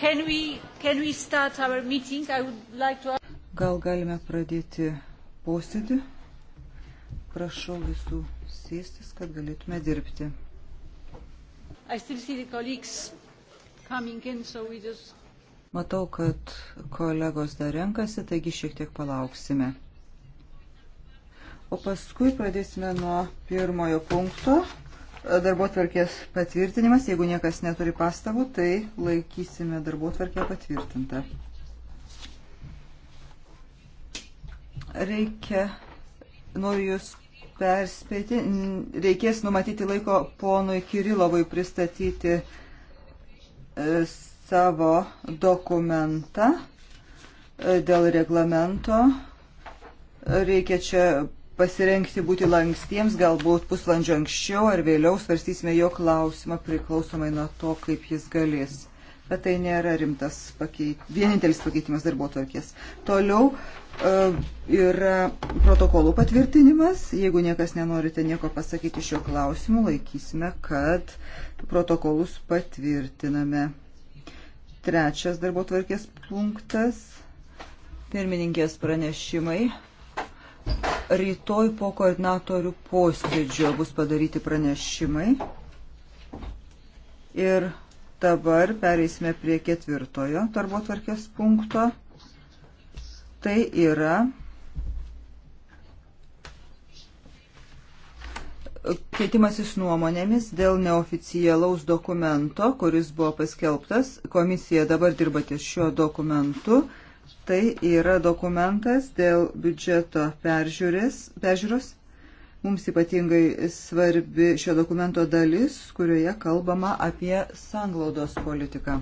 Can we, can we start our meeting? I would like to... Gal galime pradėti posėdį? Prašau visų sėstis, kad galėtume dirbti. I still see the colleagues coming in, so we just... Matau, kad kolegos dar renkasi, taigi šiek tiek palauksime. O paskui pradėsime nuo pirmojo punkto. Darbo tvarkės patvirtinimas, jeigu niekas neturi pastabų, tai laikysime darbo tvarkę patvirtintą. Reikia, noriu Jūs perspėti, reikės numatyti laiko ponui Kirilovui pristatyti e, savo dokumentą e, dėl reglamento. Reikia čia pasirengti būti lankstiems, galbūt pusvalandžio anksčiau ar vėliau svarstysime jo klausimą priklausomai nuo to, kaip jis galės. Bet tai nėra rimtas pakeit... vienintelis pakeitimas darbo tvarkės. Toliau uh, yra protokolų patvirtinimas. Jeigu niekas nenorite nieko pasakyti šio klausimu, laikysime, kad protokolus patvirtiname. Trečias darbo tvarkės punktas. Pirmininkės pranešimai. Rytoj po koordinatorių posėdžio bus padaryti pranešimai. Ir dabar pereisime prie ketvirtojo darbo tvarkės punkto. Tai yra keitimasis nuomonėmis dėl neoficialaus dokumento, kuris buvo paskelbtas. Komisija dabar dirba ties šiuo dokumentu. Tai yra dokumentas dėl biudžeto peržiūros. Mums ypatingai svarbi šio dokumento dalis, kurioje kalbama apie sanglaudos politiką.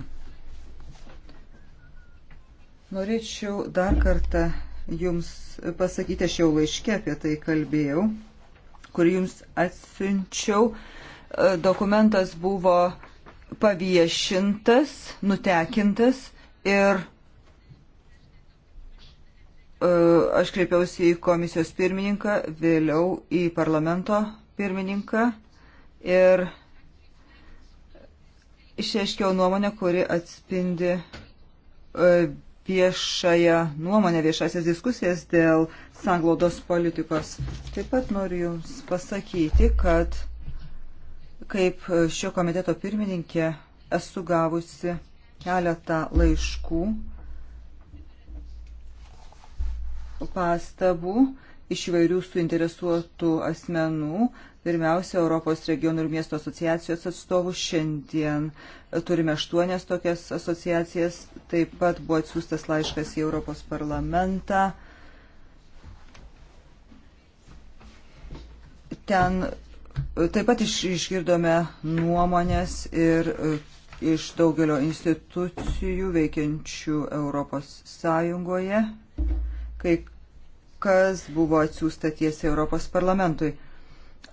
Norėčiau dar kartą Jums pasakyti, aš jau laiške apie tai kalbėjau, kur Jums atsiunčiau. E, dokumentas buvo paviešintas, nutekintas ir E, aš kreipiausi į komisijos pirmininką, vėliau į parlamento pirmininką ir išreiškiau nuomonę, kuri atspindi e, viešąją nuomonę, viešasias diskusijas dėl sanglaudos politikos. Taip pat noriu Jums pasakyti, kad kaip šio komiteto pirmininkė esu gavusi keletą laiškų pastabų iš įvairių suinteresuotų asmenų. Pirmiausia, Europos regionų ir miesto asociacijos atstovų. Šiandien turime aštuonias tokias asociacijas. Taip pat buvo atsiųstas laiškas į Europos parlamentą. Ten taip pat iš, išgirdome nuomonės ir e, iš daugelio institucijų veikiančių Europos Sąjungoje kai kas buvo atsiųsta tiesiai Europos parlamentui.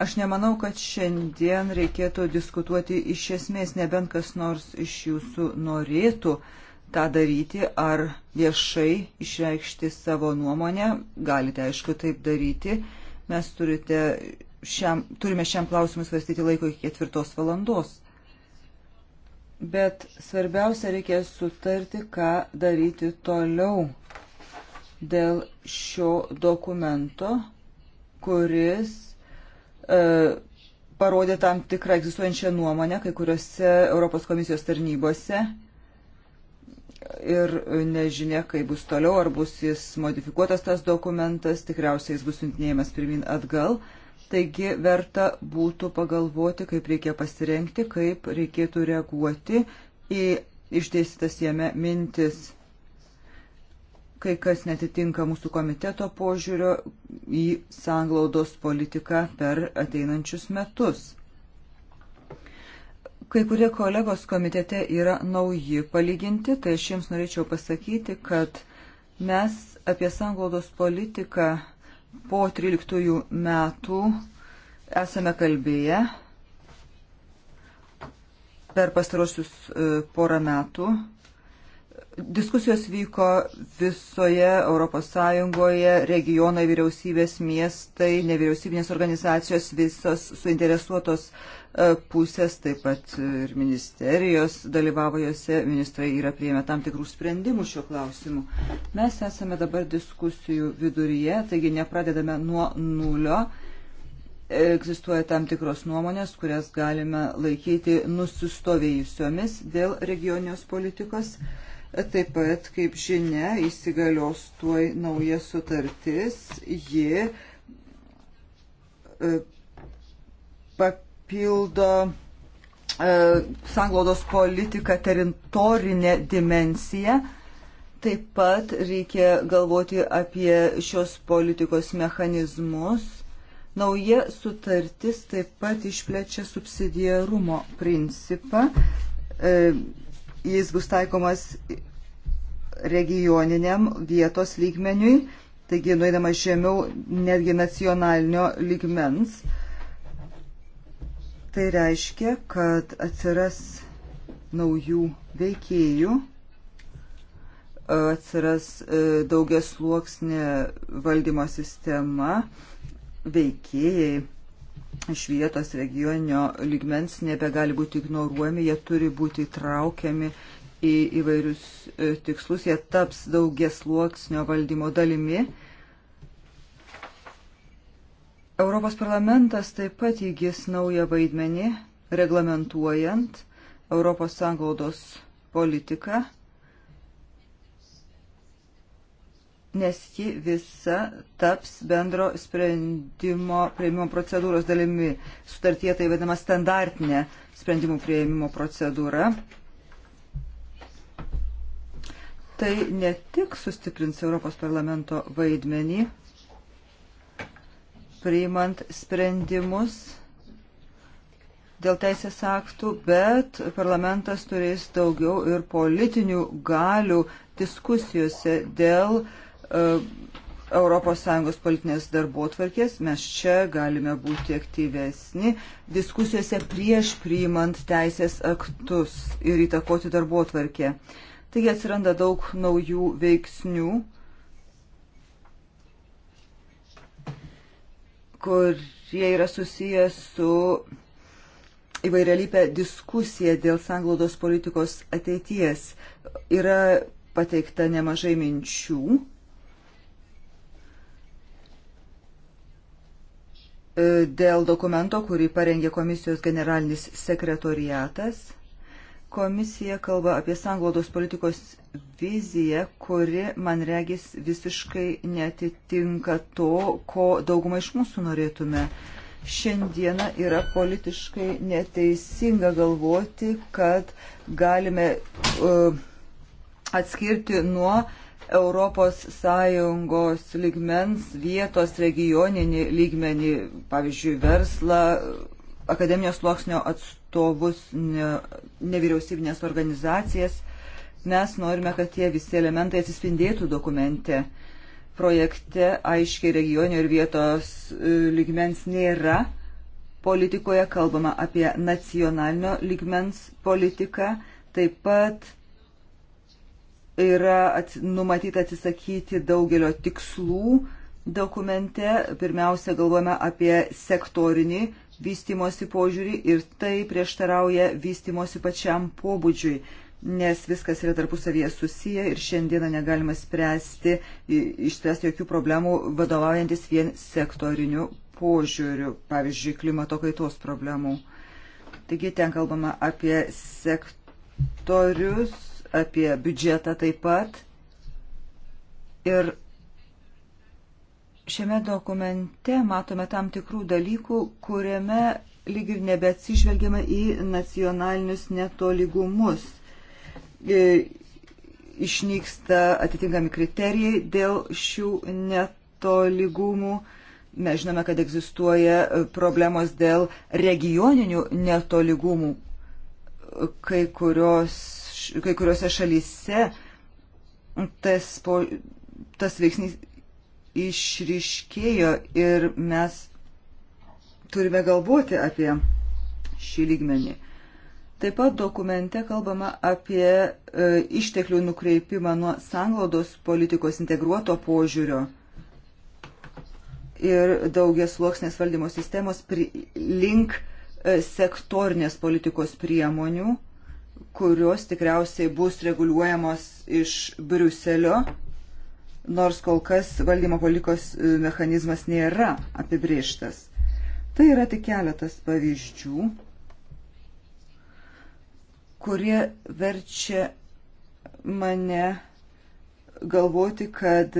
Aš nemanau, kad šiandien reikėtų diskutuoti iš esmės, nebent kas nors iš jūsų norėtų tą daryti ar viešai išreikšti savo nuomonę. Galite, aišku, taip daryti. Mes turite šiam, turime šiam klausimui svarstyti laiko iki ketvirtos valandos. Bet svarbiausia reikia sutarti, ką daryti toliau dėl šio dokumento, kuris e, parodė tam tikrą egzistuojančią nuomonę kai kuriuose Europos komisijos tarnybose. Ir nežinia, kaip bus toliau, ar bus jis modifikuotas tas dokumentas, tikriausiai jis bus siuntinėjimas pirmin atgal. Taigi verta būtų pagalvoti, kaip reikia pasirengti, kaip reikėtų reaguoti į išdėstytas jame mintis kai kas netitinka mūsų komiteto požiūrio į sanglaudos politiką per ateinančius metus. Kai kurie kolegos komitete yra nauji palyginti, tai aš jums norėčiau pasakyti, kad mes apie sanglaudos politiką po 13 metų esame kalbėję per pastarosius e, porą metų Diskusijos vyko visoje ES, regionai, vyriausybės, miestai, nevyriausybinės organizacijos, visos suinteresuotos e, pusės, taip pat ir ministerijos dalyvavo juose, ministrai yra prieėmę tam tikrų sprendimų šiuo klausimu. Mes esame dabar diskusijų viduryje, taigi nepradedame nuo nulio. Egzistuoja tam tikros nuomonės, kurias galime laikyti nusistovėjusiomis dėl regionijos politikos. Mhm Taip pat, kaip žinia, įsigalios tuoj nauja sutartis, ji e, papildo e, sanglaudos politiką teritorinę dimensiją. Taip pat reikia galvoti apie šios politikos mechanizmus. Nauja sutartis taip pat išplečia subsidiarumo principą e, jis bus taikomas regioniniam vietos lygmeniui, taigi nuėdama žemiau netgi nacionalinio lygmens. Tai reiškia, kad atsiras naujų veikėjų, atsiras e, daugias luoksnė valdymo sistema, veikėjai iš vietos regioninio lygmens nebegali būti ignoruojami, jie turi būti įtraukiami į įvairius e, tikslus, jie taps daugies luoksnio valdymo dalimi. Europos parlamentas taip pat įgis naują vaidmenį, reglamentuojant Europos sanglaudos politiką nes ji visa taps bendro sprendimo prieimimo procedūros dalimi. Sutartie tai vadinama standartinė sprendimų prieimimo procedūra. Tai ne tik sustiprins Europos parlamento vaidmenį, priimant sprendimus dėl teisės aktų, bet parlamentas turės daugiau ir politinių galių diskusijose dėl uh, ES politinės darbotvarkės, mes čia galime būti aktyvesni diskusijose prieš priimant teisės aktus ir įtakoti darbotvarkę. Taigi atsiranda daug naujų veiksnių, kurie yra susijęs su įvairialypę diskusiją dėl sanglaudos politikos ateities. Yra pateikta nemažai minčių E, dėl dokumento, kurį parengė komisijos generalinis sekretoriatas. Komisija kalba apie sanglaudos politikos viziją, kuri, man regis, visiškai netitinka to, ko dauguma iš mūsų norėtume. Šiandieną yra politiškai neteisinga galvoti, kad galime uh, atskirti nuo uh, ES lygmens vietos regioninį lygmenį, pavyzdžiui, verslą, akademinio sluoksnio atstovus, ne, nevyriausybinės organizacijas. Mes norime, kad tie visi elementai atsispindėtų dokumente. Projekte aiškiai regioninio ir vietos e, lygmens nėra. Politikoje kalbama apie nacionalinio lygmens politiką, taip pat yra numatyta atsisakyti daugelio tikslų dokumente. Pirmiausia, galvojame apie sektorinį vystimosi požiūrį ir tai prieštarauja vystimosi pačiam pobūdžiui, nes viskas yra tarpusavyje susiję ir šiandieną negalima spręsti, išspręsti jokių problemų vadovaujantis vien sektoriniu požiūriu, pavyzdžiui, klimato kaitos problemų. Taigi ten kalbama apie sektorius apie biudžetą taip pat. Ir šiame dokumente matome tam tikrų dalykų, kuriame lyg ir nebeatsižvelgiama į nacionalinius netolygumus. E, išnyksta atitinkami kriterijai dėl šių netolygumų. Mes žinome, kad egzistuoja problemos dėl regioninių netolygumų. Kai kurios kai kuriuose šalyse tas, po, tas veiksnys išriškėjo ir mes turime galvoti apie šį lygmenį. Taip pat dokumente kalbama apie e, išteklių nukreipimą nuo sanglaudos politikos integruoto požiūrio ir daugias sluoksnės valdymo sistemos pri, link e, sektorinės politikos priemonių. E, kurios tikriausiai bus reguliuojamos iš Briuselio, nors kol kas valdymo politikos e, mechanizmas nėra apibrieštas. Tai yra tik keletas pavyzdžių, kurie verčia mane galvoti, kad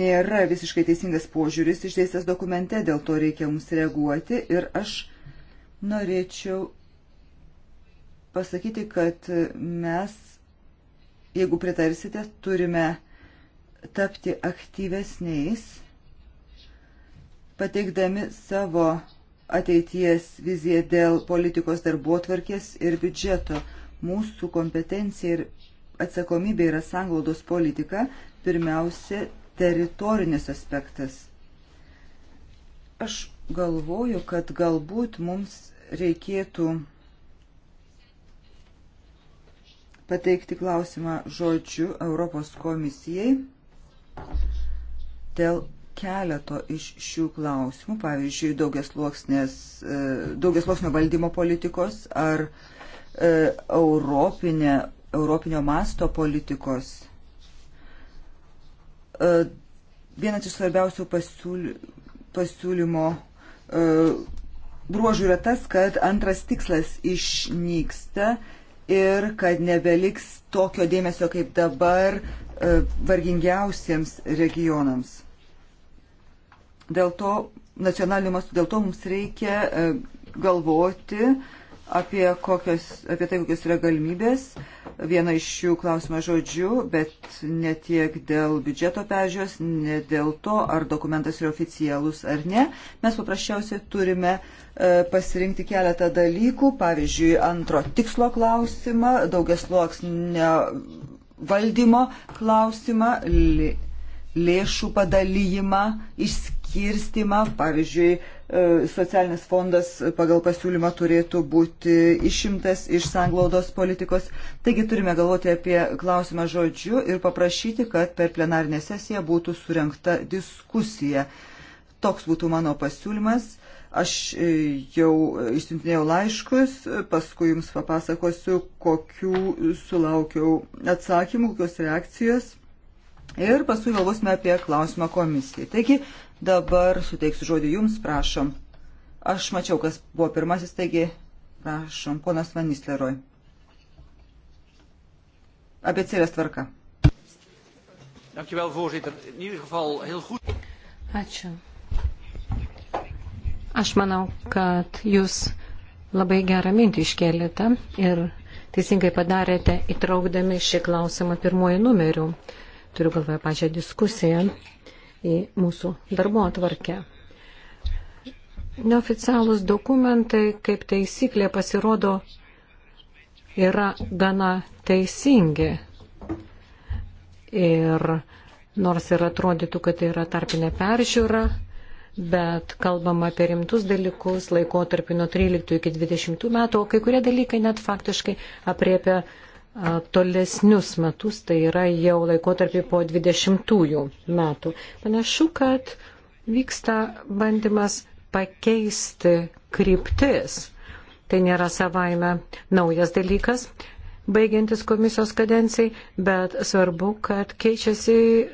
nėra visiškai teisingas požiūris išdėstęs dokumente, dėl to reikia mums reaguoti ir aš norėčiau pasakyti, kad mes, jeigu pritarsite, turime tapti aktyvesniais, pateikdami savo ateities viziją dėl politikos darbuotvarkės ir biudžeto. Mūsų kompetencija ir atsakomybė yra sanglaudos politika, pirmiausia, teritorinis aspektas. Aš galvoju, kad galbūt mums reikėtų pateikti klausimą žodžiu Europos komisijai dėl keleto iš šių klausimų, pavyzdžiui, e, daugiasluoksnio valdymo politikos ar e, europinė, europinio masto politikos. E, vienas iš svarbiausių pasiūly, pasiūlymo e, bruožų yra tas, kad antras tikslas išnyksta ir kad nebeliks tokio dėmesio kaip dabar e, vargingiausiems regionams. Dėl to, nacionaliniu mastu, dėl to mums reikia e, galvoti, apie, kokios, apie tai, kokios yra galimybės. Viena iš jų klausima žodžiu, bet ne tiek dėl biudžeto peržiūros, ne dėl to, ar dokumentas yra oficialus ar ne. Mes paprasčiausiai turime e, pasirinkti keletą dalykų, pavyzdžiui, antro tikslo klausimą, daugias sluoksnio valdymo klausimą, lėšų padalyjimą, išskirstimą, pavyzdžiui, E, socialinis fondas pagal pasiūlymą turėtų būti išimtas iš sanglaudos politikos. Taigi turime galvoti apie klausimą žodžiu ir paprašyti, kad per plenarinę sesiją būtų surinkta diskusija. Toks būtų mano pasiūlymas. Aš e, jau išsintinėjau laiškus, paskui jums papasakosiu, kokių sulaukiau atsakymų, kokios reakcijos. Ir paskui galvosime apie klausimą komisijai. Taigi Dabar suteiksiu žodį jums, prašom. Aš mačiau, kas buvo pirmasis, taigi prašom, ponas Vanisleroj. Abecėlės tvarka. Ačiū. Aš manau, kad jūs labai gerą mintį iškėlėte ir teisingai padarėte įtraukdami šį klausimą pirmoji numeriu. Turiu galvoje pačią diskusiją į mūsų darbo atvarkę. Neoficialūs dokumentai, kaip taisyklė, pasirodo, yra gana teisingi. Ir nors ir atrodytų, kad tai yra tarpinė peržiūra, bet kalbama apie rimtus dalykus laikotarpį nuo 13 iki 20 metų, o kai kurie dalykai net faktiškai apriepia tolesnius metus, tai yra jau laikotarpį po 20-ųjų metų. Panašu, kad vyksta bandymas pakeisti kryptis. Tai nėra savaime naujas dalykas, baigiantis komisijos kadencijai, bet svarbu, kad keičiasi e,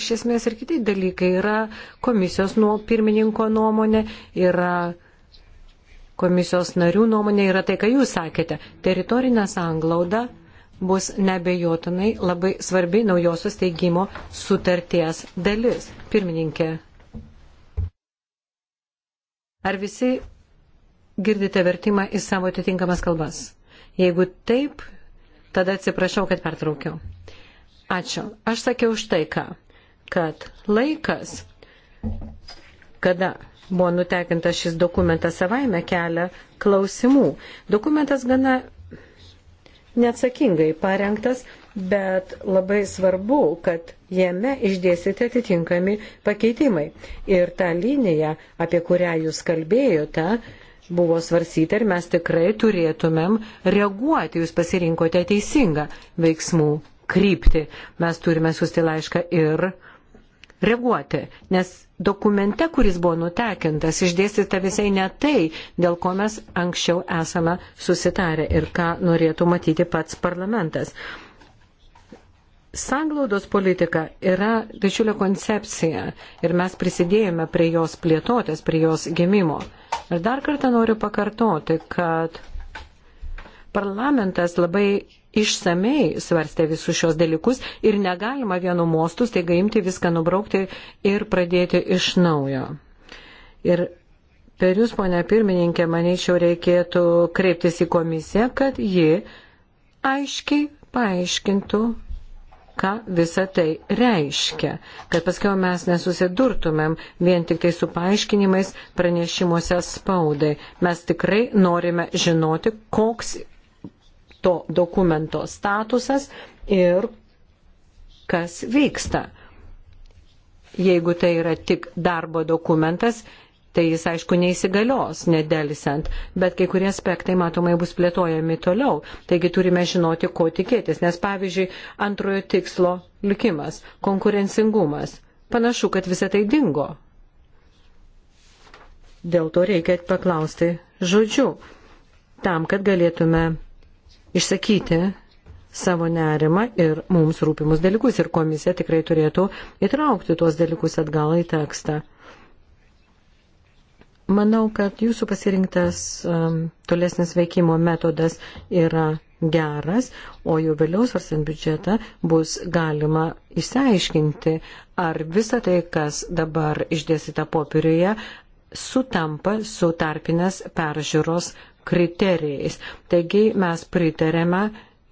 iš esmės ir kiti dalykai. Yra komisijos nuo pirmininko nuomonė, yra komisijos narių nuomonė yra tai, ką jūs sakėte. Teritorinė sanglauda bus nebejotinai labai svarbi naujosios teigimo sutarties dalis. Pirmininkė. Ar visi girdite vertimą į savo atitinkamas kalbas? Jeigu taip, tada atsiprašau, kad pertraukiau. Ačiū. Aš sakiau štai ką, kad laikas kada buvo nutekintas šis dokumentas savaime kelia klausimų. Dokumentas gana neatsakingai parengtas, bet labai svarbu, kad jame išdėsite atitinkami pakeitimai. Ir ta linija, apie kurią jūs kalbėjote, buvo svarsyta ir mes tikrai turėtumėm reaguoti. Jūs pasirinkote teisingą veiksmų kryptį. Mes turime susti laišką ir uh, reaguoti, nes dokumente, kuris buvo nutekintas, išdėstyta visai ne tai, dėl ko mes anksčiau esame susitarę ir ką norėtų matyti pats parlamentas. Sanglaudos politika yra didžiulė koncepcija ir mes prisidėjome prie jos plėtotės, prie jos gimimo. Ir dar kartą noriu pakartoti, kad parlamentas labai išsamei svarstė visus šios dalykus ir negalima vienu mostu staiga imti viską nubraukti ir pradėti iš naujo. Ir per jūs, ponia pirmininkė, manyčiau, reikėtų kreiptis į komisiją, kad ji aiškiai paaiškintų ką visa tai reiškia, kad paskiau mes nesusidurtumėm vien tik tai su paaiškinimais pranešimuose spaudai. Mes tikrai norime žinoti, koks to dokumento statusas ir kas vyksta. Jeigu tai yra tik darbo dokumentas, tai jis aišku neįsigalios, nedelisant, bet kai kurie aspektai matomai bus plėtojami toliau. Taigi turime žinoti, ko tikėtis, nes pavyzdžiui, antrojo tikslo likimas, konkurencingumas. Panašu, kad visa tai dingo. Dėl to reikia paklausti žodžiu, tam, kad galėtume išsakyti savo nerimą ir mums rūpimus dalykus. Ir komisija tikrai turėtų įtraukti tuos dalykus atgal į tekstą. Manau, kad jūsų pasirinktas um, tolesnis veikimo metodas yra geras, o jau vėliau svarstant biudžetą bus galima išsiaiškinti, ar visa tai, kas dabar išdėsita popieriuje, sutampa su tarpinės peržiūros kriterijais. Taigi mes pritarėme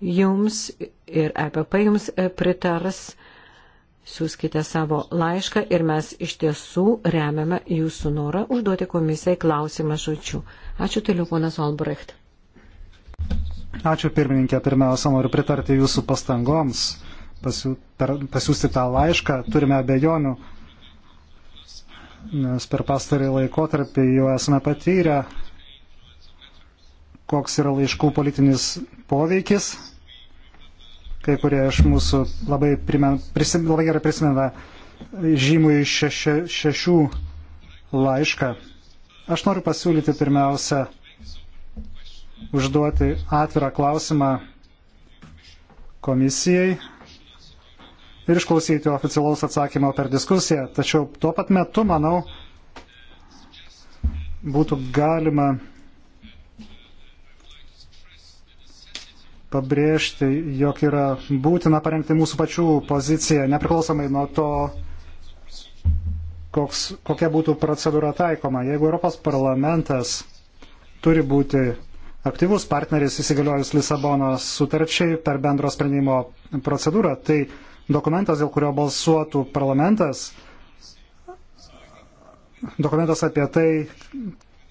jums ir EPP jums e, pritars. Siūskite savo laišką ir mes iš tiesų remiame jūsų norą užduoti komisijai klausimą žodžiu. Ačiū toliau, ponas Albrecht. Ačiū pirmininkė. Pirmiausia, noriu pritarti jūsų pastangoms pasiū, per, pasiūsti tą laišką. Turime abejonių, nes per pastarį laikotarpį jau esame patyrę koks yra laiškų politinis poveikis. Kai kurie iš mūsų labai, primen, prisim, labai gerai prisimena žymų iš šeši, šešių laišką. Aš noriu pasiūlyti pirmiausia užduoti atvirą klausimą komisijai ir išklausyti oficialaus atsakymo per diskusiją. Tačiau tuo pat metu, manau, būtų galima pabrėžti, jog yra būtina parengti mūsų pačių poziciją, nepriklausomai nuo to, koks, kokia būtų procedūra taikoma. Jeigu Europos parlamentas turi būti aktyvus partneris įsigaliojus Lisabonos sutarčiai per bendro sprendimo procedūrą, tai dokumentas, dėl kurio balsuotų parlamentas, dokumentas apie tai,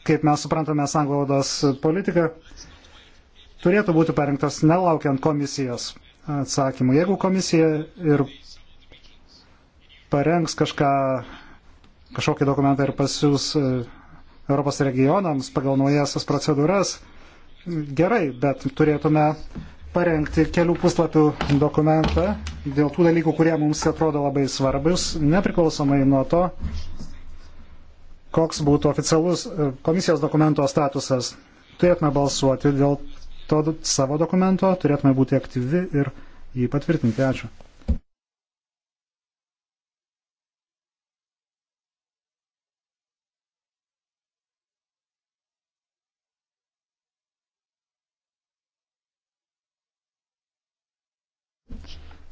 kaip mes suprantame sanglaudos politiką, turėtų būti parengtas nelaukiant komisijos atsakymų. Jeigu komisija ir parengs kažką, kažkokį dokumentą ir pasiūs e, Europos regionams pagal naujasias procedūras, gerai, bet turėtume parengti kelių puslapių dokumentą dėl tų dalykų, kurie mums atrodo labai svarbus, nepriklausomai nuo to, koks būtų oficialus e, komisijos dokumento statusas. Turėtume balsuoti dėl to savo dokumento, turėtume būti aktyvi ir jį patvirtinti. Ačiū.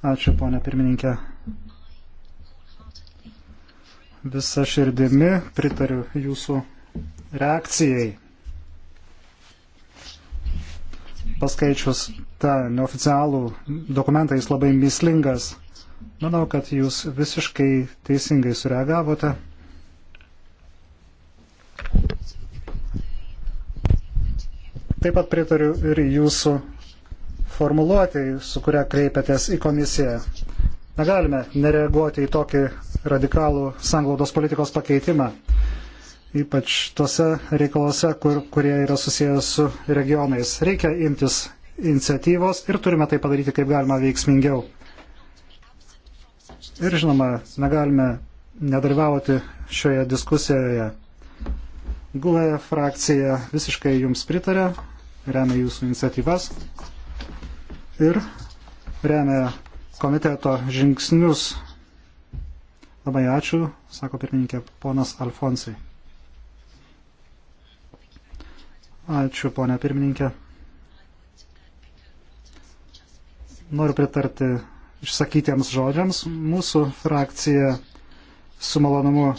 Ačiū, ponia pirmininkė. Visa širdimi pritariu jūsų reakcijai. paskaičius tą neoficialų dokumentą, jis labai mislingas. Manau, kad jūs visiškai teisingai sureagavote. Taip pat pritariu ir jūsų formuluotėjai, su kuria kreipiatės į komisiją. Negalime nereaguoti į tokį radikalų sanglaudos politikos pakeitimą ypač tuose reikaluose, kur, kurie yra susijęs su regionais. Reikia imtis iniciatyvos ir turime tai padaryti kaip galima veiksmingiau. Ir žinoma, negalime nedalyvauti šioje diskusijoje. GUE frakcija visiškai jums pritarė, remia jūsų iniciatyvas ir remia komiteto žingsnius. Labai ačiū, sako pirmininkė ponas Alfonsai. Ačiū, ponia pirmininkė. Noriu pritarti išsakytiems žodžiams. Mūsų frakcija su malonumu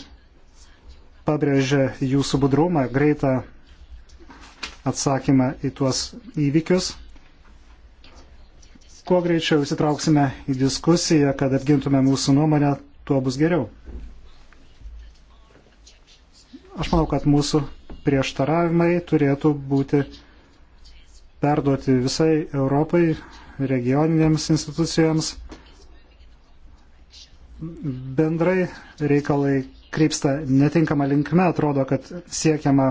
pabrėžė jūsų budrumą, greitą atsakymą į tuos įvykius. Kuo greičiau įsitrauksime į diskusiją, kad apgintume mūsų nuomonę, tuo bus geriau. Aš manau, kad mūsų prieštaravimai turėtų būti perduoti visai Europai, regioninėms institucijoms. Bendrai reikalai krypsta netinkama linkme, atrodo, kad siekiama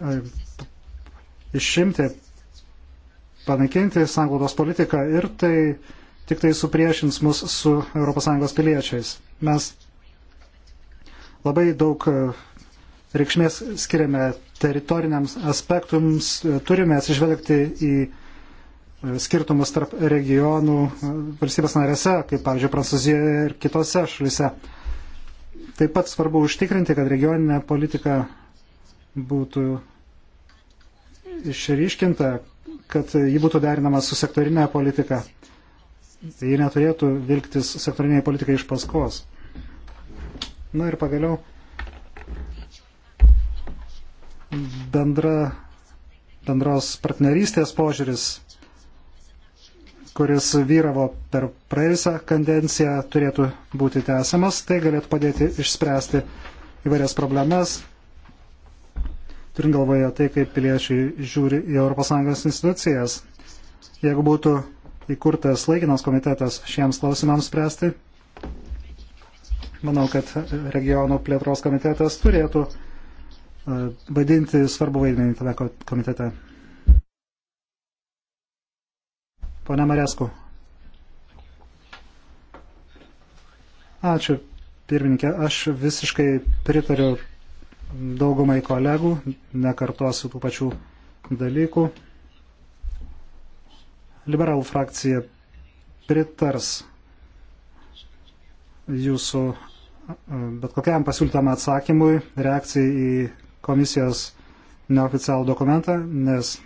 e, išimti, panaikinti sanglaudos politiką ir tai tik tai supriešins mus su ES piliečiais. Mes labai daug e, reikšmės skiriame teritoriniams aspektums, turime atsižvelgti į e, skirtumus tarp regionų e, valstybės narėse, kaip pavyzdžiui Prancūzijoje ir kitose šalise. Taip pat svarbu užtikrinti, kad regioninė politika būtų išryškinta, kad ji būtų derinama su sektorinė politika. Ji neturėtų vilktis sektoriniai politikai iš paskos. Na ir pagaliau bendra, bendros partnerystės požiūris, kuris vyravo per praėjusią kadenciją, turėtų būti tęsiamas. Tai galėtų padėti išspręsti įvairias problemas, turint galvoje tai, kaip piliečiai žiūri į ES institucijas. Jeigu būtų įkurtas laikinas komitetas šiems klausimams spręsti, manau, kad regionų plėtros komitetas turėtų vaidinti svarbu vaidmenį tame komitete. Pone Maresku. Ačiū, pirmininkė. Aš visiškai pritariu daugumai kolegų, nekartuosiu tų pačių dalykų. Liberalų frakcija pritars jūsų bet kokiam pasiūlytam atsakymui, reakcijai į komisijos neoficialų dokumentą, nes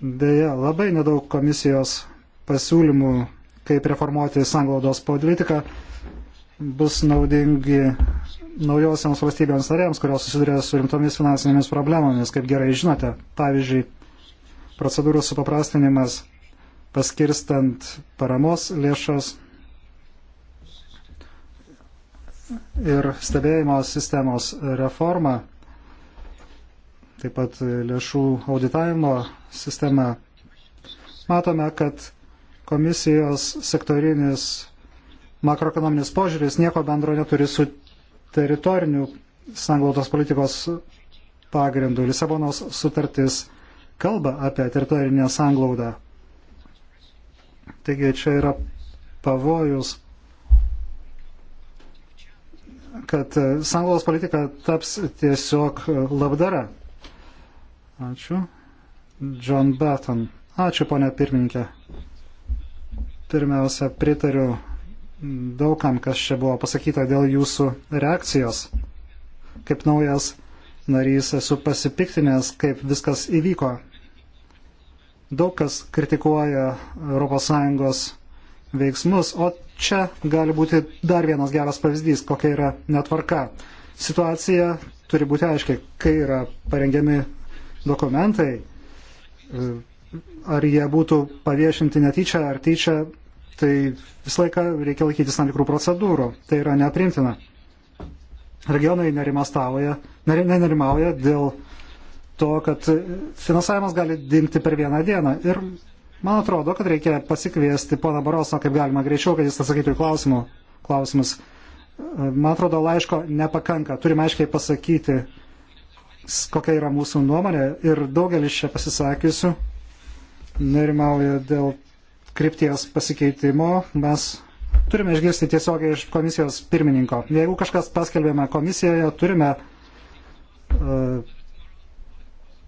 dėja labai nedaug komisijos pasiūlymų, kaip reformuoti sanglaudos politiką, bus naudingi naujosiams valstybėms narėms, kurios susiduria su rimtomis finansinėmis problemomis, kaip gerai žinote. Pavyzdžiui, procedūrų supaprastinimas paskirstant paramos lėšas ir stebėjimo sistemos reforma taip pat lėšų auditavimo sistema, matome, kad komisijos sektorinis makroekonominis požiūris nieko bendro neturi su teritoriniu sanglautos politikos pagrindu. Lisabonos sutartis kalba apie teritorinę sanglaudą. Taigi čia yra pavojus, kad sanglaudos politika taps tiesiog labdara. Ačiū. John Batten. Ačiū, ponia pirmininkė. Pirmiausia, pritariu daugam, kas čia buvo pasakyta dėl jūsų reakcijos. Kaip naujas narys esu pasipiktinęs, kaip viskas įvyko. Daug kas kritikuoja ES veiksmus, o čia gali būti dar vienas geras pavyzdys, kokia yra netvarka. Situacija turi būti aiškiai, kai yra parengiami dokumentai, e, ar jie būtų paviešinti netyčia ar tyčia, tai visą laiką reikia laikytis tam tikrų procedūrų. Tai yra neprimtina. Regionai nerimastauja, nerimauja dėl to, kad finansavimas gali dinkti per vieną dieną. Ir man atrodo, kad reikia pasikviesti poną Barosą kaip galima greičiau, kad jis atsakytų į klausimų, klausimus. E, man atrodo, laiško nepakanka. Turime aiškiai pasakyti, kokia yra mūsų nuomonė ir daugelis čia pasisakysiu nerimauja dėl krypties pasikeitimo. Mes turime išgirsti tiesiogiai iš komisijos pirmininko. Jeigu kažkas paskelbėme komisijoje, turime uh,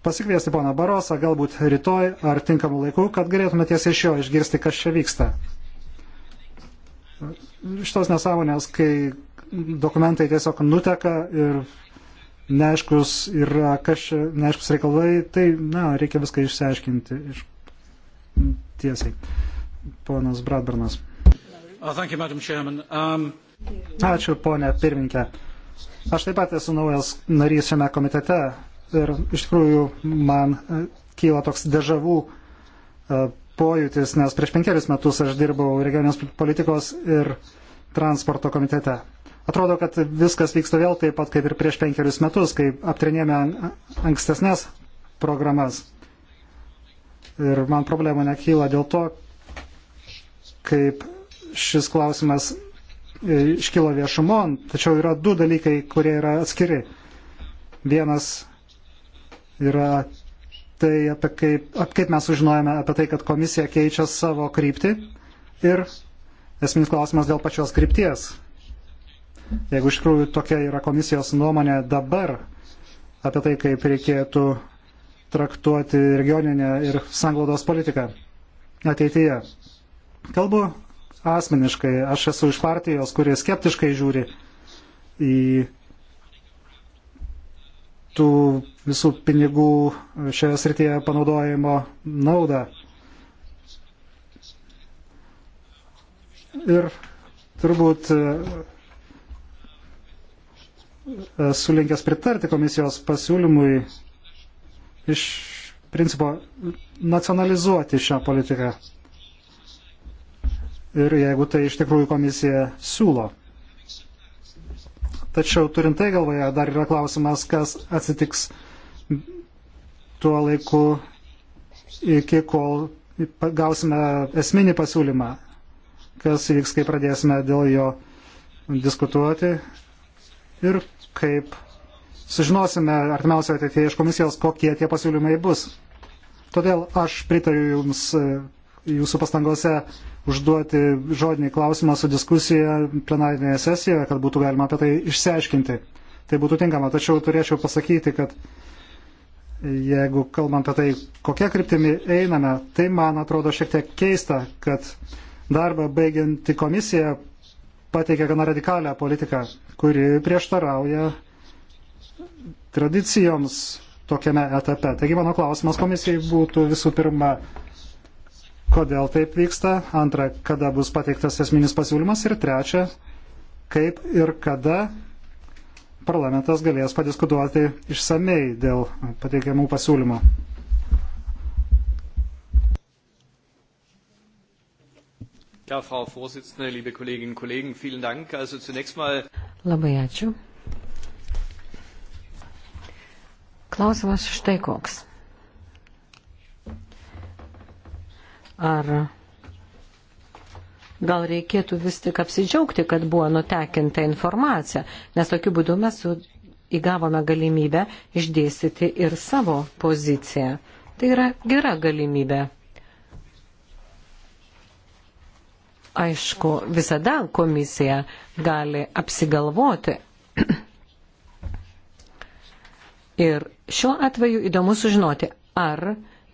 pasikviesti poną Barosą, galbūt rytoj ar tinkamų laikų, kad galėtume tiesiai iš jo išgirsti, kas čia vyksta. Šitos nesąmonės, kai dokumentai tiesiog nuteka ir neaiškus yra, kas čia, neaiškus reikalai, tai, na, reikia viską išsiaiškinti iš tiesiai. Ponas Bradburnas. Oh, um, Ačiū, ponė pirminkė. Aš taip pat esu naujas narys šiame komitete ir iš tikrųjų man e, kyla toks dežavų pojūtis, nes prieš penkeris metus aš dirbau regionės politikos ir transporto komitete. Atrodo, kad viskas vyksta vėl taip pat kaip ir prieš penkerius metus, kai aptarinėjome ankstesnės programas. Ir man problemų nekyla dėl to, kaip šis klausimas e, iškilo viešumon, tačiau yra du dalykai, kurie yra atskiri. Vienas yra tai, apie kaip, apie kaip mes sužinojame apie tai, kad komisija keičia savo kryptį ir esminis klausimas dėl pačios krypties. Jeigu iš tikrųjų tokia yra komisijos nuomonė dabar apie tai, kaip reikėtų traktuoti regioninę ir sanglaudos politiką ateityje. Kalbu asmeniškai, aš esu iš partijos, kurie skeptiškai žiūri į tų visų pinigų šioje srityje panaudojimo naudą. Ir turbūt esu linkęs pritarti komisijos pasiūlymui iš principo nacionalizuoti šią politiką. Ir jeigu tai iš tikrųjų komisija siūlo. Tačiau turint tai galvoje, dar yra klausimas, kas atsitiks tuo laiku, iki kol gausime esminį pasiūlymą, kas įvyks, kai pradėsime dėl jo diskutuoti ir kaip sužinosime artimiausioje ateityje iš komisijos, kokie tie pasiūlymai bus. Todėl aš pritariu Jums e, Jūsų pastangose užduoti žodinį klausimą su diskusija plenarinėje sesijoje, kad būtų galima apie tai išsiaiškinti. Tai būtų tinkama. Tačiau turėčiau pasakyti, kad jeigu kalbant apie tai, kokia kryptimi einame, tai man atrodo šiek tiek keista, kad darbą baigianti komisija pateikė gana radikalią politiką, kuri prieštarauja tradicijoms tokiame etape. Taigi mano klausimas komisijai būtų visų pirma, kodėl taip vyksta, antra, kada bus pateiktas esminis pasiūlymas ir trečia, kaip ir kada parlamentas galės padiskutuoti išsamei dėl pateikiamų pasiūlymų. Ja, Frau Vorsitzende, liebe Kolleginnen und Kollegen, vielen Dank. Also zunächst mal. Labai ačiū. Klausimas štai koks. Ar gal reikėtų vis tik apsidžiaugti, kad buvo nutekinta informacija, nes tokiu būdu mes įgavome galimybę išdėstyti ir savo poziciją. Tai yra gera galimybė. Aišku, visada komisija gali apsigalvoti. Ir šiuo atveju įdomu sužinoti, ar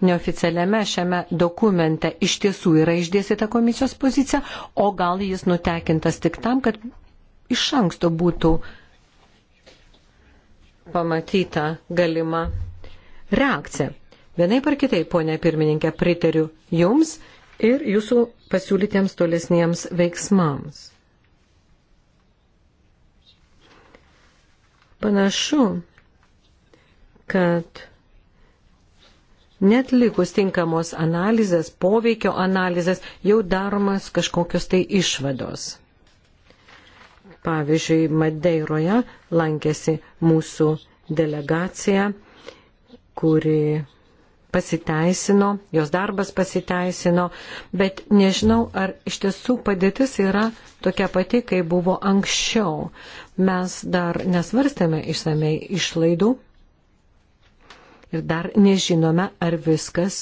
neoficialiame šiame dokumente iš tiesų yra išdėstyta komisijos pozicija, o gal jis nutekintas tik tam, kad iš anksto būtų pamatyta galima reakcija. Vienai par kitai, ponė pirmininkė, pritariu Jums ir jūsų pasiūlytiems tolesniems veiksmams. Panašu, kad net likus tinkamos analizės, poveikio analizės, jau daromas kažkokios tai išvados. Pavyzdžiui, Madeiroje lankėsi mūsų delegacija, kuri pasiteisino, jos darbas pasiteisino, bet nežinau, ar iš tiesų padėtis yra tokia pati, kai buvo anksčiau. Mes dar nesvarstėme išsamei išlaidų ir dar nežinome, ar viskas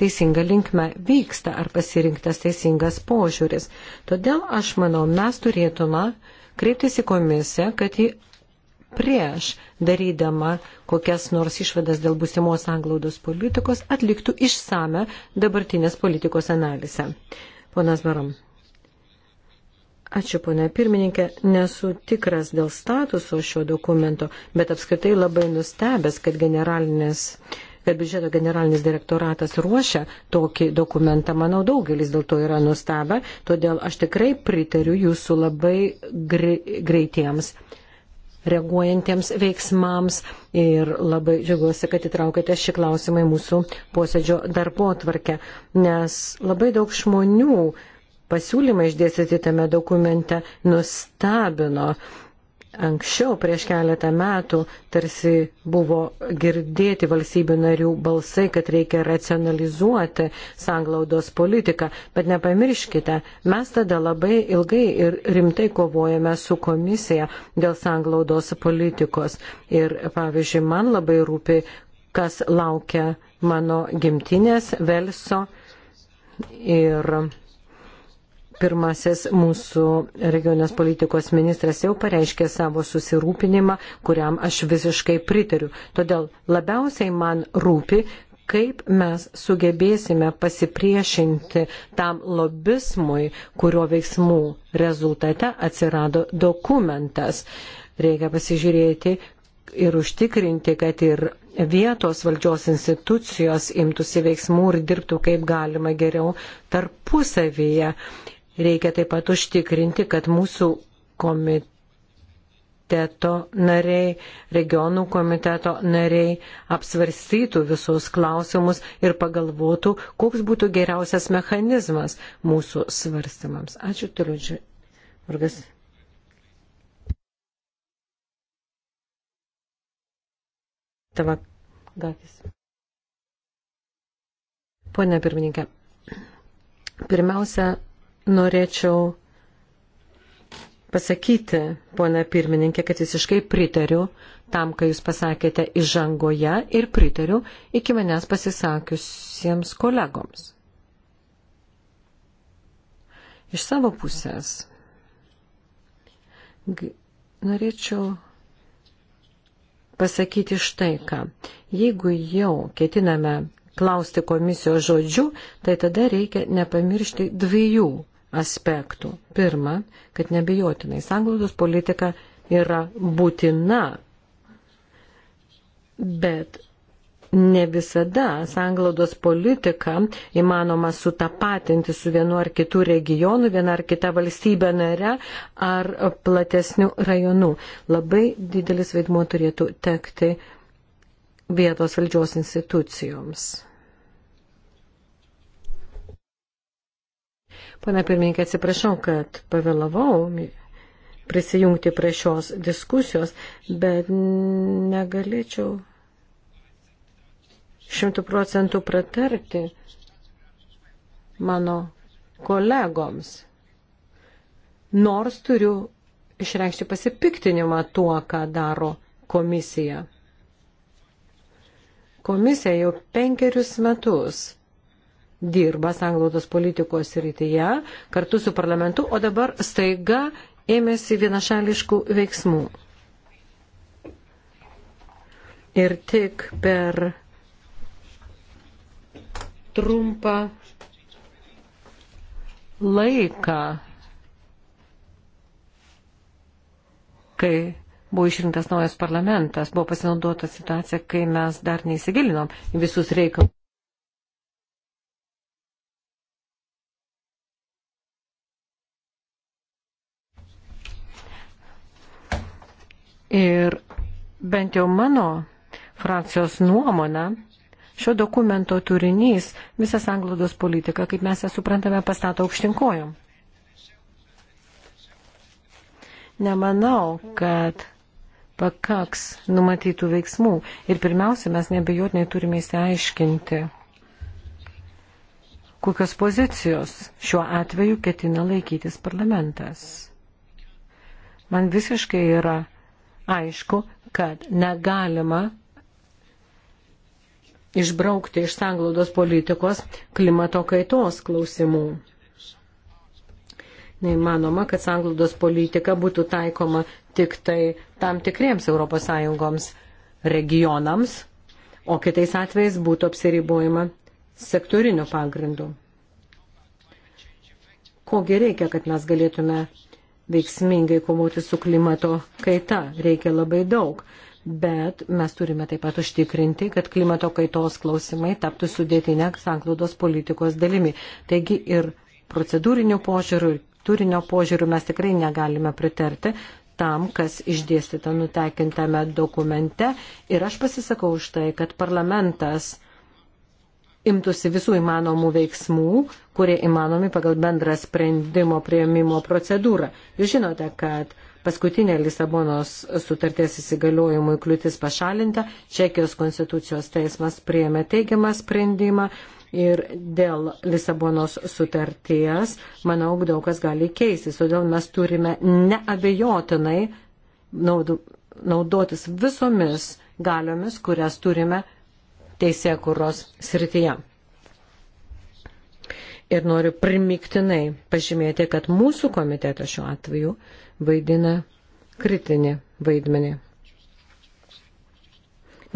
teisinga linkme vyksta, ar pasirinktas teisingas požiūris. Todėl aš manau, mes turėtume kreiptis į komisiją, kad ji prieš darydama kokias nors išvadas dėl būsimos anglaudos politikos atliktų išsame dabartinės politikos analizę. Ponas Barom. Ačiū, ponė pirmininkė, nesu tikras dėl statuso šio dokumento, bet apskritai labai nustebęs, kad generalinis kad biudžeto generalinis direktoratas ruošia tokį dokumentą, manau, daugelis dėl to yra nustebę, todėl aš tikrai pritariu jūsų labai greitiems reaguojantiems veiksmams ir labai džiaugiuosi, kad įtraukėte šį klausimą į mūsų posėdžio darbo atvarkę, nes labai daug žmonių pasiūlymai išdėstyti tame dokumente nustebino anksčiau, prieš keletą metų, tarsi buvo girdėti valstybių narių balsai, kad reikia racionalizuoti sanglaudos politiką. Bet nepamirškite, mes tada labai ilgai ir rimtai kovojame su komisija dėl sanglaudos politikos. Ir, pavyzdžiui, man labai rūpi, kas laukia mano gimtinės Velso ir pirmasis mūsų regionės politikos ministras jau pareiškė savo susirūpinimą, kuriam aš visiškai pritariu. Todėl labiausiai man rūpi, kaip mes sugebėsime pasipriešinti tam lobismui, kurio veiksmų rezultate atsirado dokumentas. Reikia pasižiūrėti ir užtikrinti, kad ir vietos valdžios institucijos imtųsi veiksmų ir dirbtų kaip galima geriau tarpusavyje. Reikia taip pat užtikrinti, kad mūsų komiteto nariai, regionų komiteto nariai apsvarstytų visus klausimus ir pagalvotų, koks būtų geriausias mechanizmas mūsų svarstymams. Ačiū, turiu. Urgas. Tava gakis. Pone pirmininkė, pirmiausia, norėčiau pasakyti, pona pirmininkė, kad visiškai pritariu tam, ką jūs pasakėte įžangoje ir pritariu iki manęs pasisakiusiems kolegoms. Iš savo pusės norėčiau pasakyti štai ką. Jeigu jau ketiname klausti komisijos žodžių, tai tada reikia nepamiršti dviejų aspektų. Pirma, kad nebejotinai sanglaudos politika yra būtina, bet ne visada sanglaudos politika įmanoma sutapatinti su vienu ar kitu regionu, viena ar kita valstybė nare ar platesniu rajonu. Labai didelis vaidmuo turėtų tekti vietos valdžios institucijoms. Pana pirmininkė, atsiprašau, kad pavėlavau prisijungti prie šios diskusijos, bet negalėčiau šimtų procentų pratarti mano kolegoms. Nors turiu išreikšti pasipiktinimą tuo, ką daro komisija. Komisija jau penkerius metus dirba sanglaudos politikos rytyje kartu su parlamentu, o dabar staiga ėmėsi vienašališkų veiksmų. Ir tik per trumpą laiką, kai buvo išrinktas naujas parlamentas, buvo pasinaudota situacija, kai mes dar neįsigilinom į visus reikalus. Ir bent jau mano frakcijos nuomonę, šio dokumento turinys visą sanglaudos politiką, kaip mes ją suprantame, pastato aukštinkojom. Nemanau, kad pakaks numatytų veiksmų. Ir pirmiausia, mes nebejotinai turime įsiaiškinti, kokios pozicijos šiuo atveju ketina laikytis parlamentas. Man visiškai yra aišku, kad negalima išbraukti iš sanglaudos politikos klimato kaitos klausimų. Neįmanoma, kad sanglaudos politika būtų taikoma tik tai tam tikriems ES regionams, o kitais atvejais būtų apsiribojama sektoriniu pagrindu. Kogi reikia, kad mes galėtume veiksmingai kovoti su klimato kaita. Reikia labai daug. Bet mes turime taip pat užtikrinti, kad klimato kaitos klausimai taptų sudėtinę sanklaudos politikos dalimi. Taigi ir procedūrinių požiūrių, ir turinio požiūrių mes tikrai negalime pritarti tam, kas išdėstyta nutekintame dokumente. Ir aš pasisakau už tai, kad parlamentas imtųsi visų įmanomų veiksmų, kurie įmanomi pagal bendrą sprendimo prieimimo procedūrą. Jūs žinote, kad paskutinė Lisabonos sutarties įsigaliojimų kliūtis pašalinta, Čekijos konstitucijos teismas priėmė teigiamą sprendimą ir dėl Lisabonos sutarties, manau, daug kas gali keistis. Todėl mes turime neabejotinai naudotis visomis galiomis, kurias turime teisėkuros srityje. Ir noriu primiktinai pažymėti, kad mūsų komiteto šiuo atveju vaidina kritinį vaidmenį.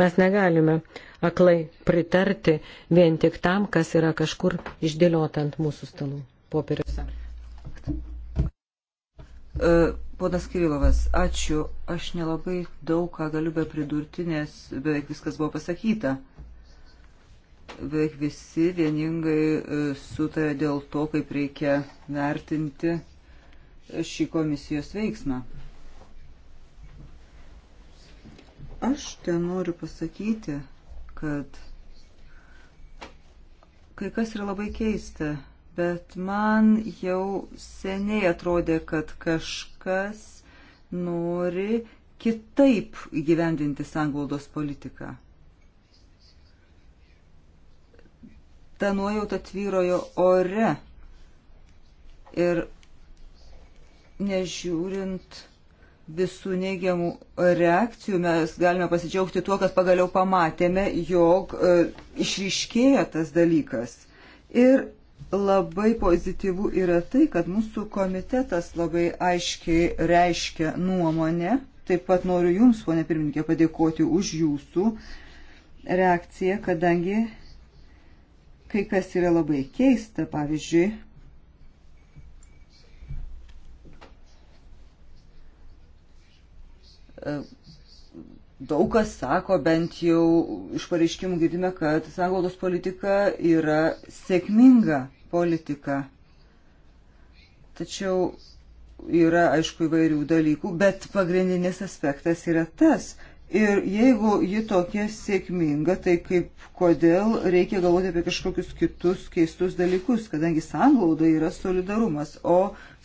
Mes negalime aklai pritarti vien tik tam, kas yra kažkur išdėliota ant mūsų stalų popieriuose. E, ponas Kirilovas, ačiū. Aš nelabai daug ką galiu be pridurti, nes beveik viskas buvo pasakyta beveik visi vieningai e, sutarė dėl to, kaip reikia vertinti šį komisijos veiksmą. Aš ten noriu pasakyti, kad kai kas yra labai keista, bet man jau seniai atrodė, kad kažkas nori kitaip įgyvendinti sanglaudos politiką. ta nuojauta tvyrojo ore. Ir nežiūrint visų neigiamų reakcijų, mes galime pasidžiaugti tuo, kad pagaliau pamatėme, jog e, išryškėja tas dalykas. Ir labai pozityvų yra tai, kad mūsų komitetas labai aiškiai reiškia nuomonę. Taip pat noriu Jums, ponė pirmininkė, padėkoti už Jūsų reakciją, kadangi Kai kas yra labai keista, pavyzdžiui, e, daug kas sako, bent jau iš pareiškimų girdime, kad sanglaudos politika yra sėkminga politika. Tačiau yra, aišku, įvairių dalykų, bet pagrindinis aspektas yra tas, Ir jeigu ji tokia sėkminga, tai kaip kodėl reikia galvoti apie kažkokius kitus keistus dalykus, kadangi sanglauda yra solidarumas, o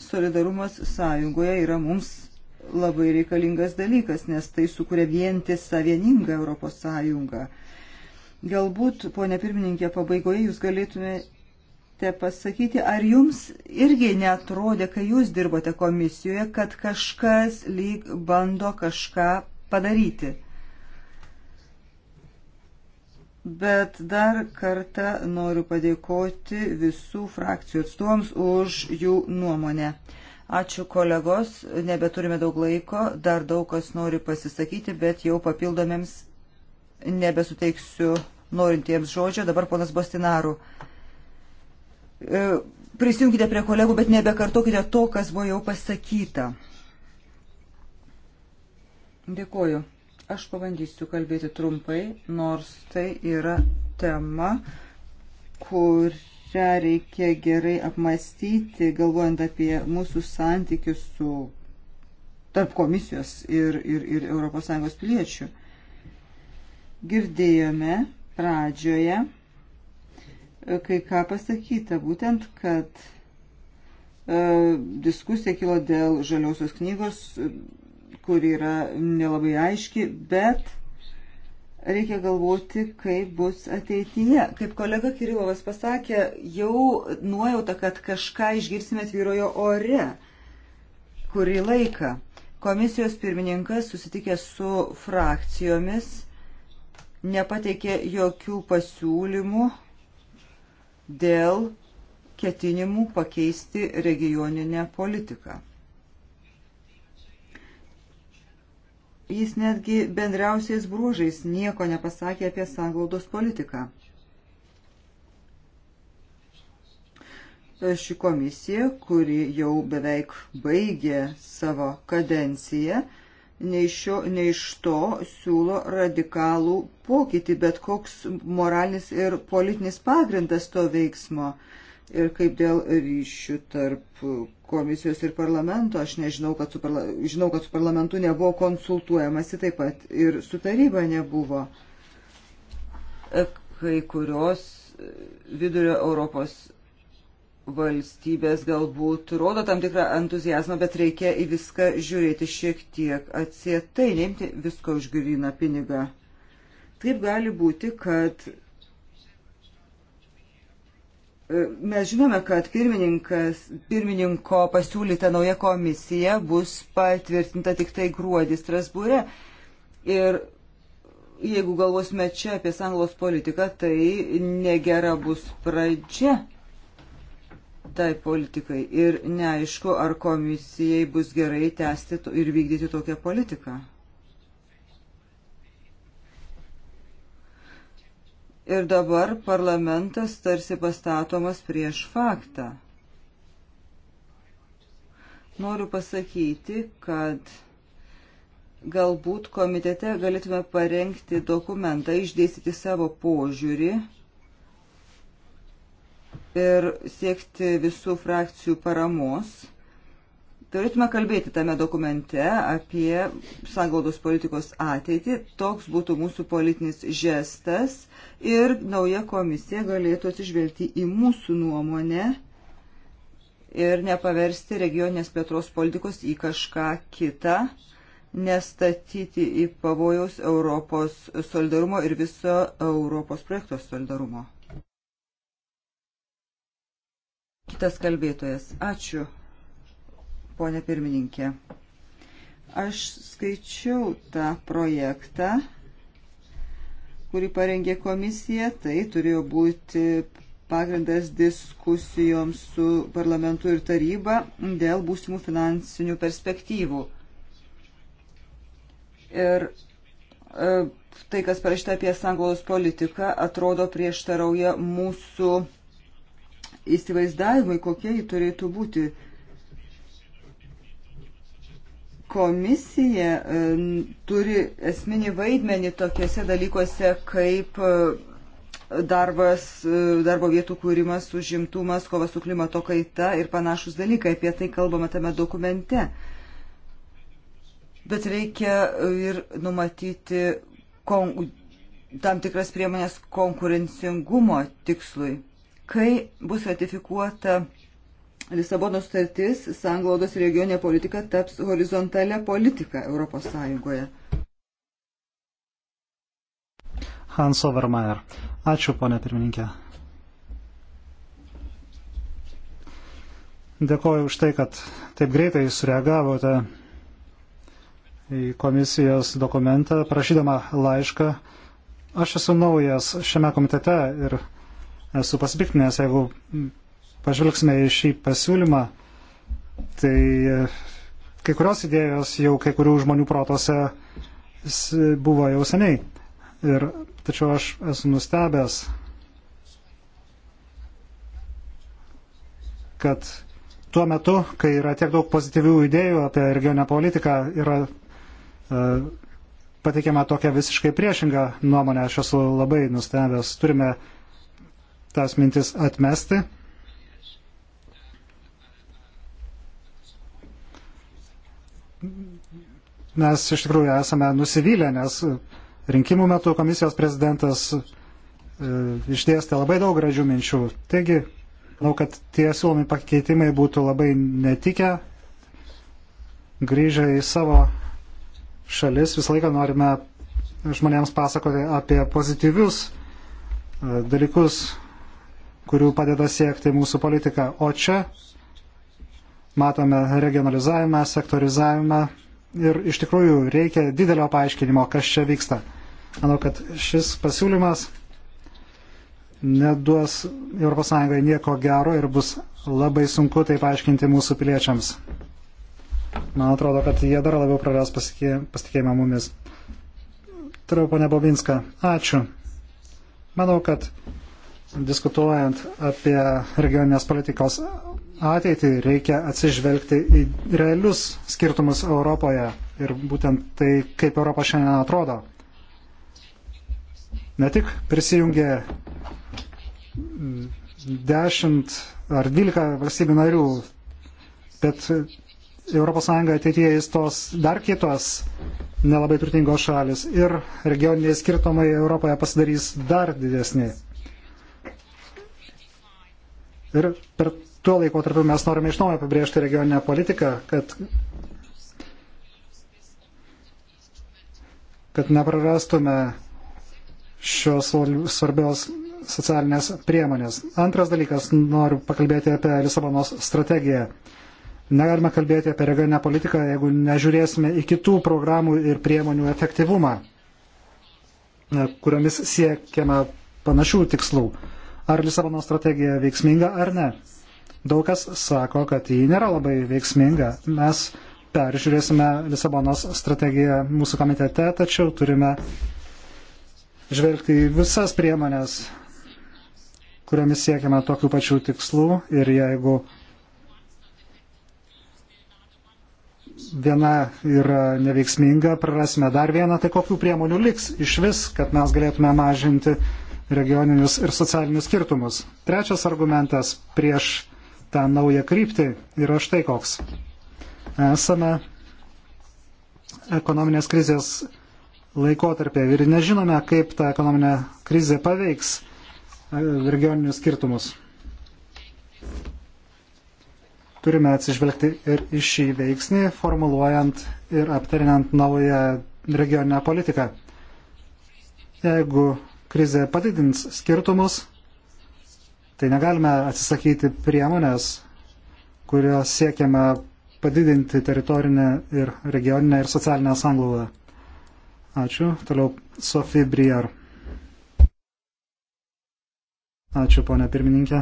solidarumas sąjungoje yra mums labai reikalingas dalykas, nes tai sukuria vientisą vieningą Europos sąjungą. Galbūt, ponė pirmininkė, pabaigoje jūs galėtumėte pasakyti, ar jums irgi netrodė, kai jūs dirbote komisijoje, kad kažkas lyg bando kažką padaryti. Bet dar kartą noriu padėkoti visų frakcijų atstovams už jų nuomonę. Ačiū kolegos, nebeturime daug laiko, dar daug kas nori pasisakyti, bet jau papildomiems nebesuteiksiu norintiems žodžio. Dabar ponas Bostinaru. E, Prisijungkite prie kolegų, bet nebekartokite to, kas buvo jau pasakyta. Dėkuoju. Aš pabandysiu kalbėti trumpai, nors tai yra tema, kurią reikia gerai apmastyti, galvojant apie mūsų santykius su tarp komisijos ir, ir, ir ES piliečių. Girdėjome pradžioje, e, kai ką pasakyta, būtent, kad e, diskusija kilo dėl žaliosios knygos. E, kur yra nelabai aiški, bet reikia galvoti, kaip bus ateityje. Kaip kolega Kirilovas pasakė, jau nuojauta, kad kažką išgirsime atvirojo ore kurį laiką. Komisijos pirmininkas susitikė su frakcijomis, nepateikė jokių pasiūlymų dėl ketinimų pakeisti regioninę politiką. Jis netgi bendriausiais bruožais nieko nepasakė apie sanglaudos politiką. Ši komisija, kuri jau beveik baigė savo kadenciją, nei, šio, nei iš to siūlo radikalų pokytį, bet koks moralinis ir politinis pagrindas to veiksmo ir kaip dėl ryšių tarp komisijos ir parlamento. Aš nežinau, kad su, parla... žinau, kad su parlamentu nebuvo konsultuojamasi taip pat ir su taryba nebuvo. E, kai kurios e, vidurio Europos valstybės galbūt rodo tam tikrą entuzijazmą, bet reikia į viską žiūrėti šiek tiek atsietai, neimti visko už gryną pinigą. Taip gali būti, kad Mes žinome, kad pirmininko pasiūlyta nauja komisija bus patvirtinta tik tai gruodį Strasbūre. Ir jeigu galvosime čia apie sanglos politiką, tai negera bus pradžia tai politikai. Ir neaišku, ar komisijai bus gerai tęsti ir vykdyti tokią politiką. ir dabar parlamentas tarsi pastatomas prieš faktą. Noriu pasakyti, kad galbūt komitete galėtume parengti dokumentą, išdėstyti savo požiūrį ir siekti visų frakcijų paramos Turėtume kalbėti tame dokumente apie sanglaudos politikos ateitį. Toks būtų mūsų politinis žestas ir nauja komisija galėtų atsižvelgti į mūsų nuomonę ir nepaversti regioninės plėtros politikos į kažką kitą, nestatyti į pavojaus Europos solidarumo ir viso Europos projekto solidarumo. Kitas kalbėtojas. Ačiū ponė pirmininkė. Aš skaičiau tą projektą, kurį parengė komisija, tai turėjo būti pagrindas diskusijoms su parlamentu ir taryba dėl būsimų finansinių perspektyvų. Ir e, tai, kas parašyta apie sanglaudos politiką, atrodo prieštarauja mūsų įsivaizdavimui, kokie jį turėtų būti. Komisija e, turi esminį vaidmenį tokiuose dalykuose kaip e, darbas, e, darbo vietų kūrimas, užimtumas, kova su klimato kaita ir panašus dalykai. Apie tai kalbama tame dokumente. Bet reikia ir numatyti kon, tam tikras priemonės konkurencingumo tikslui. Kai bus ratifikuota Lisabono sutartis sanglaudos regionė politika taps horizontalia politika Europos Sąjungoje. Hans Overmeier. Ačiū, ponė pirmininkė. Dėkoju už tai, kad taip greitai sureagavote į komisijos dokumentą, prašydama laišką. Aš esu naujas šiame komitete ir esu pasipiktinęs, jeigu pažvelgsime į šį pasiūlymą, tai e, kai kurios idėjos jau kai kurių žmonių protose buvo jau seniai. Ir, tačiau aš esu nustebęs, kad tuo metu, kai yra tiek daug pozityvių idėjų apie regionę politiką, yra uh, pateikiama tokia visiškai priešinga nuomonė. Aš esu labai nustebęs. Turime tas mintis atmesti mes iš tikrųjų esame nusivylę, nes rinkimų metu komisijos prezidentas e, išdėstė labai daug gražių minčių. Taigi, manau, kad tie siūlomi pakeitimai būtų labai netikę. Grįžę į savo šalis visą laiką norime žmonėms pasakoti apie pozityvius e, dalykus, kurių padeda siekti mūsų politika. O čia matome regionalizavimą, sektorizavimą ir iš tikrųjų reikia didelio paaiškinimo, kas čia vyksta. Manau, kad šis pasiūlymas neduos ES nieko gero ir bus labai sunku tai paaiškinti mūsų piliečiams. Man atrodo, kad jie dar labiau praras pasitikėjimą mumis. Turiu ponę Bobinską. Ačiū. Manau, kad diskutuojant apie regioninės politikos ateitį reikia atsižvelgti į realius skirtumus Europoje ir būtent tai, kaip Europa šiandien atrodo. Ne tik prisijungė 10 ar 12 valstybių narių, bet ES ateityje įstos dar kitos nelabai turtingos šalis ir regioniniai skirtumai Europoje pasidarys dar didesni. Ir per tuo laikotarpiu mes norime iš naujo apibriežti regioninę politiką, kad, kad neprarastume šios svarbios socialinės priemonės. Antras dalykas, noriu pakalbėti apie Lisabonos strategiją. Negalime kalbėti apie regioninę politiką, jeigu nežiūrėsime į kitų programų ir priemonių efektyvumą, kuriomis siekiame panašių tikslų. Ar Lisabono strategija veiksminga ar ne? Daug kas sako, kad ji nėra labai veiksminga. Mes peržiūrėsime Lisabonos strategiją mūsų komitete, tačiau turime žvelgti į visas priemonės, kuriomis siekiame tokių pačių tikslų ir jeigu viena yra neveiksminga, prarasime dar vieną, tai kokių priemonių liks iš vis, kad mes galėtume mažinti regioninius ir socialinius skirtumus. Trečias argumentas prieš tą naują kryptį yra štai koks. Esame ekonominės krizės laikotarpė ir nežinome, kaip ta ekonominė krizė paveiks e, regioninius skirtumus. Turime atsižvelgti ir į šį veiksnį, formuluojant ir aptarinant naują regioninę politiką. Jeigu krizė padidins skirtumus, Tai negalime atsisakyti priemonės, kurio siekiame padidinti teritorinę ir regioninę ir socialinę sanglaudą. Ačiū. Toliau Sofija Briar. Ačiū, ponė pirmininkė.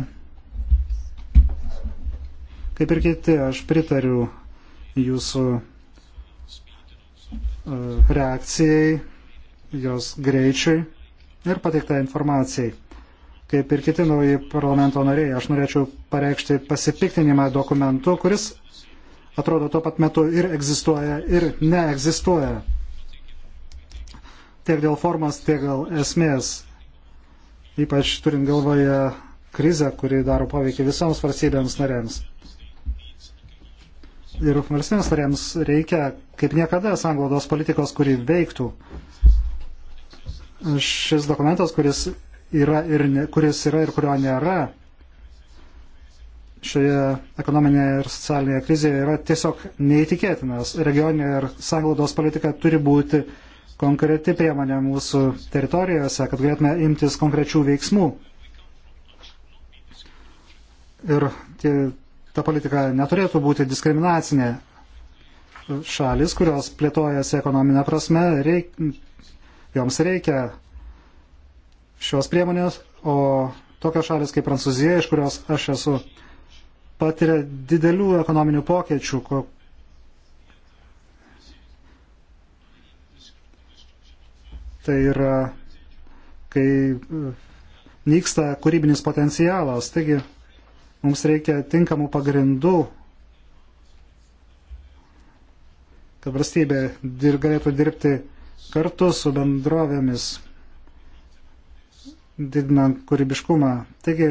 Kaip ir kiti, aš pritariu jūsų e, reakcijai, jos greičiui ir pateiktai informacijai kaip ir kiti nauji parlamento nariai. Aš norėčiau pareikšti pasipiktinimą dokumentu, kuris atrodo tuo pat metu ir egzistuoja, ir neegzistuoja. Tiek dėl formos, tiek dėl esmės. Ypač turint galvoje krizę, kuri daro poveikį visoms valstybėms narėms. Ir valstybėms narėms reikia kaip niekada sanglaudos politikos, kuri veiktų. Šis dokumentas, kuris yra ir ne, kuris yra ir kurio nėra šioje ekonominėje ir socialinėje krizėje yra tiesiog neįtikėtinas. Regioninė ir sanglaudos politika turi būti konkreti priemonė mūsų teritorijose, kad galėtume imtis konkrečių veiksmų. Ir tie, ta politika neturėtų būti diskriminacinė. Šalis, kurios plėtojasi ekonominę prasme, reik, joms reikia šios priemonės, o tokios šalis kaip Prancūzija, iš kurios aš esu, patiria didelių ekonominių pokėčių. Ko... Tai yra, kai e, nyksta kūrybinis potencialas, taigi mums reikia tinkamų pagrindų, kad valstybė dir, galėtų dirbti kartu su bendrovėmis didinant kūrybiškumą. Taigi,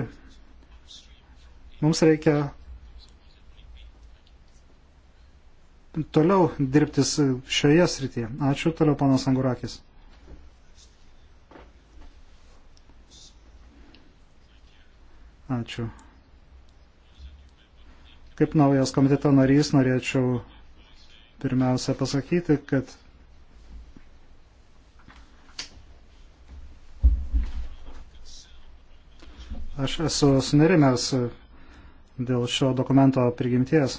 mums reikia toliau dirbtis šioje srityje. Ačiū, toliau panas Angurakis. Ačiū. Kaip naujas komiteto narys norėčiau pirmiausia pasakyti, kad Aš esu sunerimęs dėl šio dokumento prigimties.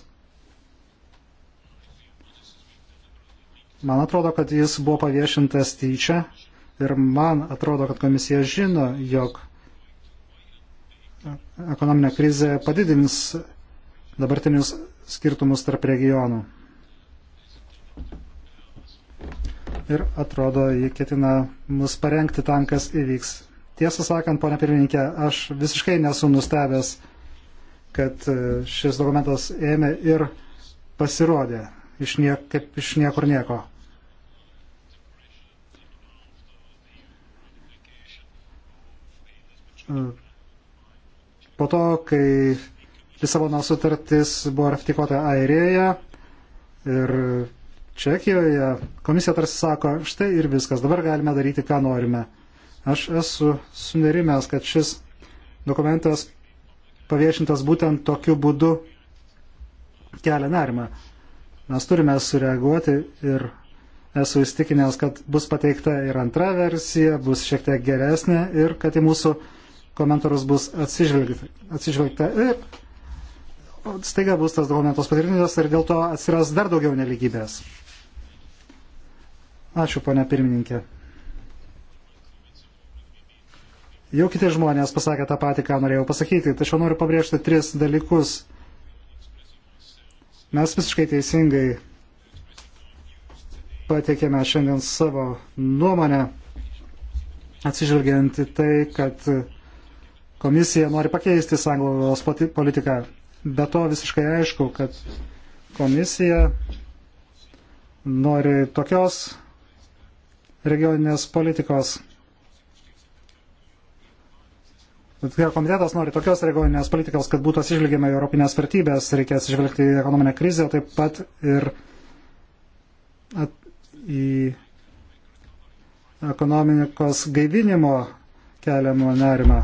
Man atrodo, kad jis buvo paviešintas tyčia ir man atrodo, kad komisija žino, jog ekonominė krizė padidins dabartinius skirtumus tarp regionų. Ir atrodo, jie ketina mus parengti tam, kas įvyks Tiesą sakant, ponia pirmininkė, aš visiškai nesu nustebęs, kad e, šis dokumentas ėmė ir pasirodė iš, nie, kaip iš niekur nieko. E, po to, kai Lisabono sutartis buvo ratifikuota Airijoje ir Čekijoje, komisija tarsi sako, štai ir viskas, dabar galime daryti, ką norime. Aš esu sunerimęs, kad šis dokumentas paviešintas būtent tokiu būdu kelia nerimą. Mes turime sureaguoti ir esu įstikinęs, kad bus pateikta ir antra versija, bus šiek tiek geresnė ir kad į mūsų komentarus bus atsižvelgta. atsižvelgta. Ir staiga bus tas dokumentos patvirtintas ir dėl to atsiras dar daugiau neligybės. Ačiū, ponia pirmininkė. Jau kiti žmonės pasakė tą patį, ką norėjau pasakyti, tačiau noriu pabrėžti tris dalykus. Mes visiškai teisingai pateikėme šiandien savo nuomonę, atsižvelgiant į tai, kad komisija nori pakeisti sanglaudos politiką. Be to visiškai aišku, kad komisija nori tokios regioninės politikos, komitetas nori tokios regioninės politikos, kad būtų atsižvelgiama į europinės vertybės, reikės atsižvelgti į ekonominę krizę, taip pat ir at, į ekonomikos gaivinimo keliamą nerimą.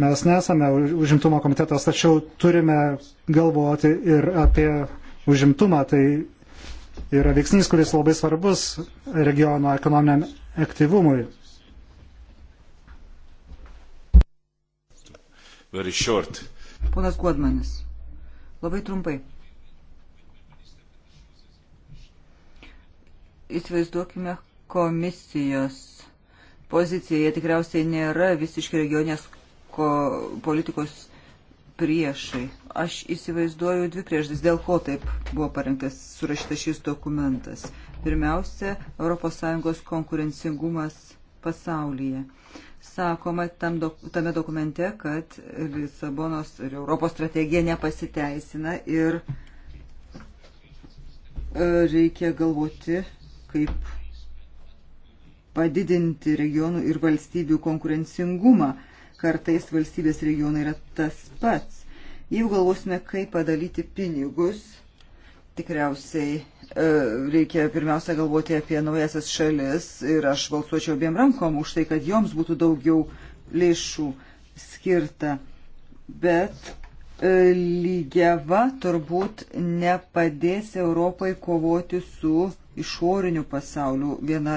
Mes nesame užimtumo komitetas, tačiau turime galvoti ir apie užimtumą. Tai yra veiksnys, kuris labai svarbus regiono ekonominiam aktyvumui. Very short. Ponas Guodmanis. Labai trumpai. Įsivaizduokime komisijos poziciją. Jie tikriausiai nėra visiškai regionės politikos priešai. Aš įsivaizduoju dvi priežastis, dėl ko taip buvo parengtas surašytas šis dokumentas. Pirmiausia, ES konkurencingumas pasaulyje sakoma tam dok, tame dokumente, kad Lisabonos ir Europos strategija nepasiteisina ir e, reikia galvoti, kaip padidinti regionų ir valstybių konkurencingumą. Kartais valstybės regionai yra tas pats. Jeigu galvosime, kaip padalyti pinigus, tikriausiai E, reikia pirmiausia galvoti apie naujasias šalis ir aš balsuočiau abiem rankom už tai, kad joms būtų daugiau lėšų skirta. Bet e, lygiava turbūt nepadės Europai kovoti su išoriniu pasauliu. Viena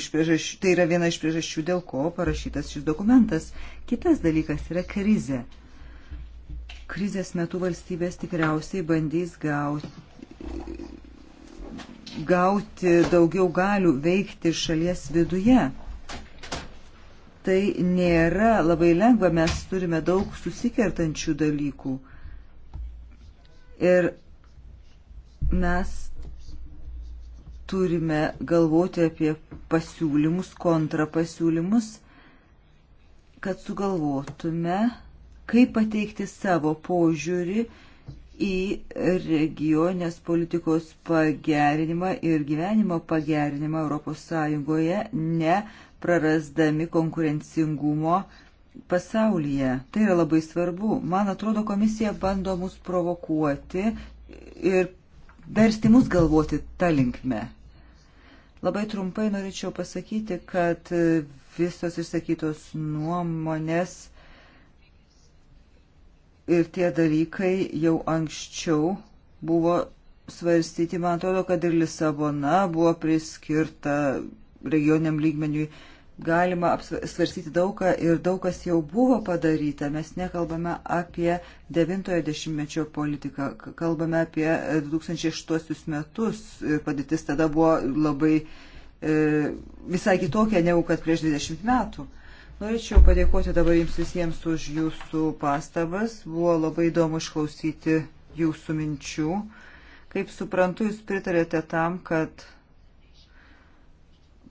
iš priežasčių, tai yra viena iš priežasčių, dėl ko parašytas šis dokumentas. Kitas dalykas yra krizė. Krizės metu valstybės tikriausiai bandys gauti gauti daugiau galių veikti šalies viduje. Tai nėra labai lengva, mes turime daug susikertančių dalykų. Ir mes turime galvoti apie pasiūlymus, kontrapasiūlymus, kad sugalvotume, kaip pateikti savo požiūrį, į regionės politikos pagerinimą ir gyvenimo pagerinimą ES, neprarasdami konkurencingumo pasaulyje. Tai yra labai svarbu. Man atrodo, komisija bando mus provokuoti ir versti mus galvoti tą linkmę. Labai trumpai norėčiau pasakyti, kad visos išsakytos nuomonės ir tie dalykai jau anksčiau buvo svarstyti. Man atrodo, kad ir Lisabona buvo priskirta regioniam lygmeniui. Galima svarstyti daugą ir daug kas jau buvo padaryta. Mes nekalbame apie 90-mečio politiką, kalbame apie 2006 metus ir padėtis tada buvo labai e, visai kitokia negu kad prieš 20 metų. E, Norėčiau padėkoti dabar jums visiems už jūsų pastabas. Buvo labai įdomu išklausyti jūsų minčių. Kaip suprantu, jūs pritarėte tam, kad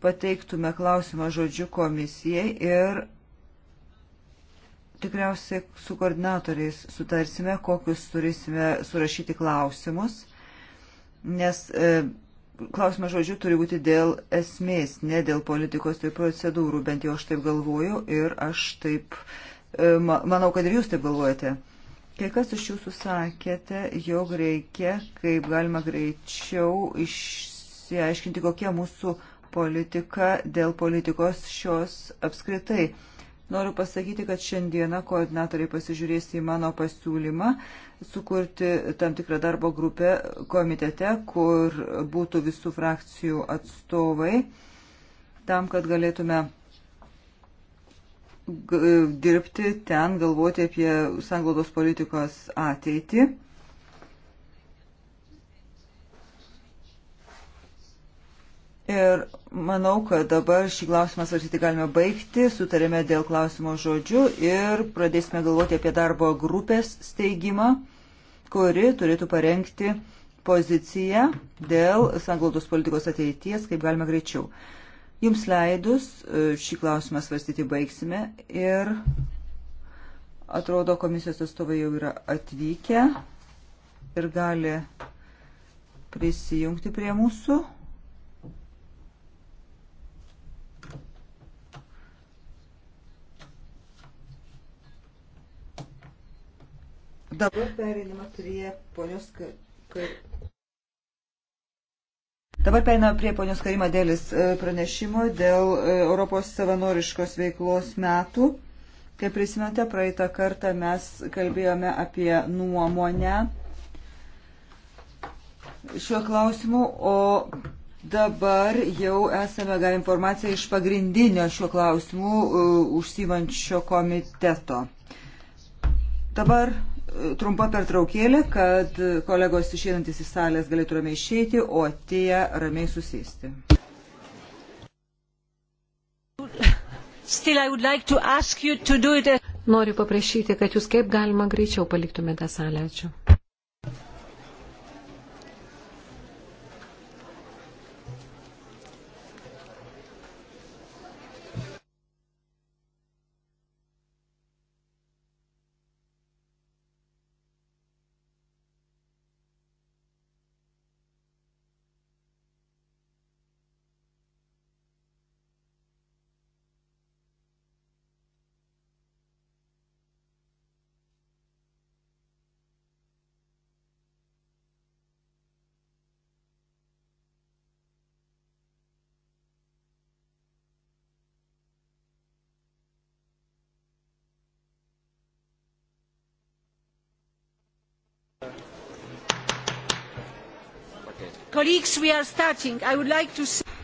pateiktume klausimą žodžiu komisijai ir tikriausiai su koordinatoriais sutarsime, kokius turėsime surašyti klausimus, nes e, klausimas žodžiu turi būti dėl esmės, ne dėl politikos ir tai procedūrų, bent jau aš taip galvoju ir aš taip, e, manau, kad ir jūs taip galvojate. Kai kas iš jūsų sakėte, jog reikia, kaip galima greičiau išsiaiškinti, kokia mūsų politika dėl politikos šios apskritai. Noriu pasakyti, kad šiandieną koordinatoriai pasižiūrės į mano pasiūlymą sukurti tam tikrą darbo grupę komitete, kur būtų visų frakcijų atstovai, tam, kad galėtume dirbti ten, galvoti apie sanglaudos politikos ateitį. Ir manau, kad dabar šį klausimą svarstyti galime baigti, sutarėme dėl klausimo žodžių ir pradėsime galvoti apie darbo grupės steigimą kuri turėtų parengti poziciją dėl sanglaudos politikos ateities, kaip galima greičiau. Jums leidus e, šį klausimą svarstyti baigsime ir atrodo komisijos atstovai jau yra atvykę ir gali prisijungti prie mūsų. Dabar perinama prie ponios Karima. Dabar perinama prie ponios Karima dėlis e, pranešimo dėl e, Europos savanoriškos veiklos metų. Kaip prisimenate, praeitą kartą mes kalbėjome apie nuomonę šiuo klausimu, o dabar jau esame gavę informaciją iš pagrindinio šiuo klausimu e, užsimančio komiteto. Dabar trumpa pertraukėlė, kad kolegos išeinantis iš salės galėtų ramiai išeiti, o tie ramiai susėsti. Like Noriu paprašyti, kad jūs kaip galima greičiau paliktumėte salę. Ačiū.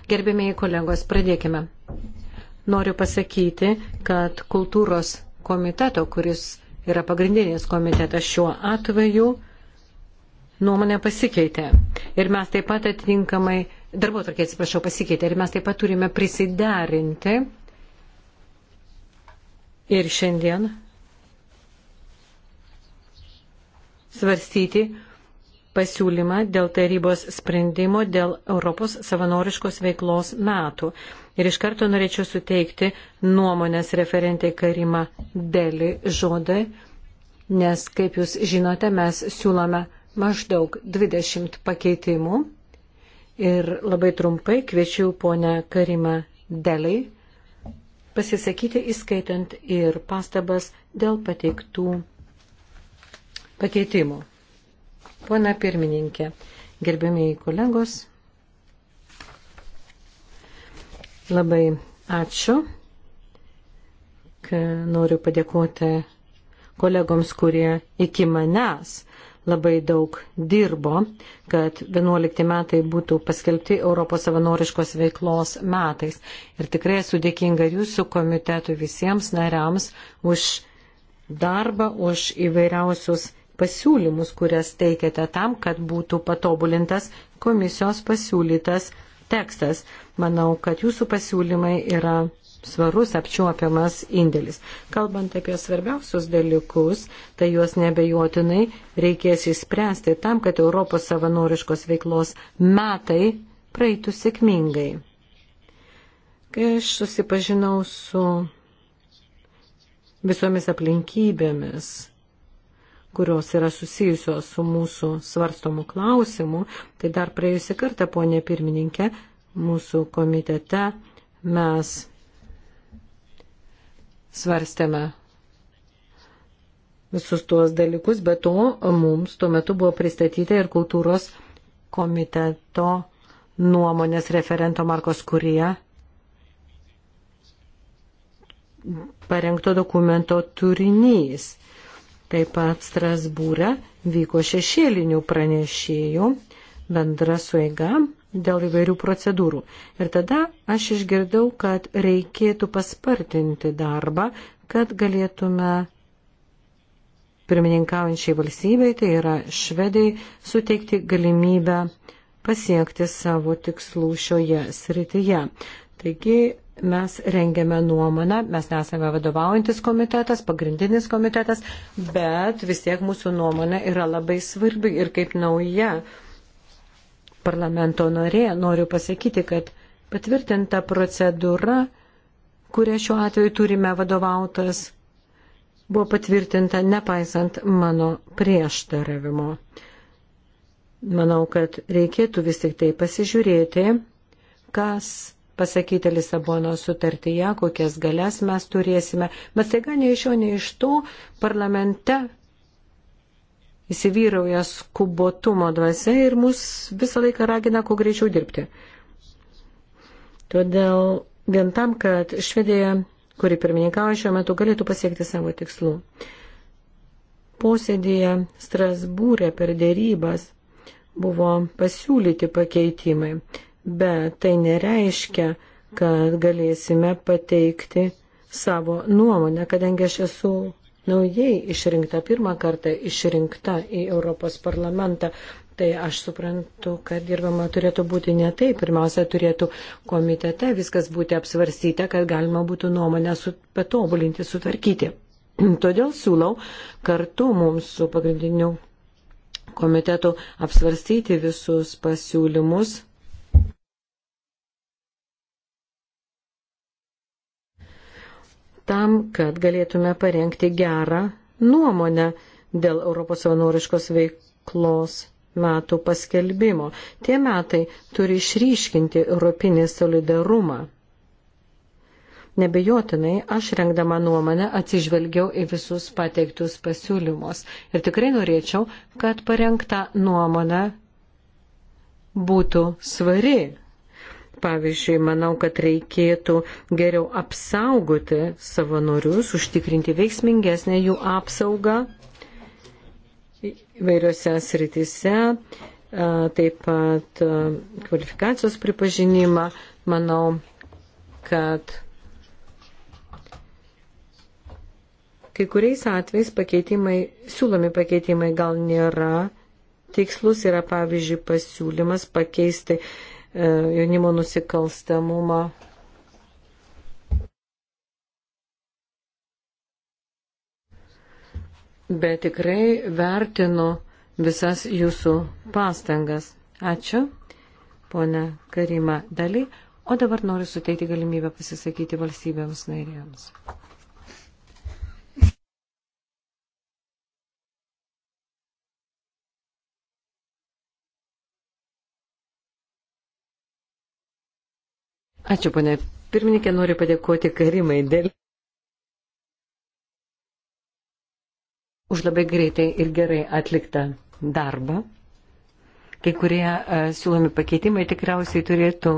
Gerbėmiai kolegos, pradėkime. Noriu pasakyti, kad kultūros komiteto, kuris yra pagrindinis komitetas šiuo atveju, nuomonė pasikeitė. Ir mes taip pat atitinkamai, darbo tarkiai atsiprašau, pasikeitė. Ir mes taip pat turime prisiderinti. Ir šiandien svarstyti pasiūlymą dėl tarybos sprendimo dėl Europos savanoriškos veiklos metų. Ir iš karto norėčiau suteikti nuomonės referentai Karima Deli žodai, nes, kaip jūs žinote, mes siūlome maždaug 20 pakeitimų. Ir labai trumpai kviečiu ponę Karimą Deliai pasisakyti įskaitant ir pastabas dėl pateiktų pakeitimų. Pone pirmininkė, gerbėmiai kolegos, labai ačiū. Noriu padėkoti kolegoms, kurie iki manęs labai daug dirbo, kad 11 metai būtų paskelbti Europos savanoriškos veiklos metais. Ir tikrai esu dėkinga jūsų komitetui visiems nariams už darbą, už įvairiausius pasiūlymus, kurias teikiate tam, kad būtų patobulintas komisijos pasiūlytas tekstas. Manau, kad jūsų pasiūlymai yra svarus apčiuopiamas indėlis. Kalbant apie svarbiausius dalykus, tai juos nebejotinai reikės įspręsti tam, kad Europos savanoriškos veiklos metai praeitų sėkmingai. Kai aš susipažinau su visomis aplinkybėmis, kurios yra susijusios su mūsų svarstomu klausimu, tai dar praėjusi kartą, ponė pirmininkė, mūsų komitete mes svarstėme visus tuos dalykus, bet to mums tuo metu buvo pristatyta ir kultūros komiteto nuomonės referento Markos Kurie parengto dokumento turinys. Taip pat Strasbūre vyko šešėlinių pranešėjų bendra sueiga dėl įvairių procedūrų. Ir tada aš išgirdau, kad reikėtų paspartinti darbą, kad galėtume pirmininkaujančiai valstybei, tai yra švedai, suteikti galimybę pasiekti savo tikslų šioje srityje. Taigi mes rengiame nuomonę, mes nesame vadovaujantis komitetas, pagrindinis komitetas, bet vis tiek mūsų nuomonė yra labai svarbi ir kaip nauja parlamento norė noriu pasakyti, kad patvirtinta procedūra, kuria šiuo atveju turime vadovautas, buvo patvirtinta nepaisant mano prieštaravimo. Manau, kad reikėtų vis tik tai pasižiūrėti, kas pasakyta Lisabono sutartyje, kokias galias mes turėsime, bet staiga nei iš jo, nei iš to parlamente įsivyrauja skubotumo dvasia ir mus visą laiką ragina kuo greičiau dirbti. Todėl vien tam, kad Švedija, kuri pirmininkauja šiuo metu, galėtų pasiekti savo tikslų. Posėdėje Strasbūrė per dėrybas buvo pasiūlyti pakeitimai bet tai nereiškia, kad galėsime pateikti savo nuomonę, kadangi aš esu naujai išrinkta, pirmą kartą išrinkta į Europos parlamentą. Tai aš suprantu, kad dirbama turėtų būti ne taip. Pirmiausia, turėtų komitete viskas būti apsvarstyta, kad galima būtų nuomonę su, patobulinti, sutvarkyti. Todėl siūlau kartu mums su pagrindiniu komitetu apsvarstyti visus pasiūlymus tam, kad galėtume parengti gerą nuomonę dėl Europos savanoriškos veiklos metų paskelbimo. Tie metai turi išryškinti europinį solidarumą. Nebejotinai, aš rengdama nuomonę atsižvelgiau į visus pateiktus pasiūlymus ir tikrai norėčiau, kad parengta nuomonė būtų svari Pavyzdžiui, manau, kad reikėtų geriau apsaugoti savanorius, užtikrinti veiksmingesnę jų apsaugą įvairiose sritise, taip pat kvalifikacijos pripažinimą. Manau, kad kai kuriais atvejais pakeitimai, siūlomi pakeitimai gal nėra tikslus, yra pavyzdžiui pasiūlymas pakeisti E, jaunimo nusikalstamumą. Bet tikrai vertinu visas jūsų pastangas. Ačiū, ponia Karima Dali. O dabar noriu suteikti galimybę pasisakyti valstybėms narėms. Ačiū, ponė. Pirmininkė, noriu padėkoti Karimai dėl. Už labai greitai ir gerai atliktą darbą. Kai kurie a, e, siūlomi pakeitimai tikriausiai turėtų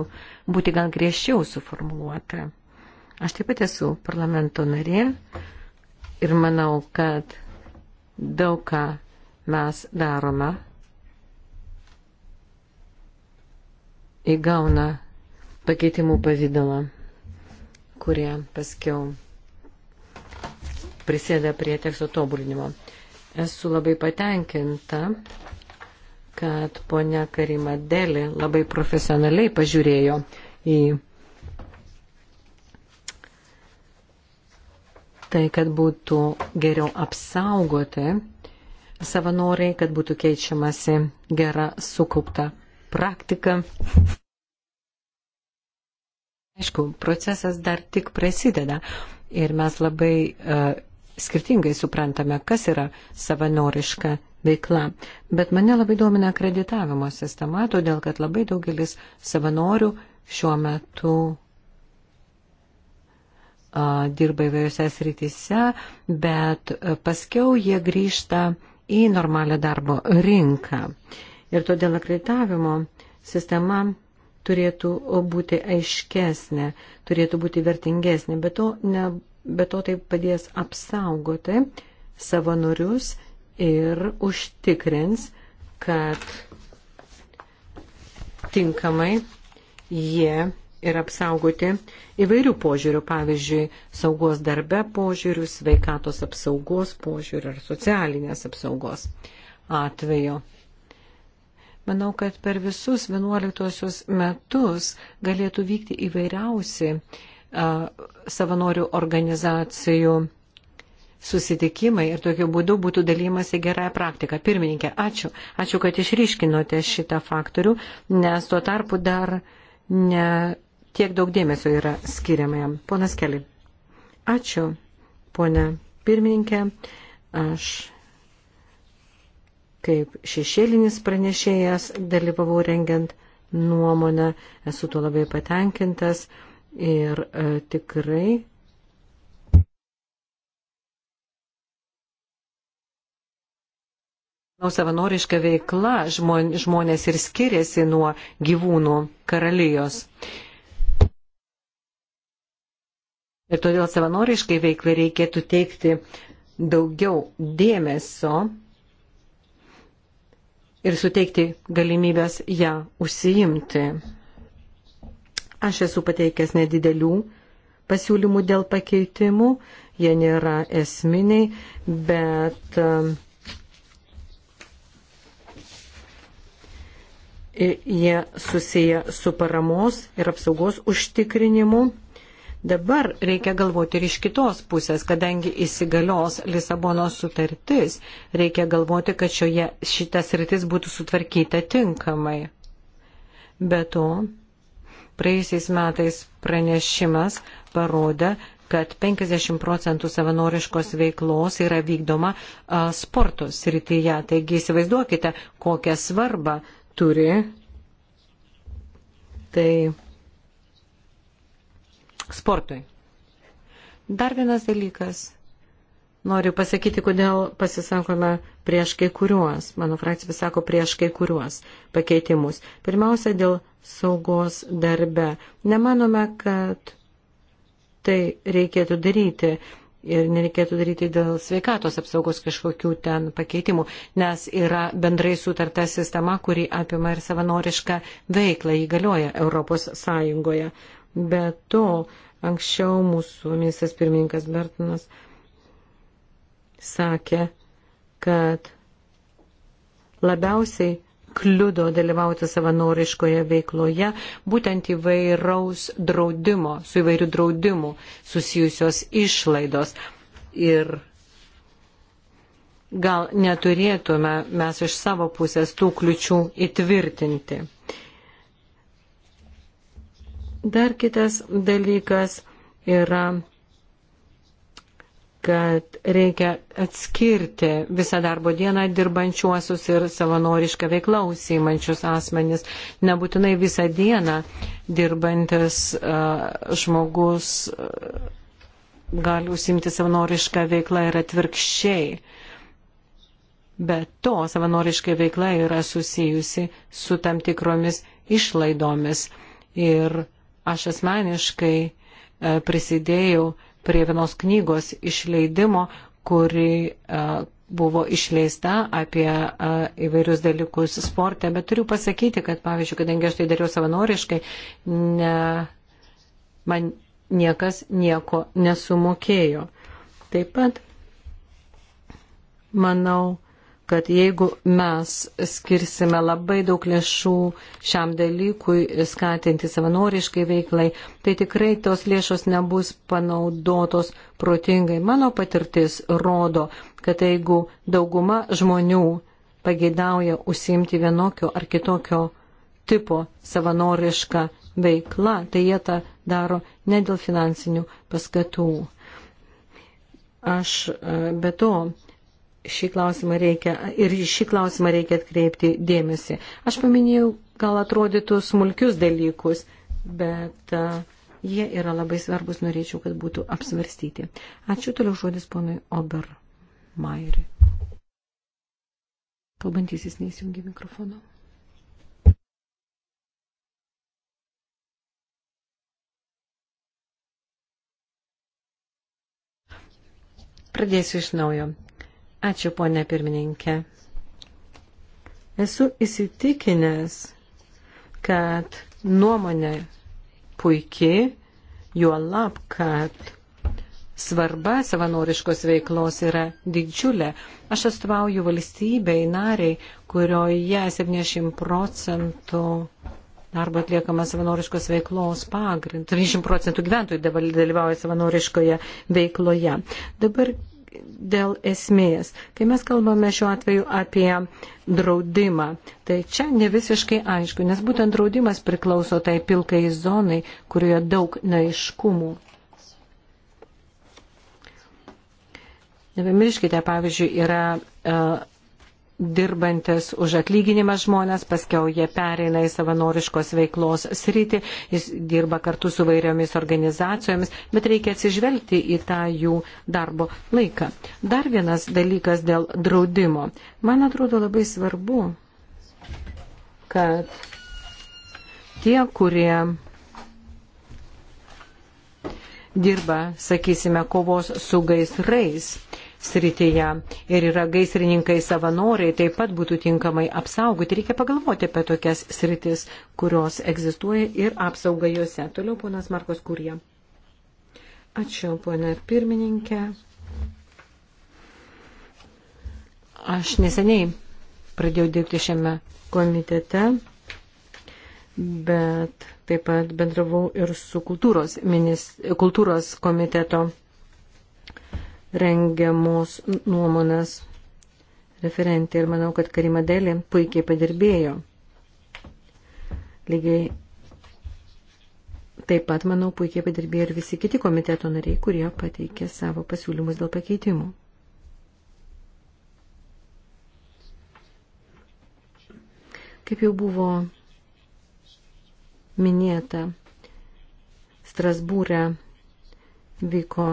būti gal griežčiau suformuoluoti. Aš taip pat esu parlamento narė ir manau, kad daug ką mes darome įgauna pakeitimų pavydalą, kurie paskiau prisėda prie teksto tobulinimo. Esu labai patenkinta, kad ponia Karima Deli labai profesionaliai pažiūrėjo į tai, kad būtų geriau apsaugoti savanoriai, kad būtų keičiamasi gera sukaupta praktika. Aišku, procesas dar tik prasideda ir mes labai uh, skirtingai suprantame, kas yra savanoriška veikla. Bet mane labai domina akreditavimo sistema, todėl kad labai daugelis savanorių šiuo metu a, dirba įvairiose srityse, bet e, paskiau jie grįžta į normalią darbo rinką. Ir todėl akreditavimo sistema turėtų būti aiškesnė, turėtų būti vertingesnė, bet to, ne, bet to tai padės apsaugoti savanorius ir užtikrins, kad tinkamai jie ir apsaugoti įvairių požiūrių, pavyzdžiui, saugos darbe požiūrių, sveikatos apsaugos požiūrių ar socialinės apsaugos atveju. Manau, kad per visus 11 metus galėtų vykti įvairiausi savanorių organizacijų susitikimai ir tokiu būdu būtų dalymasi gerąją praktiką. Pirmininkė, ačiū. Ačiū, kad išryškinote šitą faktorių, nes tuo tarpu dar ne tiek daug dėmesio yra skiriama jam. Ponas Keli. Ačiū, ponė pirmininkė. Aš kaip šešėlinis pranešėjas dalyvavau rengiant nuomonę, esu tuo labai patenkintas ir e, tikrai. Nau, savanoriška veikla žmon, žmonės ir skiriasi nuo gyvūnų karalijos. Ir todėl savanoriškai veiklai reikėtų teikti daugiau dėmesio ir suteikti galimybės ją užsiimti. Aš esu pateikęs nedidelių pasiūlymų dėl pakeitimų, jie nėra esminiai, bet e, jie susiję su paramos ir apsaugos užtikrinimu Dabar reikia galvoti ir iš kitos pusės, kadangi įsigalios Lisabonos sutartis, reikia galvoti, kad šioje, šitas rytis būtų sutvarkyta tinkamai. Be to, praėjusiais metais pranešimas parodė, kad 50 procentų savanoriškos veiklos yra vykdoma a, sporto srityje. Taigi įsivaizduokite, kokią svarbą turi. Tai sportui. Dar vienas dalykas. Noriu pasakyti, kodėl pasisakome prieš kai kuriuos, mano frakcija pasako prieš kai kuriuos pakeitimus. Pirmiausia, dėl saugos darbe. Nemanome, kad tai reikėtų daryti ir nereikėtų daryti dėl sveikatos apsaugos kažkokių ten pakeitimų, nes yra bendrai sutarta sistema, kuri apima ir savanorišką veiklą įgalioja Europos Sąjungoje. Be to, anksčiau mūsų ministras pirmininkas Bertonas sakė, kad labiausiai kliudo dalyvauti savanoriškoje veikloje būtent įvairaus draudimo, su įvairių draudimų susijusios išlaidos. Ir gal neturėtume mes iš savo pusės tų kliučių įtvirtinti. Dar kitas dalykas yra kad reikia atskirti visą darbo dieną dirbančiuosius ir savanorišką veiklą užsiimančius asmenis. Nebūtinai visą dieną dirbantis uh, žmogus uh, gali užsiimti savanorišką veiklą ir atvirkščiai. Bet to savanoriška veikla yra susijusi su tam tikromis išlaidomis. Ir uh, Aš asmeniškai e, prisidėjau prie vienos knygos išleidimo, kuri e, buvo išleista apie e, įvairius dalykus sporte, bet turiu pasakyti, kad pavyzdžiui, kadangi aš tai dariau savanoriškai, ne, man niekas nieko nesumokėjo. Taip pat, manau, kad jeigu mes skirsime labai daug lėšų šiam dalykui, skatinti savanoriškai veiklai, tai tikrai tos lėšos nebus panaudotos protingai. Mano patirtis rodo, kad jeigu dauguma žmonių pageidauja užsiimti vienokio ar kitokio tipo savanorišką veiklą, tai jie tą daro ne dėl finansinių paskatų. Aš e, be to šį klausimą reikia, ir šį klausimą reikia atkreipti dėmesį. Aš paminėjau, gal atrodytų smulkius dalykus, bet uh, jie yra labai svarbus, norėčiau, kad būtų apsvarstyti. Ačiū toliau žodis ponui Obermairiui. Kalbantysis neįsijungia mikrofono. Pradėsiu iš naujo. Ačiū, ponė pirmininkė. Esu įsitikinęs, kad nuomonė puikiai, juo lab, kad svarba savanoriškos veiklos yra didžiulė. Aš atstovauju valstybei nariai, kurioje 70 procentų darbo atliekama savanoriškos veiklos pagrindu. 30 procentų gyventojų dalyvauja savanoriškoje veikloje. Dabar dėl esmės. Kai mes kalbame šiuo atveju apie draudimą, tai čia ne visiškai aišku, nes būtent draudimas priklauso tai pilkai zonai, kurioje daug naiškumų. Nepamirškite, pavyzdžiui, yra uh, dirbantis už atlyginimą žmonės, paskiau jie pereina į savanoriškos veiklos sritį, jis dirba kartu su vairiomis organizacijomis, bet reikia atsižvelgti į tą jų darbo laiką. Dar vienas dalykas dėl draudimo. Man atrodo labai svarbu, kad tie, kurie dirba, sakysime, kovos su gaisrais, srityje ir yra gaisrininkai savanoriai, taip pat būtų tinkamai apsaugoti. Reikia pagalvoti apie tokias sritis, kurios egzistuoja ir apsauga juose. Toliau ponas Markos Kurija. Ačiū, ponė pirmininkė. Aš neseniai pradėjau dirbti šiame komitete, bet taip pat bendravau ir su kultūros, minis, kultūros komiteto rengiamos nuomonės referentė ir manau, kad Karima Delė puikiai padirbėjo. Lygiai taip pat, manau, puikiai padirbėjo ir visi kiti komiteto nariai, kurie pateikė savo pasiūlymus dėl pakeitimų. Kaip jau buvo minėta, Strasbūrė vyko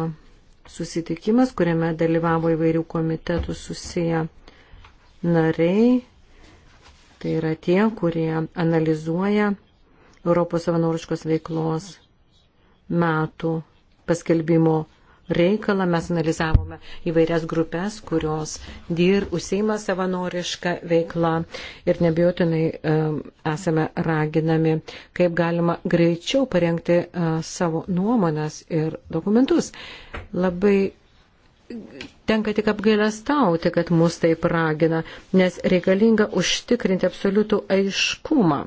susitikimas, kuriame dalyvavo įvairių komitetų susiję nariai. Tai yra tie, kurie analizuoja Europos savanoriškos veiklos metų paskelbimo reikalą mes analizavome įvairias grupės, kurios dir užseima savanorišką veiklą ir nebijotinai esame raginami, kaip galima greičiau parengti e, savo nuomonės ir dokumentus. Labai tenka tik apgailestauti, kad mus taip ragina, nes reikalinga užtikrinti absoliutų aiškumą.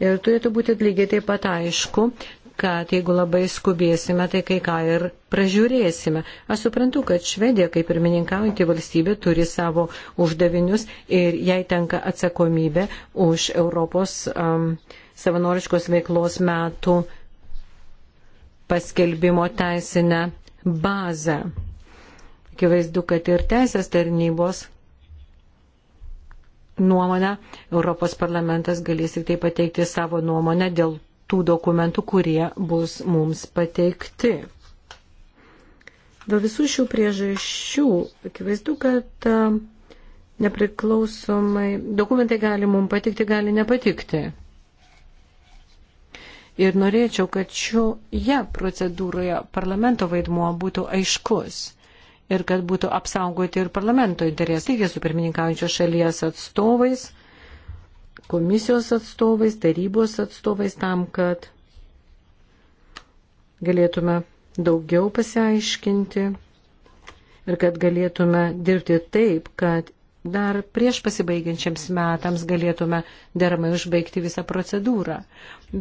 Ir turėtų būti lygiai taip pat aišku, kad jeigu labai skubėsime, tai kai ką ir pražiūrėsime. Aš suprantu, kad Švedija, kaip pirmininkaujantį valstybę, turi savo uždavinius ir jai tenka atsakomybė už Europos um, savanoriškos veiklos metų paskelbimo teisinę bazę. Akivaizdu, kad ir teisės tarnybos nuomonę, Europos parlamentas galės tik tai pateikti savo nuomonę dėl tų dokumentų, kurie bus mums pateikti. Dėl visų šių priežasčių, akivaizdu, kad nepriklausomai dokumentai gali mums patikti, gali nepatikti. Ir norėčiau, kad šioje procedūroje parlamento vaidmuo būtų aiškus ir kad būtų apsaugoti ir parlamento interesai, jie su pirmininkaujančio šalies atstovais komisijos atstovais, tarybos atstovais tam, kad galėtume daugiau pasiaiškinti ir kad galėtume dirbti taip, kad dar prieš pasibaigiančiams metams galėtume deramai užbaigti visą procedūrą.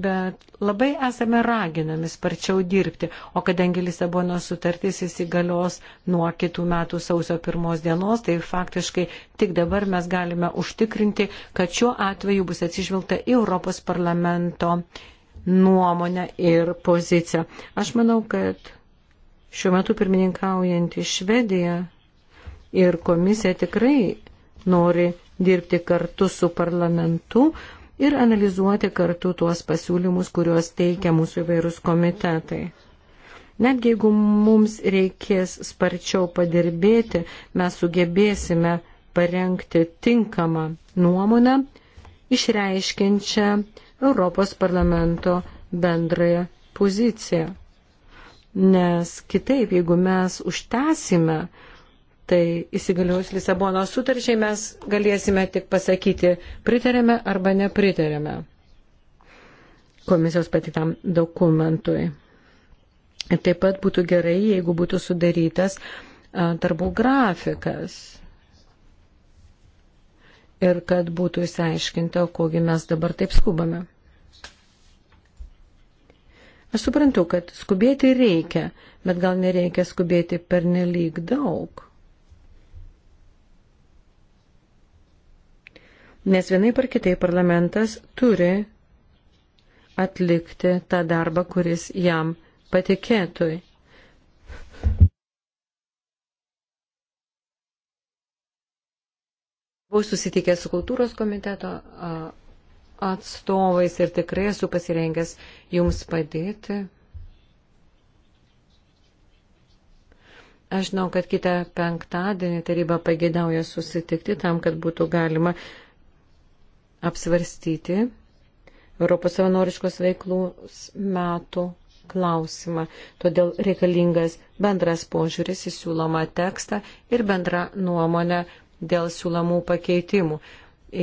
Bet labai esame raginami sparčiau dirbti, o kadangi Lisabonos sutartis įsigalios nuo kitų metų sausio pirmos dienos, tai faktiškai tik dabar mes galime užtikrinti, kad šiuo atveju bus atsižvelgta į Europos parlamento nuomonę ir poziciją. Aš manau, kad šiuo metu pirmininkaujantį Švediją ir komisija tikrai nori dirbti kartu su parlamentu ir analizuoti kartu tuos pasiūlymus, kuriuos teikia mūsų įvairūs komitetai. Net jeigu mums reikės sparčiau padirbėti, mes sugebėsime parengti tinkamą nuomonę, išreiškinčią Europos parlamento bendrąją poziciją. Nes kitaip, jeigu mes užtęsime uh, tai įsigaliojus Lisabono sutarčiai mes galėsime tik pasakyti pritarėme arba nepritarėme komisijos patiktam dokumentui. Ir taip pat būtų gerai, jeigu būtų sudarytas darbų grafikas ir kad būtų įsiaiškinta, kogi mes dabar taip skubame. Aš suprantu, kad skubėti reikia, bet gal nereikia skubėti per nelyg daug. nes vienai par kitai parlamentas turi atlikti tą darbą, kuris jam patikėtui. Buvau susitikęs su kultūros komiteto atstovais ir tikrai esu pasirengęs jums padėti. Aš žinau, kad kitą penktadienį taryba pagėdauja susitikti tam, kad būtų galima uh, apsvarstyti Europos savanoriškos veiklos metų klausimą. Todėl reikalingas bendras požiūris į siūlomą tekstą ir bendra nuomonė dėl siūlomų pakeitimų.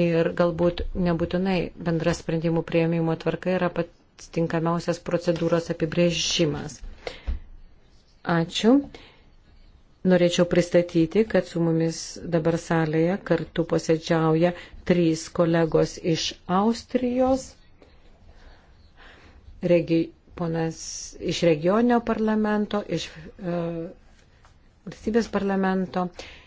Ir galbūt nebūtinai bendra sprendimų prieimimo tvarka yra pats tinkamiausias procedūros apibrėžimas. Ačiū. Norėčiau pristatyti, kad su mumis dabar salėje kartu posėdžiauja trys kolegos iš Austrijos, regi, ponas iš regioninio parlamento, iš uh, valstybės parlamento.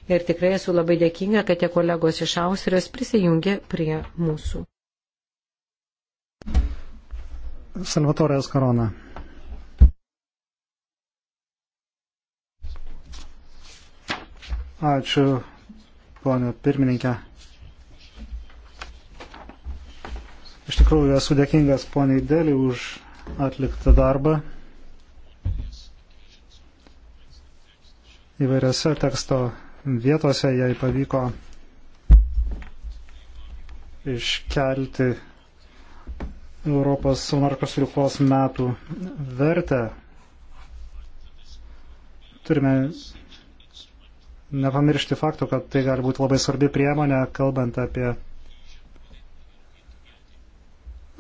Ir tikrai esu labai dėkinga, kad tie kolegos iš Austrijos prisijungė prie mūsų. Salvatorijas Korona. Ačiū, ponio pirmininkė. Iš tikrųjų esu dėkingas poniai Dėlį už atliktą darbą. Įvairiose teksto vietose jai pavyko iškelti Europos Saunarkos Liukos metų vertę. Turime nepamiršti faktų, kad tai gali būti labai svarbi priemonė, kalbant apie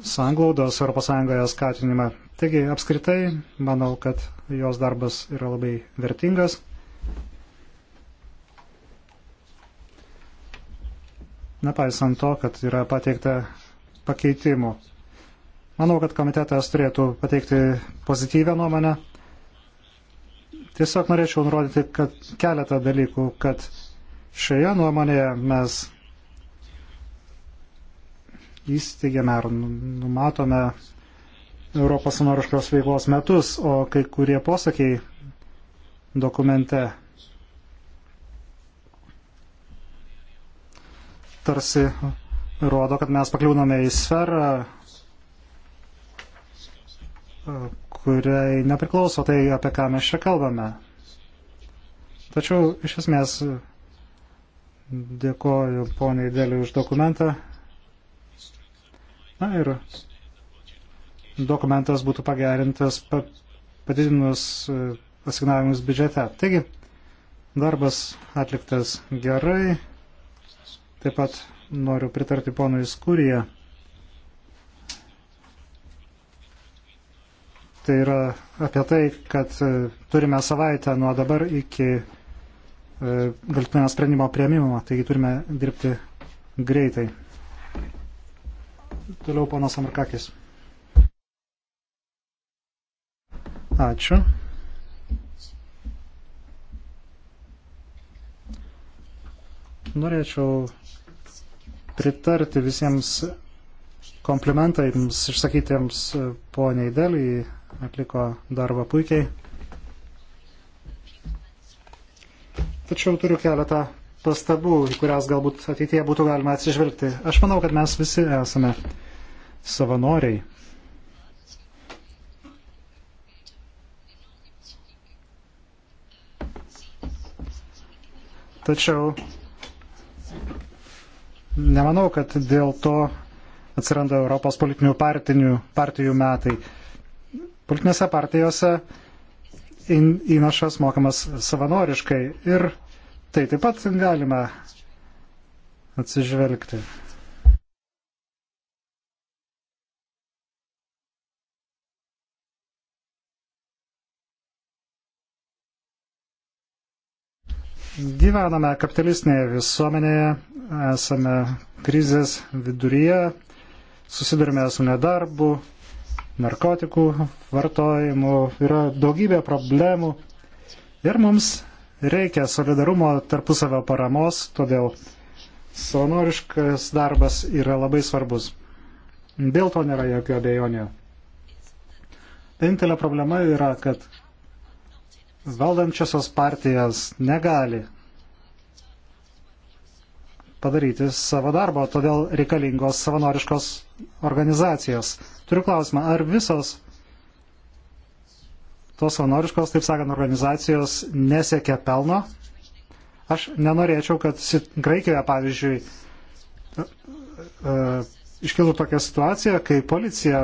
sanglaudos ES skatinimą. Taigi, apskritai, manau, kad jos darbas yra labai vertingas. Nepaisant to, kad yra pateikta pakeitimų. Manau, kad komitetas turėtų pateikti pozityvę nuomonę Tiesiog norėčiau nurodyti, kad keletą dalykų, kad šioje nuomonėje mes įsteigėme ar nu- numatome Europos savanoriškos veiklos metus, o kai kurie posakiai dokumente tarsi rodo, kad mes pakliūname į sferą, kuriai nepriklauso tai, apie ką mes čia kalbame. Tačiau iš esmės dėkoju poniai dėlį už dokumentą. Na ir dokumentas būtų pagerintas padidinus e, asignavimus biudžete. Taigi, darbas atliktas gerai. Taip pat noriu pritarti ponui Skūriją. Tai yra apie tai, kad e, turime savaitę nuo dabar iki e, galtinio sprendimo prieimimo, taigi turime dirbti greitai. Toliau ponas Amarkakis. Ačiū. Norėčiau pritarti visiems komplimentams išsakytiems e, poniai Deliai atliko darbą puikiai. Tačiau turiu keletą pastabų, į kurias galbūt ateityje būtų galima atsižvelgti. Aš manau, kad mes visi esame savanoriai. Tačiau nemanau, kad dėl to atsiranda Europos politinių partijų, partijų metai. Politinėse partijose įnašas mokamas savanoriškai ir tai taip pat galime atsižvelgti. Gyvename kapitalistinėje visuomenėje, esame krizės viduryje, susidurime su nedarbu, narkotikų vartojimu, yra daugybė problemų ir mums reikia solidarumo tarpusavio paramos, todėl savanoriškas darbas yra labai svarbus. Dėl to nėra jokio abejonio. Vienintelė problema yra, kad valdančiosios partijas negali padaryti savo darbo, todėl reikalingos savanoriškos organizacijos. Turiu klausimą, ar visos tos savanoriškos, taip sakant, organizacijos nesiekia pelno? Aš nenorėčiau, kad Graikijoje, pavyzdžiui, e, e, iškiltų tokia situacija, kai policija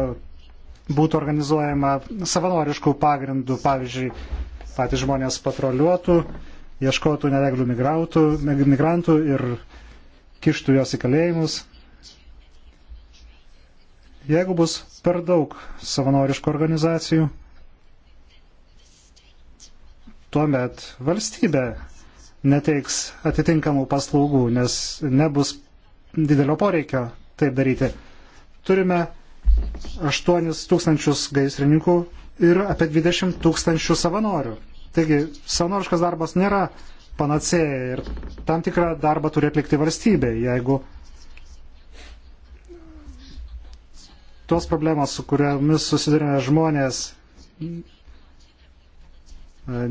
būtų organizuojama savanoriškų pagrindų, pavyzdžiui, patys žmonės patroliuotų, ieškotų nelegalių migrantų ir kištų juos į kalėjimus. Jeigu bus per daug savanoriškų organizacijų, tuomet valstybė neteiks atitinkamų paslaugų, nes nebus didelio poreikio taip daryti. Turime 8 tūkstančius gaisrininkų ir apie 20 tūkstančių savanorių. Taigi savanoriškas darbas nėra panacėja ir tam tikrą darbą turi atlikti valstybė, jeigu tos problemos, su kuriomis susidurime žmonės, e,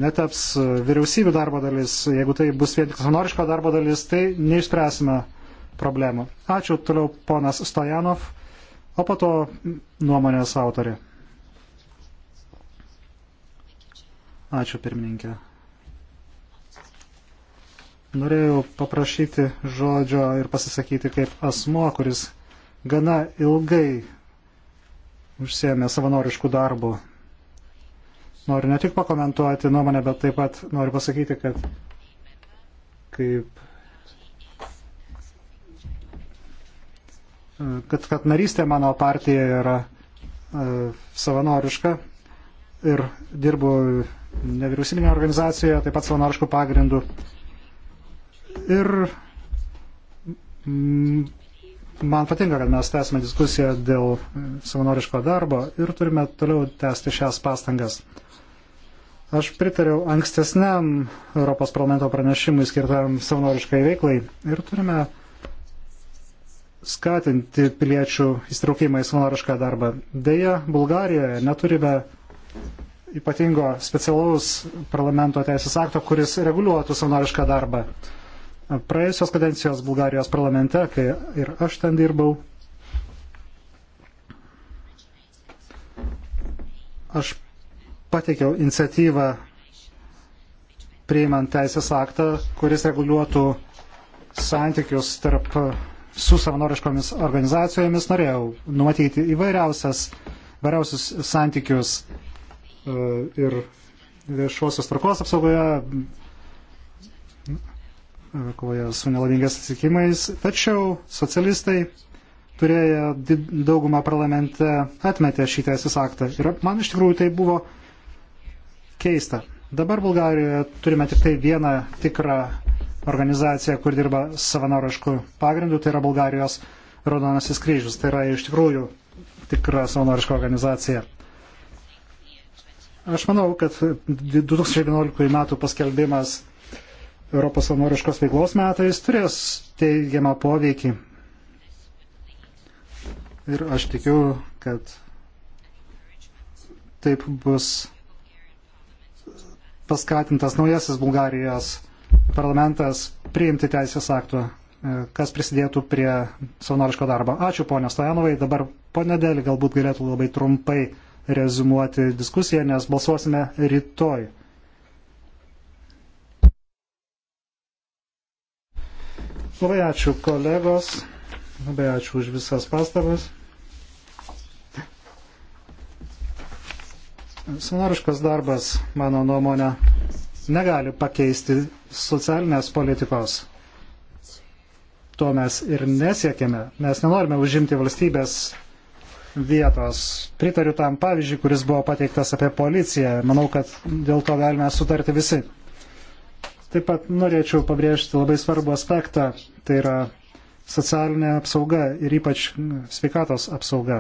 netaps e, vyriausybių darbo dalis. Jeigu tai bus vien tik savanoriško darbo dalis, tai neišspręsime problemų. Ačiū toliau ponas Stojanov, o po to nuomonės autorė. Ačiū pirmininkė. Norėjau paprašyti žodžio ir pasisakyti kaip asmo, kuris gana ilgai užsiemė savanoriškų darbų. Noriu ne tik pakomentuoti nuomonę, bet taip pat noriu pasakyti, kad kaip kad, kad narystė mano partija yra e, savanoriška ir dirbu nevyriausybinėje organizacijoje, taip pat savanoriškų pagrindų. Ir mm, Man patinka, kad mes tęsime diskusiją dėl savanoriško darbo ir turime toliau tęsti šias pastangas. Aš pritariau ankstesniam Europos parlamento pranešimui skirtam savanoriškai veiklai ir turime skatinti piliečių įstraukimą į savanorišką darbą. Deja, Bulgarijoje neturime ypatingo specialaus parlamento teisės akto, kuris reguliuotų savanorišką darbą. Praėjusios kadencijos Bulgarijos parlamente, kai ir aš ten dirbau, aš pateikiau iniciatyvą priimant teisės aktą, kuris reguliuotų santykius tarp su savanoriškomis organizacijomis. Norėjau numatyti įvairiausias, įvairiausius santykius e, ir viešuosios tvarkos apsaugoje, kovoje su nelaimingais atsikimais, tačiau socialistai turėjo daugumą parlamente atmetė šį teisės aktą. Ir man iš tikrųjų tai buvo keista. Dabar Bulgarijoje turime tik tai vieną tikrą organizaciją, kur dirba savanoriškų pagrindų, tai yra Bulgarijos Raudonasis kryžius. Tai yra iš tikrųjų tikra savanoriška organizacija. Aš manau, kad 2011 metų paskelbimas Europos savanoriškos veiklos metais turės teigiamą poveikį. Ir aš tikiu, kad taip bus paskatintas naujasis Bulgarijos parlamentas priimti teisės aktų, e, kas prisidėtų prie savanoriško darbo. Ačiū ponio Stojanovai. Dabar ponio Dėlį galbūt galėtų labai trumpai rezumuoti diskusiją, nes balsuosime rytoj. Labai ačiū kolegos, labai ačiū už visas pastabas. Savanoriškas darbas, mano nuomonė, negali pakeisti socialinės politikos. To mes ir nesiekime. Mes nenorime užimti valstybės vietos. Pritariu tam pavyzdžiui, kuris buvo pateiktas apie policiją. Manau, kad dėl to galime sutarti visi. Taip pat norėčiau pabrėžti labai svarbų aspektą, tai yra socialinė apsauga ir ypač sveikatos apsauga.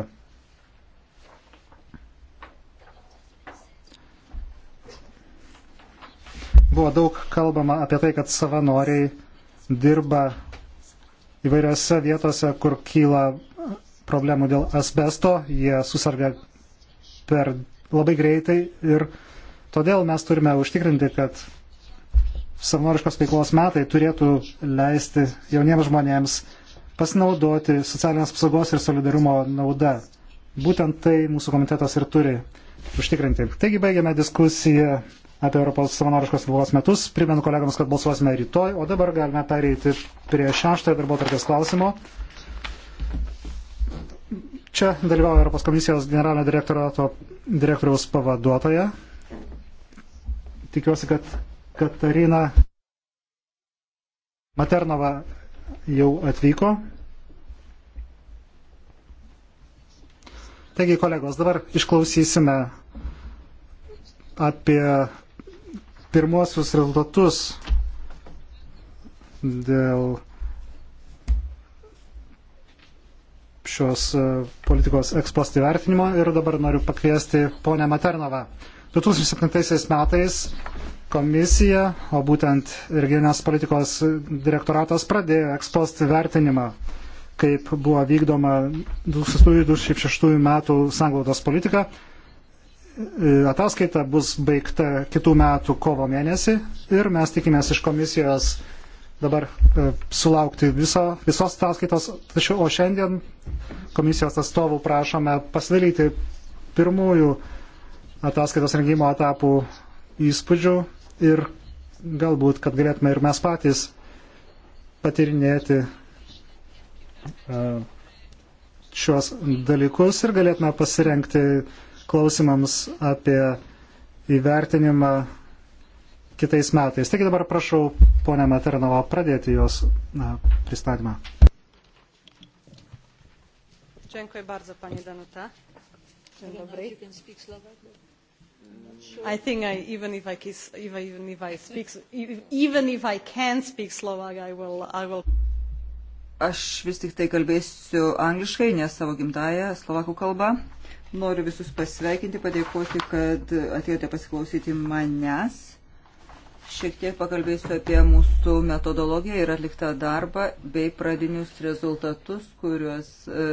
Buvo daug kalbama apie tai, kad savanoriai dirba įvairiose vietose, kur kyla problemų dėl asbesto, jie susarga per labai greitai ir todėl mes turime užtikrinti, kad savanoriškos veiklos metai turėtų leisti jauniems žmonėms pasinaudoti socialinės apsaugos ir solidarumo nauda. Būtent tai mūsų komitetas ir turi užtikrinti. Taigi baigiame diskusiją apie Europos savanoriškos veiklos metus. Primenu kolegams, kad balsuosime rytoj, o dabar galime pereiti prie šeštojo darbo tarkės klausimo. Čia dalyvauja Europos komisijos generalinio direktoriaus pavaduotoja. Tikiuosi, kad Katarina Maternova jau atvyko. Taigi, kolegos, dabar išklausysime apie pirmuosius rezultatus dėl šios e, politikos ekspost įvertinimo ir dabar noriu pakviesti ponę Maternovą. 2007 metais komisija, o būtent regionės politikos direktoratas pradėjo ekspost vertinimą, kaip buvo vykdoma 2006 metų sanglaudos politika. Ataskaita bus baigta kitų metų kovo mėnesį ir mes tikimės iš komisijos dabar e, sulaukti viso, visos ataskaitos. Tačiau, o šiandien komisijos atstovų prašome pasidalyti pirmųjų ataskaitos rengimo etapų įspūdžių ir galbūt, kad galėtume ir mes patys patirinėti šios dalykus ir galėtume pasirenkti klausimams apie įvertinimą kitais metais. Taigi dabar prašau ponę Maternovą pradėti jos na, pristatymą. Dziękuję bardzo, pani Danuta. Dzień dobry. Sure. I think I, even if I kiss, even, even if I speak, e-, even if I can speak Slovak, I will, I will. Aš vis tik tai kalbėsiu angliškai, nes savo gimtają slovakų kalbą. Noriu visus pasveikinti, padėkoti, kad atėjote pasiklausyti manęs Šiek tiek pakalbėsiu apie mūsų metodologiją ir atliktą darbą bei pradinius rezultatus, kuriuos e,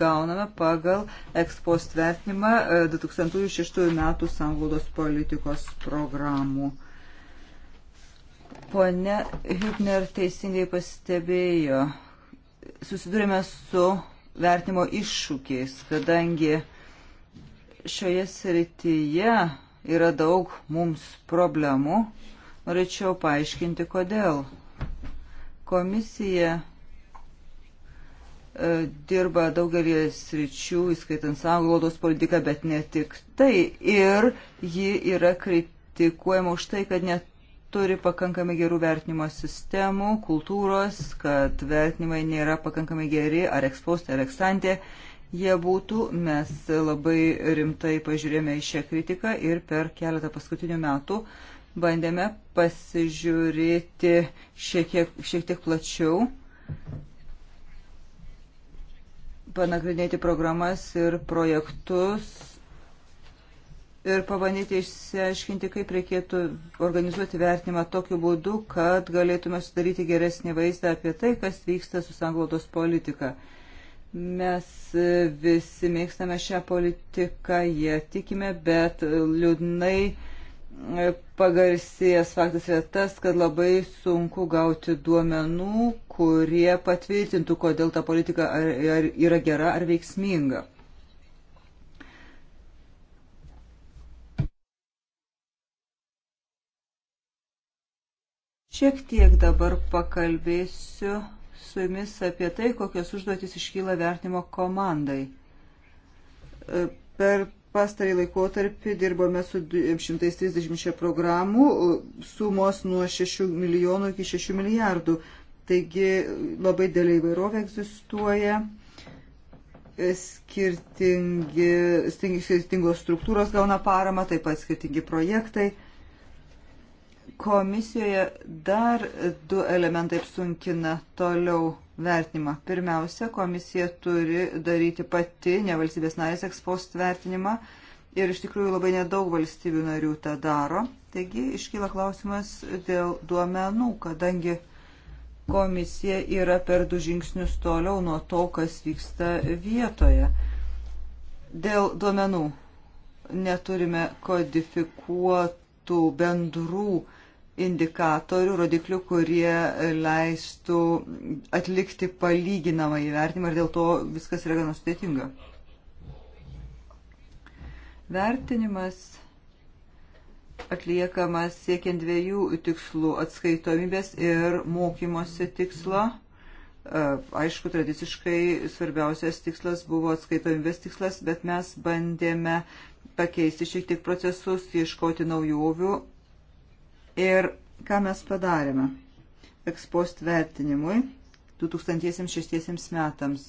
gauname pagal ekspost vertinimą 2006 e, metų sanglaudos politikos programų. Pone Hübner teisingai pastebėjo, susidurime su vertimo iššūkiais, kadangi šioje srityje yra daug mums problemų Norėčiau paaiškinti, kodėl. Komisija e, dirba daugelį sričių, įskaitant sanglaudos politiką, bet ne tik tai. Ir ji yra kritikuojama už tai, kad neturi pakankamai gerų vertinimo sistemų, kultūros, kad vertinimai nėra pakankamai geri, ar ekspostė, ar ekstantė. Jie būtų, mes labai rimtai pažiūrėjome į šią kritiką ir per keletą paskutinių metų uh, bandėme pasižiūrėti šiek tiek, šiek tiek plačiau, panagrinėti programas ir projektus ir pabandyti išsiaiškinti, kaip reikėtų organizuoti vertinimą tokiu būdu, kad galėtume sudaryti geresnį vaizdą apie tai, kas vyksta su sanglaudos politika. Mes e, visi mėgstame šią politiką, jie tikime, bet liūdnai pagarsėjęs faktas yra tas, kad labai sunku gauti duomenų, kurie patvirtintų, kodėl ta politika ar, ar yra gera ar veiksminga. Šiek tiek dabar pakalbėsiu su jumis apie tai, kokios užduotis iškyla vertimo komandai. E, per pastarį laikotarpį dirbome su 130 programų, sumos nuo 6 milijonų iki 6 milijardų. Taigi labai dėlė įvairovė egzistuoja, skirtingi, skirtingos struktūros gauna paramą, taip pat skirtingi projektai. Komisijoje dar du elementai apsunkina toliau vertinimą. Pirmiausia, komisija turi daryti pati, ne valstybės narės ekspost vertinimą ir iš tikrųjų labai nedaug valstybių narių tą daro. Taigi iškyla klausimas dėl duomenų, kadangi komisija yra per du žingsnius toliau nuo to, kas vyksta vietoje. Dėl duomenų neturime kodifikuotų bendrų indikatorių, rodiklių, kurie leistų atlikti palyginamą įvertinimą ir dėl to viskas yra gana sudėtinga. Vertinimas atliekamas siekiant dviejų tikslų - atskaitomybės ir mokymosi tikslo. E, aišku, tradiciškai svarbiausias tikslas buvo atskaitomybės tikslas, bet mes bandėme pakeisti šiek tiek procesus, ieškoti naujovių Ir ką mes padarėme ekspost vertinimui 2006 metams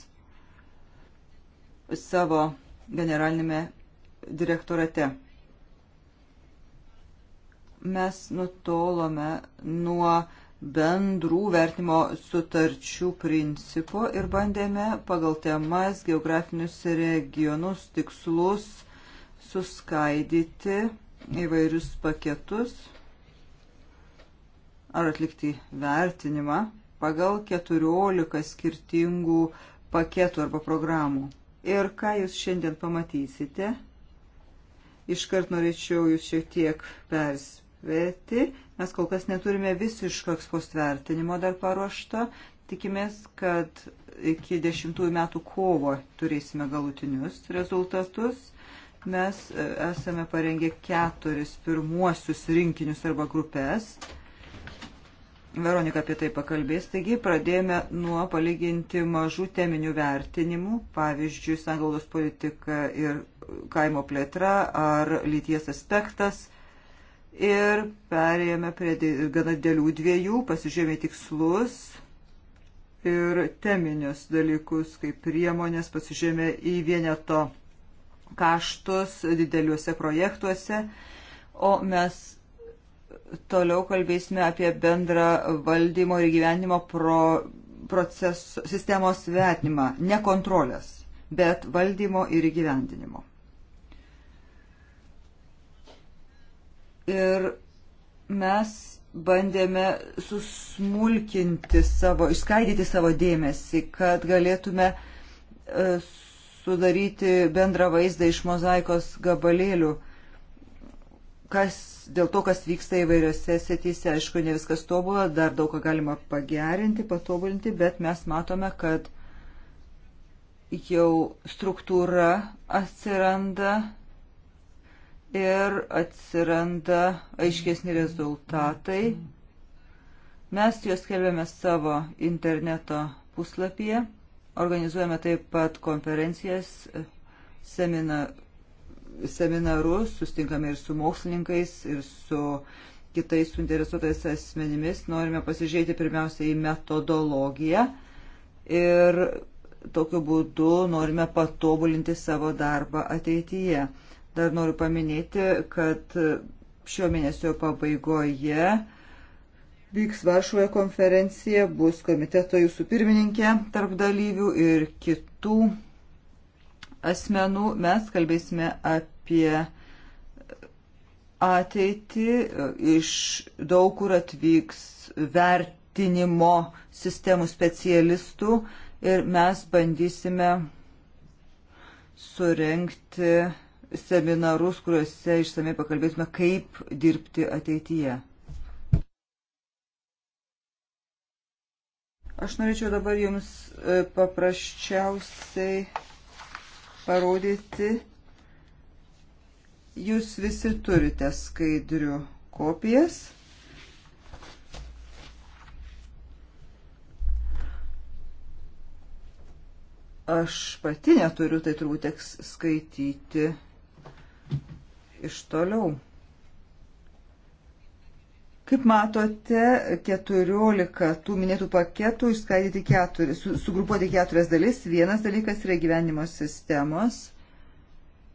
savo generalinėme direktorate. Mes nutolome nuo bendrų vertimo sutarčių principo ir bandėme pagal temas, geografinius regionus, tikslus suskaidyti įvairius paketus ar atlikti vertinimą pagal 14 skirtingų paketų arba programų. Ir ką jūs šiandien pamatysite, iškart norėčiau jūs šiek tiek perspėti. Mes kol kas neturime visiško ekspost vertinimo dar paruošto. Tikimės, kad iki dešimtųjų metų kovo turėsime galutinius rezultatus mes e, esame parengę keturis pirmuosius rinkinius arba grupės. Veronika apie tai pakalbės. Taigi pradėjome nuo palyginti mažų teminių vertinimų, pavyzdžiui, sanglaudos politika ir kaimo plėtra ar lyties aspektas. Ir perėjome prie gana dėlių dviejų, pasižiūrėjome tikslus ir teminius dalykus, kaip priemonės, pasižiūrėjome į vieneto kaštus dideliuose projektuose. O mes Toliau kalbėsime apie bendrą valdymo ir gyvenimo pro, proceso, sistemos vertinimą, ne kontrolės, bet valdymo ir gyvendinimo. Ir mes bandėme susmulkinti savo, išskaidyti savo dėmesį, kad galėtume e, sudaryti bendrą vaizdą iš mozaikos gabalėlių, kas dėl to, kas vyksta įvairiose setyse. Aišku, ne viskas tobulą, dar daug ką galima pagerinti, patobulinti, bet mes matome, kad jau struktūra atsiranda ir atsiranda aiškesni rezultatai. Mes juos kelbėme savo interneto puslapyje, organizuojame taip pat konferencijas, seminarus seminarus, sustinkame ir su mokslininkais, ir su kitais suinteresuotais asmenimis. Norime pasižiūrėti pirmiausia į metodologiją ir tokiu būdu norime patobulinti savo darbą ateityje. Dar noriu paminėti, kad šio mėnesio pabaigoje vyks Varšuvoje konferencija, bus komiteto jūsų pirmininkė tarp dalyvių ir kitų asmenų. Mes kalbėsime apie ateitį. Iš daug kur atvyks vertinimo sistemų specialistų ir mes bandysime surenkti seminarus, kuriuose išsamei pakalbėsime, kaip dirbti ateityje. Aš norėčiau dabar jums e, paprasčiausiai parodyti. Jūs visi turite skaidrių kopijas. Aš pati neturiu, tai turbūt teks skaityti iš toliau. Kaip matote, 14 tų minėtų paketų išskaidyti keturi, su, sugrupuoti keturias dalis. Vienas dalykas yra gyvenimo sistemos.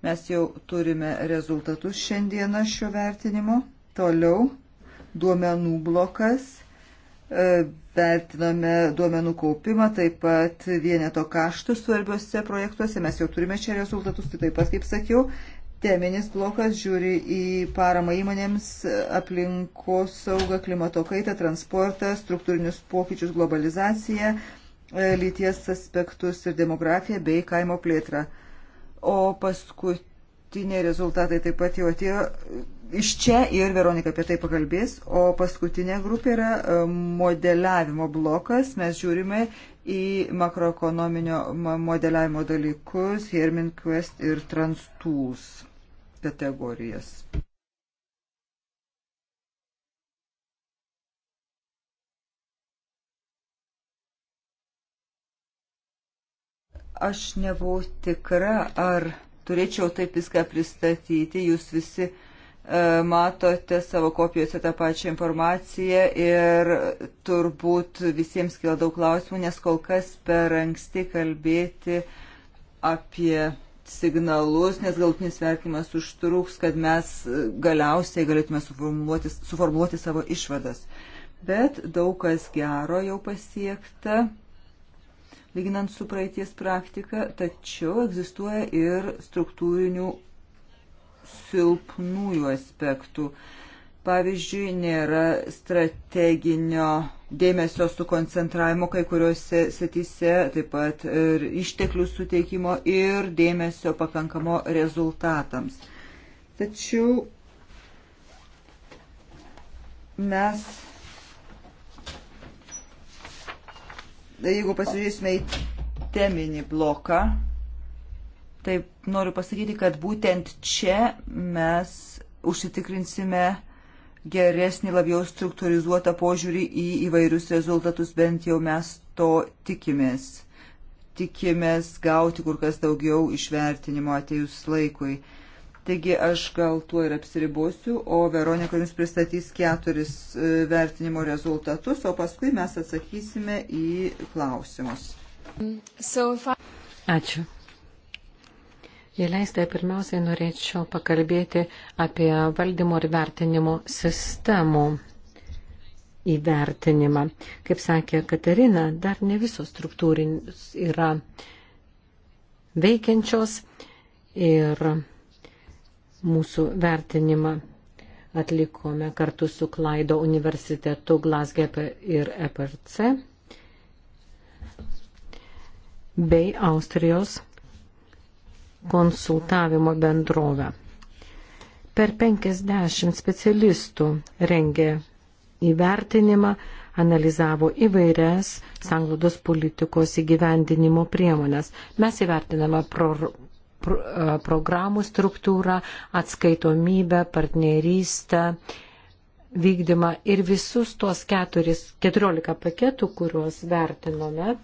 Mes jau turime rezultatus šiandieną šio vertinimo. Toliau duomenų blokas. E, vertiname duomenų kaupimą, taip pat vieneto kaštus svarbiuose projektuose. Mes jau turime čia rezultatus, tai taip pat, kaip sakiau, Teminis blokas žiūri į paramą įmonėms, aplinkos saugą, klimato kaitą, transportą, struktūrinius pokyčius, globalizaciją, e, lyties aspektus ir demografiją bei kaimo plėtrą. O paskutiniai rezultatai taip pat jau atėjo iš čia ir Veronika apie tai pakalbės. O paskutinė grupė yra e, modeliavimo blokas. Mes žiūrime į makroekonominio modeliavimo dalykus Hermin Quest ir Transtools kategorijas. Aš nebuvau tikra, ar turėčiau taip viską pristatyti, jūs visi e, matote savo kopijose tą pačią informaciją ir turbūt visiems kyla daug klausimų, nes kol kas per anksti kalbėti apie signalus, nes galutinis vertimas užtruks, kad mes e, galiausiai galėtume suformuoluoti, suformuoluoti savo išvadas. Bet daug kas gero jau pasiekta, lyginant su praeities praktika, tačiau egzistuoja ir struktūrinių silpnųjų aspektų. Uh, Pavyzdžiui, nėra strateginio dėmesio sukoncentravimo kai kuriuose srityse, taip pat ir išteklių suteikimo ir dėmesio pakankamo rezultatams. Tačiau mes, jeigu pasižiūrėsime į teminį bloką, tai noriu pasakyti, kad būtent čia mes užsitikrinsime geresnį, labiau struktūrizuotą požiūrį į įvairius rezultatus, bent jau mes to tikimės. Tikimės gauti kur kas daugiau išvertinimo atejus laikui. Taigi aš gal tuo ir apsiribosiu, o Veronika jums pristatys keturis e, vertinimo rezultatus, o paskui mes atsakysime į klausimus. Ačiū. Jei leistė, pirmiausiai norėčiau pakalbėti apie valdymo ir vertinimo sistemų įvertinimą. Kaip sakė Katerina, dar ne visos struktūrinis yra veikiančios ir mūsų vertinimą atlikome kartu su Klaido universitetu Glasgow ir EPRC bei Austrijos konsultavimo bendrovę. Per 50 specialistų rengė įvertinimą, analizavo įvairias sanglaudos politikos įgyvendinimo priemonės. Mes įvertiname pro, pro, programų struktūrą, atskaitomybę, partnerystę, vykdymą ir visus tuos keturis, keturiolika paketų, kuriuos vertinome,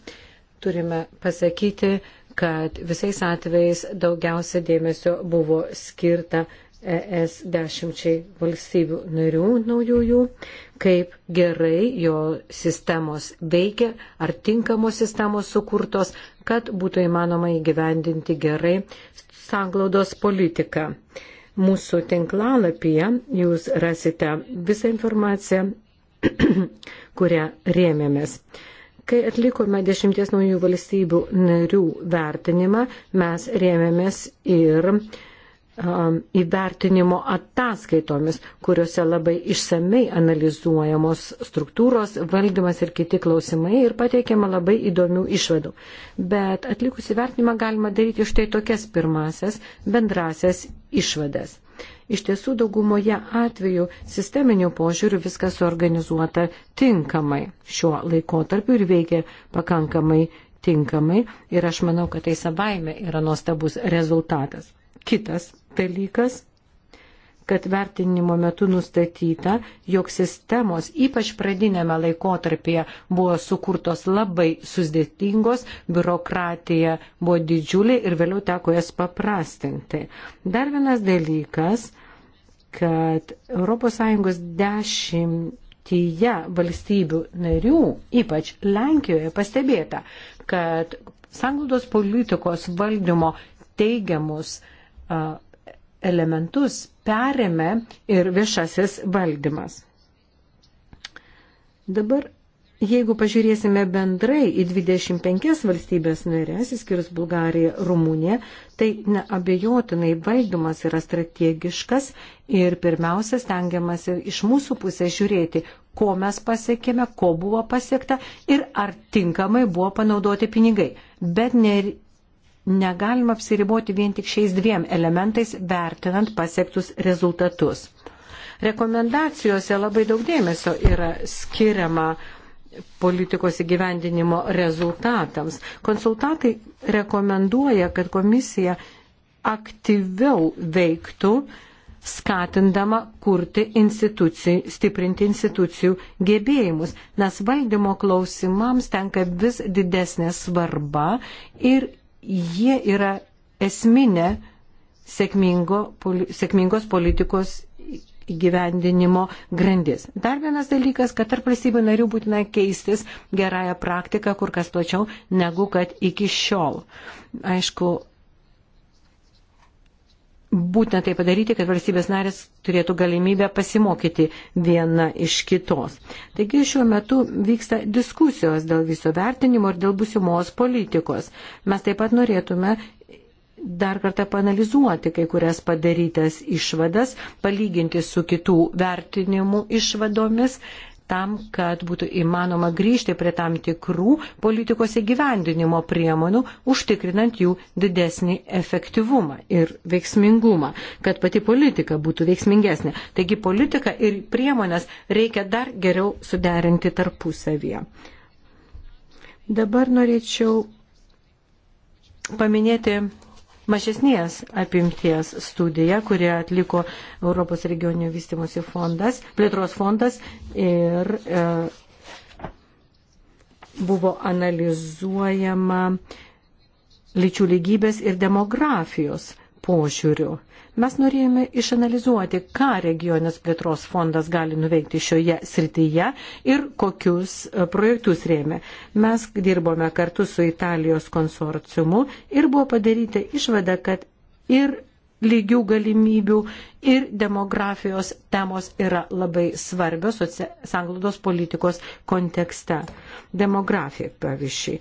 turime pasakyti, kad visais atvejais daugiausia dėmesio buvo skirta ES dešimčiai valstybių narių naujųjų, kaip gerai jo sistemos veikia, ar tinkamos sistemos sukurtos, kad būtų įmanoma įgyvendinti gerai sanglaudos politiką. Mūsų tinklalapyje jūs rasite visą informaciją, kurią rėmėmės. Kai atlikome dešimties naujų valstybių narių vertinimą, mes rėmėmės ir um, įvertinimo ataskaitomis, kuriuose labai išsamei analizuojamos struktūros, valdymas ir kiti klausimai ir pateikiama labai įdomių išvadų. Bet atlikus įvertinimą galima daryti štai tokias pirmasias bendrasias išvadas. Iš tiesų daugumoje atveju sisteminių požiūrių viskas suorganizuota tinkamai šiuo laikotarpiu ir veikia pakankamai tinkamai ir aš manau, kad tai savaime yra nuostabus rezultatas. Kitas dalykas kad vertinimo metu nustatyta, jog sistemos ypač pradinėme laikotarpyje buvo sukurtos labai sudėtingos, biurokratija buvo didžiulė ir vėliau teko jas paprastinti. Dar vienas dalykas kad ES dešimtyje valstybių narių, ypač Lenkijoje, pastebėta, kad sanglaudos politikos valdymo teigiamus elementus perėmė ir viešasis valdymas. Dabar Jeigu pažiūrėsime bendrai į 25 valstybės narės, įskyrus Bulgariją, Rumuniją, tai neabejotinai valdymas yra strategiškas ir pirmiausia stengiamasi iš mūsų pusės žiūrėti, ko mes pasiekėme, ko buvo pasiekta ir ar tinkamai buvo panaudoti pinigai. Bet ne, negalima apsiriboti vien tik šiais dviem elementais, vertinant pasiektus rezultatus. Rekomendacijose labai daug dėmesio yra skiriama uh, politikos įgyvendinimo rezultatams. Konsultatai rekomenduoja, kad komisija aktyviau veiktų, skatindama kurti institucijų, stiprinti institucijų gebėjimus, nes valdymo klausimams tenka vis didesnė svarba ir jie yra esminė sėkmingo, sėkmingos politikos įgyvendinimo grandis. Dar vienas dalykas, kad tarp valstybių narių būtina keistis gerąją praktiką kur kas plačiau negu kad iki šiol. Aišku, būtina tai padaryti, kad valstybės narės turėtų galimybę pasimokyti viena iš kitos. Taigi šiuo metu vyksta diskusijos dėl viso vertinimo ir dėl busimos politikos. Mes taip pat norėtume dar kartą panalizuoti kai kurias padarytas išvadas, palyginti su kitų vertinimų išvadomis tam, kad būtų įmanoma grįžti prie tam tikrų politikos įgyvendinimo priemonų, užtikrinant jų didesnį efektyvumą ir veiksmingumą, kad pati politika būtų veiksmingesnė. Taigi politika ir priemonės reikia dar geriau suderinti tarpusavyje. Dabar norėčiau paminėti mažesnės apimties studiją, kurią atliko Europos regioninio vystimosi fondas, plėtros fondas ir e, buvo analizuojama lyčių lygybės ir demografijos požiūrių. Mes norėjome išanalizuoti, ką regionės plėtros fondas gali nuveikti šioje srityje ir kokius e, projektus rėmė. Mes dirbome kartu su Italijos konsorciumu ir buvo padaryta išvada, kad ir lygių galimybių ir demografijos temos yra labai svarbios sanglaudos politikos kontekste. Demografija, pavyzdžiui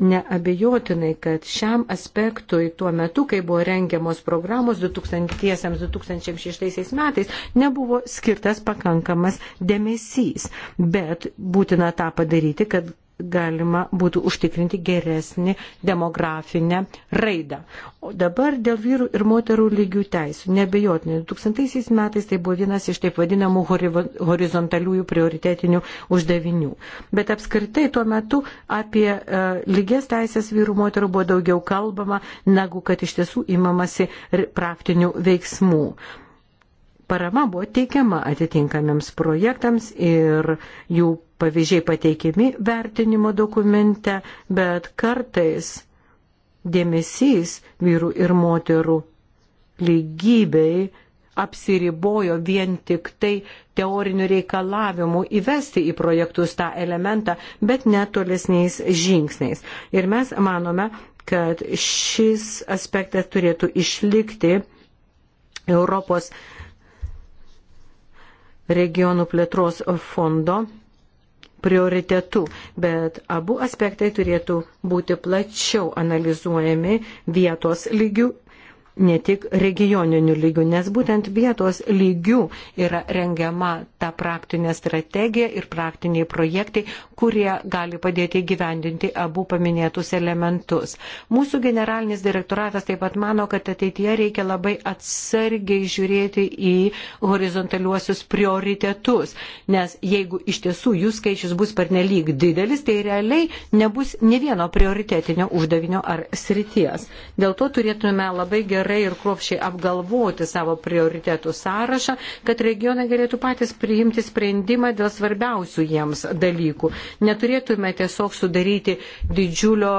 Neabejotinai, kad šiam aspektui tuo metu, kai buvo rengiamos programos 2000-2006 metais, nebuvo skirtas pakankamas dėmesys, bet būtina tą padaryti, kad galima būtų užtikrinti geresnį demografinę raidą. O dabar dėl vyrų ir moterų lygių teisų. Nebejotinai, 2000 metais tai buvo vienas iš taip vadinamų horizontaliųjų prioritetinių uždavinių. Bet apskritai tuo metu apie uh, lygias teisės vyrų ir moterų buvo daugiau kalbama, negu kad iš tiesų imamasi praktinių veiksmų. Uh, Parama buvo teikiama atitinkamiams projektams ir jų pavyzdžiai pateikiami vertinimo dokumente, bet kartais dėmesys vyrų ir moterų lygybei apsiribojo vien tik tai teorinių reikalavimų įvesti į projektus tą elementą, bet netolesniais žingsniais. Ir mes manome, kad šis aspektas turėtų išlikti Europos regionų plėtros fondo prioritetu, bet abu aspektai turėtų būti plačiau analizuojami vietos lygių ne tik regioniniu lygiu, nes būtent vietos lygių yra rengiama ta praktinė strategija ir praktiniai projektai, kurie gali padėti gyvendinti abu paminėtus elementus. Mūsų generalinis direktoratas taip pat mano, kad ateityje reikia labai atsargiai žiūrėti į horizontaliuosius prioritetus, nes jeigu iš tiesų jų skaičius bus pernelyg didelis, tai realiai nebus ne vieno prioritetinio uždavinio ar srities. Dėl to turėtume labai gerai gerai ir kruopšiai apgalvoti savo prioritetų sąrašą, kad regionai galėtų patys priimti sprendimą dėl svarbiausių jiems dalykų. Neturėtume tiesiog sudaryti didžiulio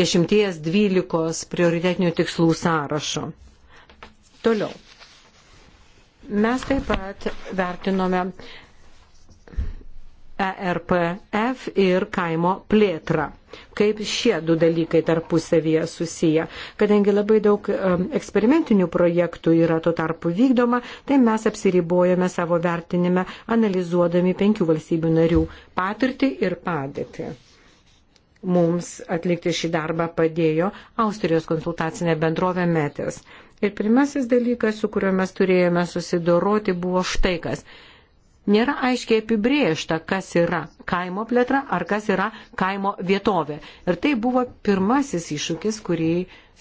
dešimties, dvylikos prioritetinių tikslų sąrašo. Toliau. Mes taip pat vertinome ERPF ir kaimo plėtrą kaip šie du dalykai tarpusavyje susiję. Kadangi labai daug eksperimentinių projektų yra tuo tarpu vykdoma, tai mes apsiribojame savo vertinime, analizuodami penkių valstybių narių patirtį ir padėtį. Mums atlikti šį darbą padėjo Austrijos konsultacinė bendrovė Metės. Ir pirmasis dalykas, su kuriuo mes turėjome susidoroti, buvo štai kas Nėra aiškiai apibriešta, kas yra kaimo plėtra ar kas yra kaimo vietovė. Ir tai buvo pirmasis iššūkis, kurį,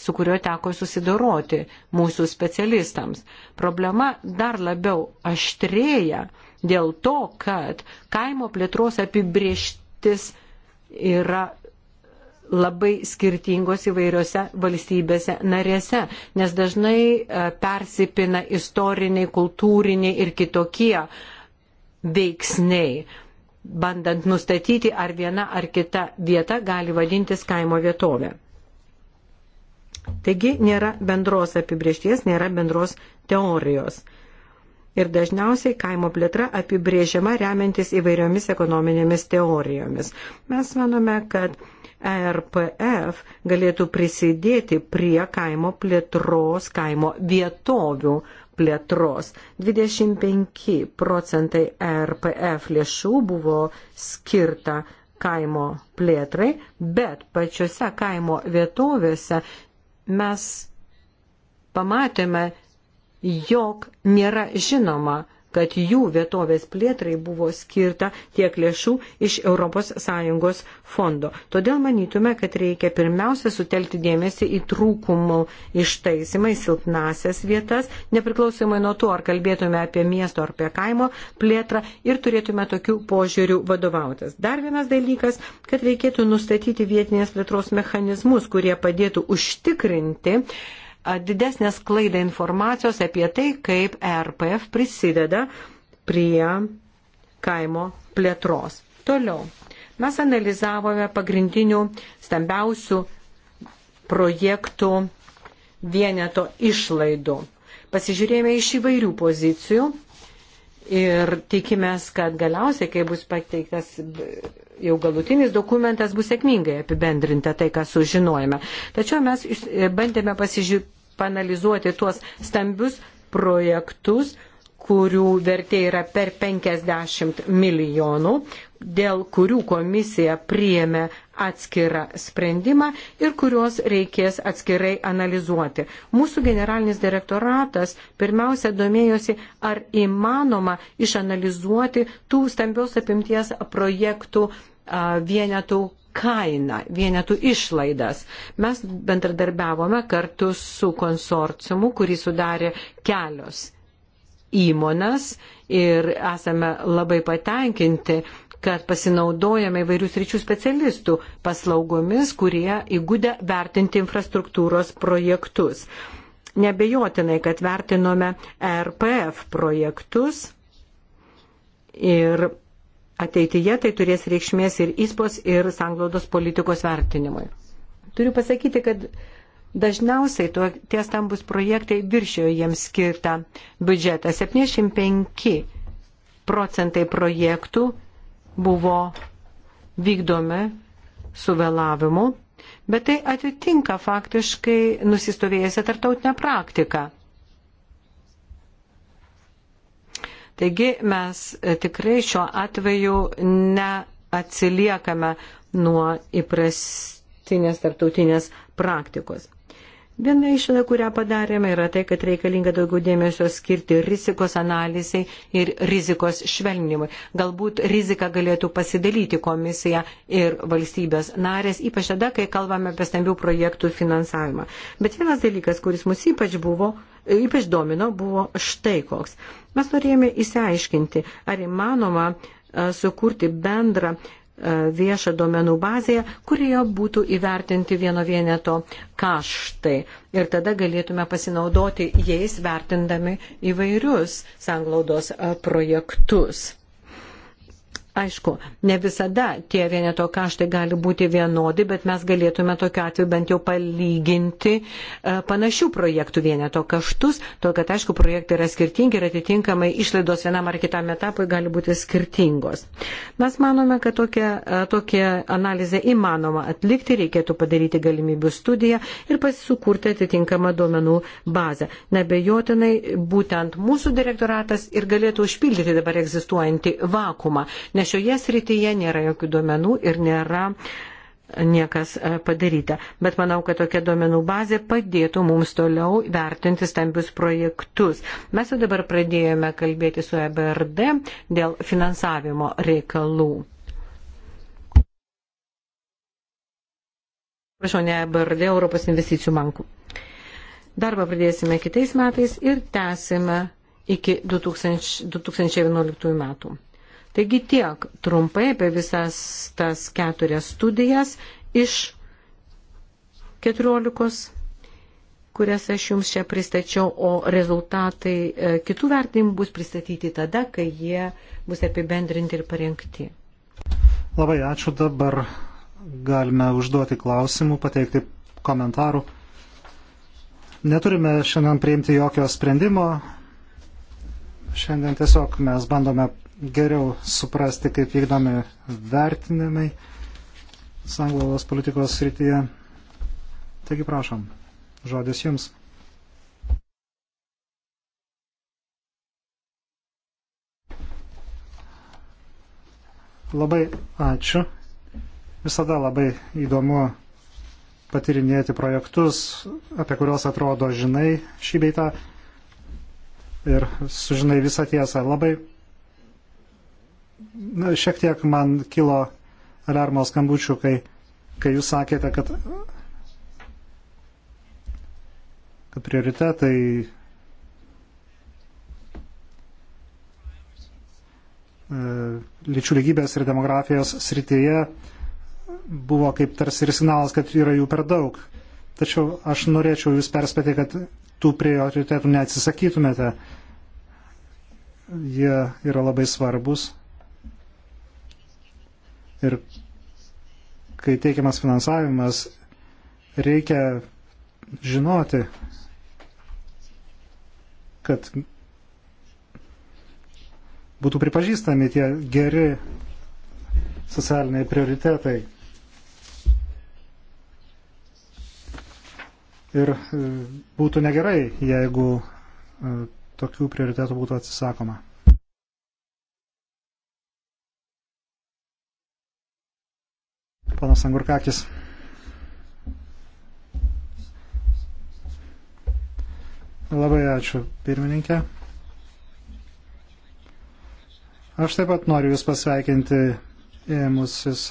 su kuriuo teko susidoroti mūsų specialistams. Problema dar labiau aštrėja dėl to, kad kaimo plėtros apibrieštis yra labai skirtingos įvairiose valstybėse narėse, nes dažnai e, persipina istoriniai, kultūriniai ir kitokie uh, veiksniai, bandant nustatyti, ar viena ar kita vieta gali vadintis kaimo vietovė. Taigi nėra bendros apibriešties, nėra bendros teorijos. Ir dažniausiai kaimo plėtra apibrėžiama remiantis įvairiomis ekonominėmis teorijomis. Mes manome, kad ERPF galėtų prisidėti prie kaimo plėtros, kaimo vietovių plėtros. 25 procentai RPF lėšų buvo skirta kaimo plėtrai, bet pačiose kaimo vietovėse mes pamatėme, jog nėra žinoma, kad jų vietovės plėtrai buvo skirta tiek lėšų iš ES fondo. Todėl manytume, kad reikia pirmiausia sutelkti dėmesį į trūkumų ištaisimą, į silpnasias vietas, nepriklausomai nuo to, ar kalbėtume apie miesto ar apie kaimo plėtrą ir turėtume tokių požiūrių vadovautis. Dar vienas dalykas, kad reikėtų nustatyti vietinės plėtros mechanizmus, kurie padėtų užtikrinti, didesnę sklaidą informacijos apie tai, kaip e RPF prisideda prie kaimo plėtros. Toliau. Mes analizavome pagrindinių stambiausių projektų vieneto išlaidų. Pasižiūrėjome iš įvairių pozicijų ir tikimės, kad galiausiai, kai bus pateiktas jau galutinis dokumentas, bus sėkmingai apibendrinta tai, ką sužinojame. Tačiau mes bandėme pasižiūrėti panalizuoti tuos stambius projektus, kurių vertė yra per 50 milijonų, dėl kurių komisija priėmė atskirą sprendimą ir kuriuos reikės atskirai analizuoti. Mūsų generalinis direktoratas pirmiausia domėjosi, ar įmanoma išanalizuoti tų stambios apimties projektų vienetų kainą, vienetų išlaidas. Mes bendradarbiavome kartu su konsorciumu, kurį sudarė kelios įmonas ir esame labai patenkinti, kad pasinaudojame įvairius ryčių specialistų paslaugomis, kurie įgūdė vertinti infrastruktūros projektus. Nebejotinai, kad vertinome RPF projektus ir ateityje tai turės reikšmės ir įspos ir sanglaudos politikos vertinimui. Turiu pasakyti, kad dažniausiai to, tie stambus projektai viršėjo jiems skirtą biudžetą. 75 procentai projektų buvo vykdomi su vėlavimu, bet tai atitinka faktiškai nusistovėjusią tartautinę praktiką. Taigi mes e, tikrai šiuo atveju neatsiliekame nuo įprastinės tarptautinės praktikos. Viena išvada, kurią padarėme, yra tai, kad reikalinga daugiau dėmesio skirti rizikos analizai ir rizikos švelninimui. Galbūt riziką galėtų pasidalyti komisija ir valstybės narės, ypač tada, kai kalbame apie stambių projektų finansavimą. Bet vienas dalykas, kuris mus ypač buvo ypač domino buvo štai koks. Mes norėjome įsiaiškinti, ar įmanoma e, sukurti bendrą e, viešą duomenų bazėje, kurioje būtų įvertinti vieno vieneto kaštai. Ir tada galėtume pasinaudoti jais vertindami įvairius sanglaudos e, projektus. Aišku, ne visada tie vieneto kaštai gali būti vienodi, bet mes galėtume tokiu atveju bent jau palyginti e, panašių projektų vieneto kaštus, to kad, aišku, projektai yra skirtingi ir atitinkamai išlaidos vienam ar kitam etapui gali būti skirtingos. Mes manome, kad tokia, e, tokia analizė įmanoma atlikti, reikėtų padaryti galimybių studiją ir pasisukurti atitinkamą duomenų bazę. Nebejotinai būtent mūsų direktoratas ir galėtų užpildyti dabar egzistuojantį vakumą, nes nes šioje srityje nėra jokių duomenų ir nėra niekas e, padaryta. Bet manau, kad tokia duomenų bazė padėtų mums toliau vertinti stambius projektus. Mes jau dabar pradėjome kalbėti su EBRD dėl finansavimo reikalų. Prašau, ne EBRD, Europos investicijų bankų. Darbą pradėsime kitais metais ir tęsime iki 2000, 2011 metų. Taigi tiek trumpai apie visas tas keturias studijas iš keturiolikos kurias aš jums čia pristačiau, o rezultatai e, kitų vertinimų bus pristatyti tada, kai jie bus apibendrinti ir parengti. Labai ačiū dabar. Galime užduoti klausimų, pateikti komentarų. Neturime šiandien priimti jokio sprendimo, Šiandien tiesiog mes bandome geriau suprasti, kaip vykdomi vertinimai sanglovos politikos srityje. Taigi prašom, žodis jums. Labai ačiū. Visada labai įdomu patirinėti projektus, apie kuriuos atrodo žinai šį beitą ir sužinai visą tiesą. Labai na, šiek tiek man kilo alarmo skambučių, kai, kai jūs sakėte, kad, kad prioritetai e, lyčių lygybės ir demografijos srityje buvo kaip tarsi ir signalas, kad yra jų per daug. Tačiau aš norėčiau jūs perspėti, kad tų prioritetų neatsisakytumėte. Jie yra labai svarbus. Ir kai teikiamas finansavimas, reikia žinoti, kad būtų pripažįstami tie geri socialiniai prioritetai. Ir e, būtų negerai, jeigu e, tokių prioritėtų būtų atsisakoma. Panas Angurkakis. Labai ačiū, pirmininkė. Aš taip pat noriu Jūs pasveikinti ėmusis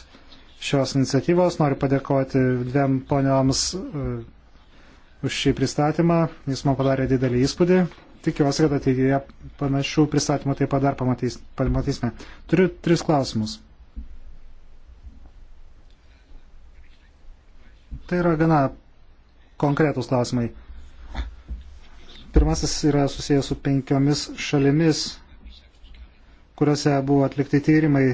šios iniciatyvos. Noriu padėkoti dviem ponioms e, už šį pristatymą. Jis man padarė didelį įspūdį. Tikiuosi, kad ateityje panašių pristatymų taip pat dar pamatys, pamatysime. Turiu tris klausimus. Tai yra gana konkretūs klausimai. Pirmasis yra susijęs su penkiomis šalimis, kuriuose buvo atlikti tyrimai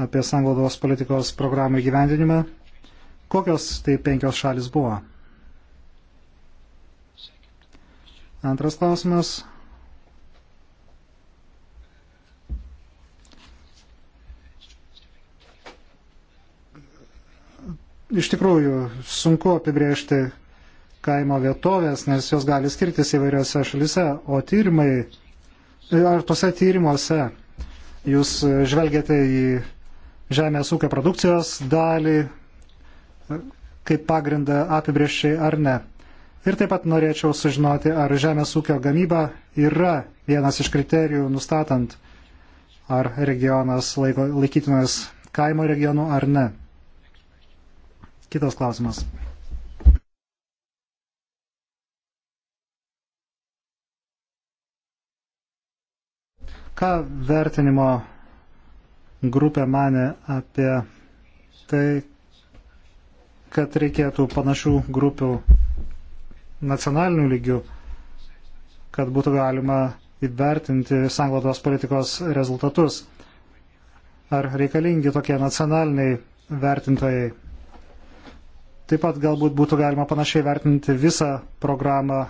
apie sanglaudos politikos programų įgyvendinimą. Kokios tai penkios šalis buvo? Antras klausimas. Iš tikrųjų, sunku apibriežti kaimo vietovės, nes jos gali skirtis įvairiose šalise, o tyrimai, ar tose tyrimuose jūs žvelgiate į žemės ūkio produkcijos dalį kaip pagrindą apibrieščiai ar ne. Ir taip pat norėčiau sužinoti, ar žemės ūkio gamyba yra vienas iš kriterijų nustatant, ar regionas laiko, laikytinas kaimo regionu ar ne. Kitas klausimas. Ką vertinimo grupė mane apie tai, kad reikėtų panašių grupių nacionaliniu lygiu, kad būtų galima įvertinti sanglaudos politikos rezultatus. Ar reikalingi tokie nacionaliniai vertintojai? Taip pat galbūt būtų galima panašiai vertinti visą programą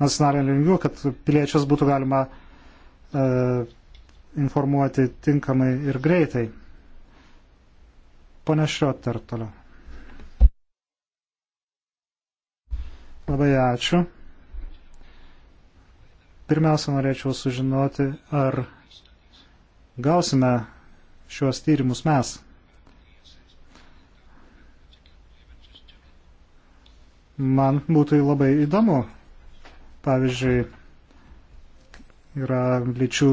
nacionaliniu lygiu, kad piliečius būtų galima e, informuoti tinkamai ir greitai. Pone Šiotter toliau. Labai ačiū. Pirmiausia, norėčiau sužinoti, ar gausime šiuos tyrimus mes. Man būtų labai įdomu. Pavyzdžiui, yra lyčių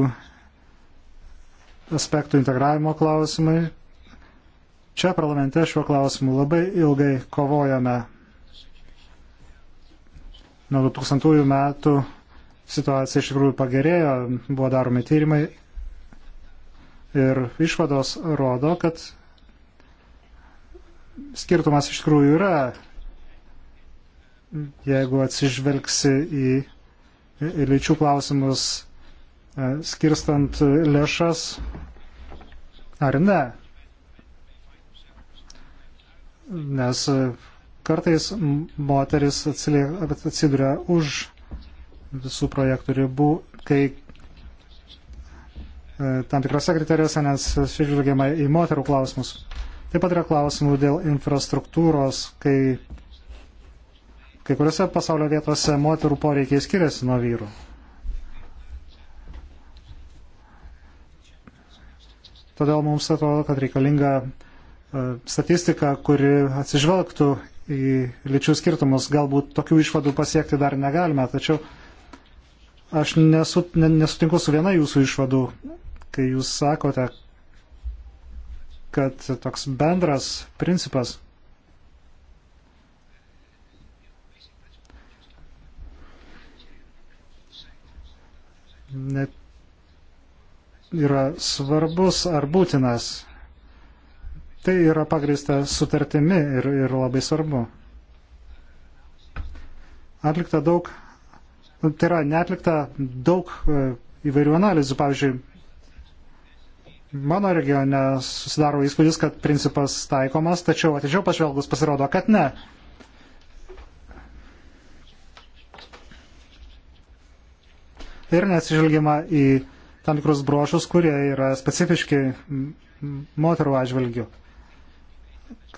aspektų integravimo klausimai. Čia parlamente šiuo klausimu labai ilgai kovojame Nuo 2000 metų situacija iš tikrųjų pagerėjo, buvo daromi tyrimai ir išvados rodo, kad skirtumas iš tikrųjų yra, jeigu atsižvelgsi į, į lyčių klausimus, e, skirstant lėšas ar ne. Nes Kartais moteris atsiduria už visų projektų ribų, kai e, tam tikrose kriterijose nes išvilgiama į moterų klausimus. Taip pat yra klausimų dėl infrastruktūros, kai kai kuriuose pasaulio vietose moterų poreikiai skiriasi nuo vyrų. Todėl mums atrodo, kad reikalinga e, statistika, kuri atsižvelgtų į lyčių skirtumus. Galbūt tokių išvadų pasiekti dar negalime, tačiau aš nesu, ne, nesutinku su viena jūsų išvadų, kai jūs sakote, kad toks bendras principas net yra svarbus ar būtinas. Tai yra pagrįsta sutartimi ir, ir labai svarbu. Atlikta daug, tai yra netlikta daug e, įvairių analizų. Pavyzdžiui, mano regione susidaro įspūdis, kad principas taikomas, tačiau atidžiau pažvelgus pasirodo, kad ne. ir neatsižvelgiama į tam tikrus brošus, kurie yra specifiški moterų atžvilgių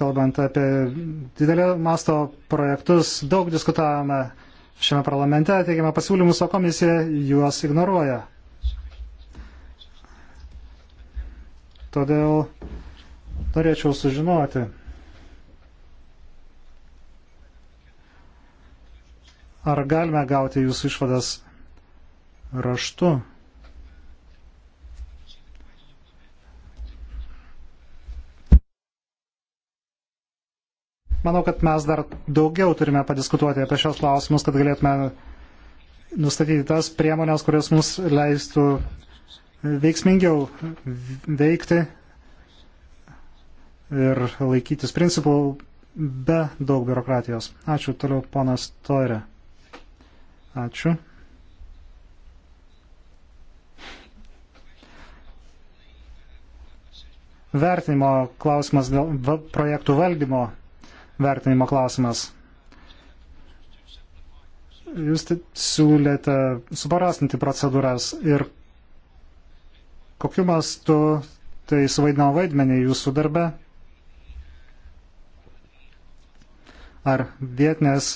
kalbant apie didelio masto projektus, daug diskutavome šiame parlamente, teikiame pasiūlymus, o komisija juos ignoruoja. Todėl norėčiau sužinoti. Ar galime gauti jūsų išvadas raštu? Manau, kad mes dar daugiau turime padiskutuoti apie šios klausimus, kad galėtume nustatyti tas priemonės, kurios mus leistų veiksmingiau veikti ir laikytis principų be daug biurokratijos. Ačiū. Toliau ponas Toire. Ačiū. Vertinimo klausimas dėl projektų valdymo vertinimo klausimas. Jūs siūlėte suparastinti procedūras ir kokiu mastu tai suvaidino vaidmenį jūsų darbe? Ar vietinės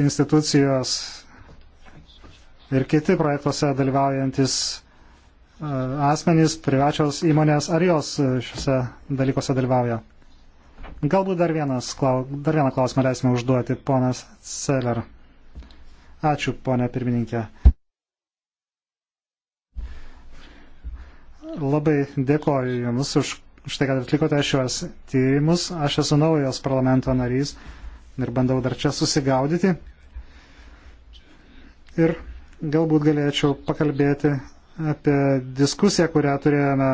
institucijos ir kiti projektuose dalyvaujantis e, asmenys, privačios įmonės, ar jos e, šiuose dalykuose dalyvauja? Galbūt dar, vienas, dar vieną klausimą leisime užduoti, ponas Celer. Ačiū, ponė pirmininkė. Labai dėkoju Jums už, už tai, kad atlikote šiuos tyrimus. Aš esu naujas parlamento narys ir bandau dar čia susigaudyti. Ir galbūt galėčiau pakalbėti apie diskusiją, kurią turėjome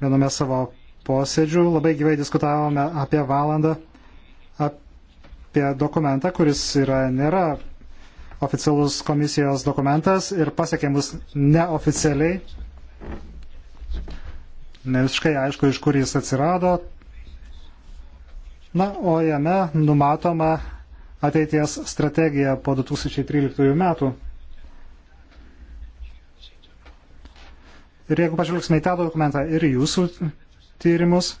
viename savo posėdžių. Labai gyvai diskutavome apie valandą, apie dokumentą, kuris yra, nėra oficialus komisijos dokumentas ir pasiekė mus neoficialiai. Ne visiškai aišku, iš kur jis atsirado. Na, o jame numatoma ateities strategija po 2013 metų. Ir jeigu pažvelgsime į tą dokumentą ir jūsų tyrimus.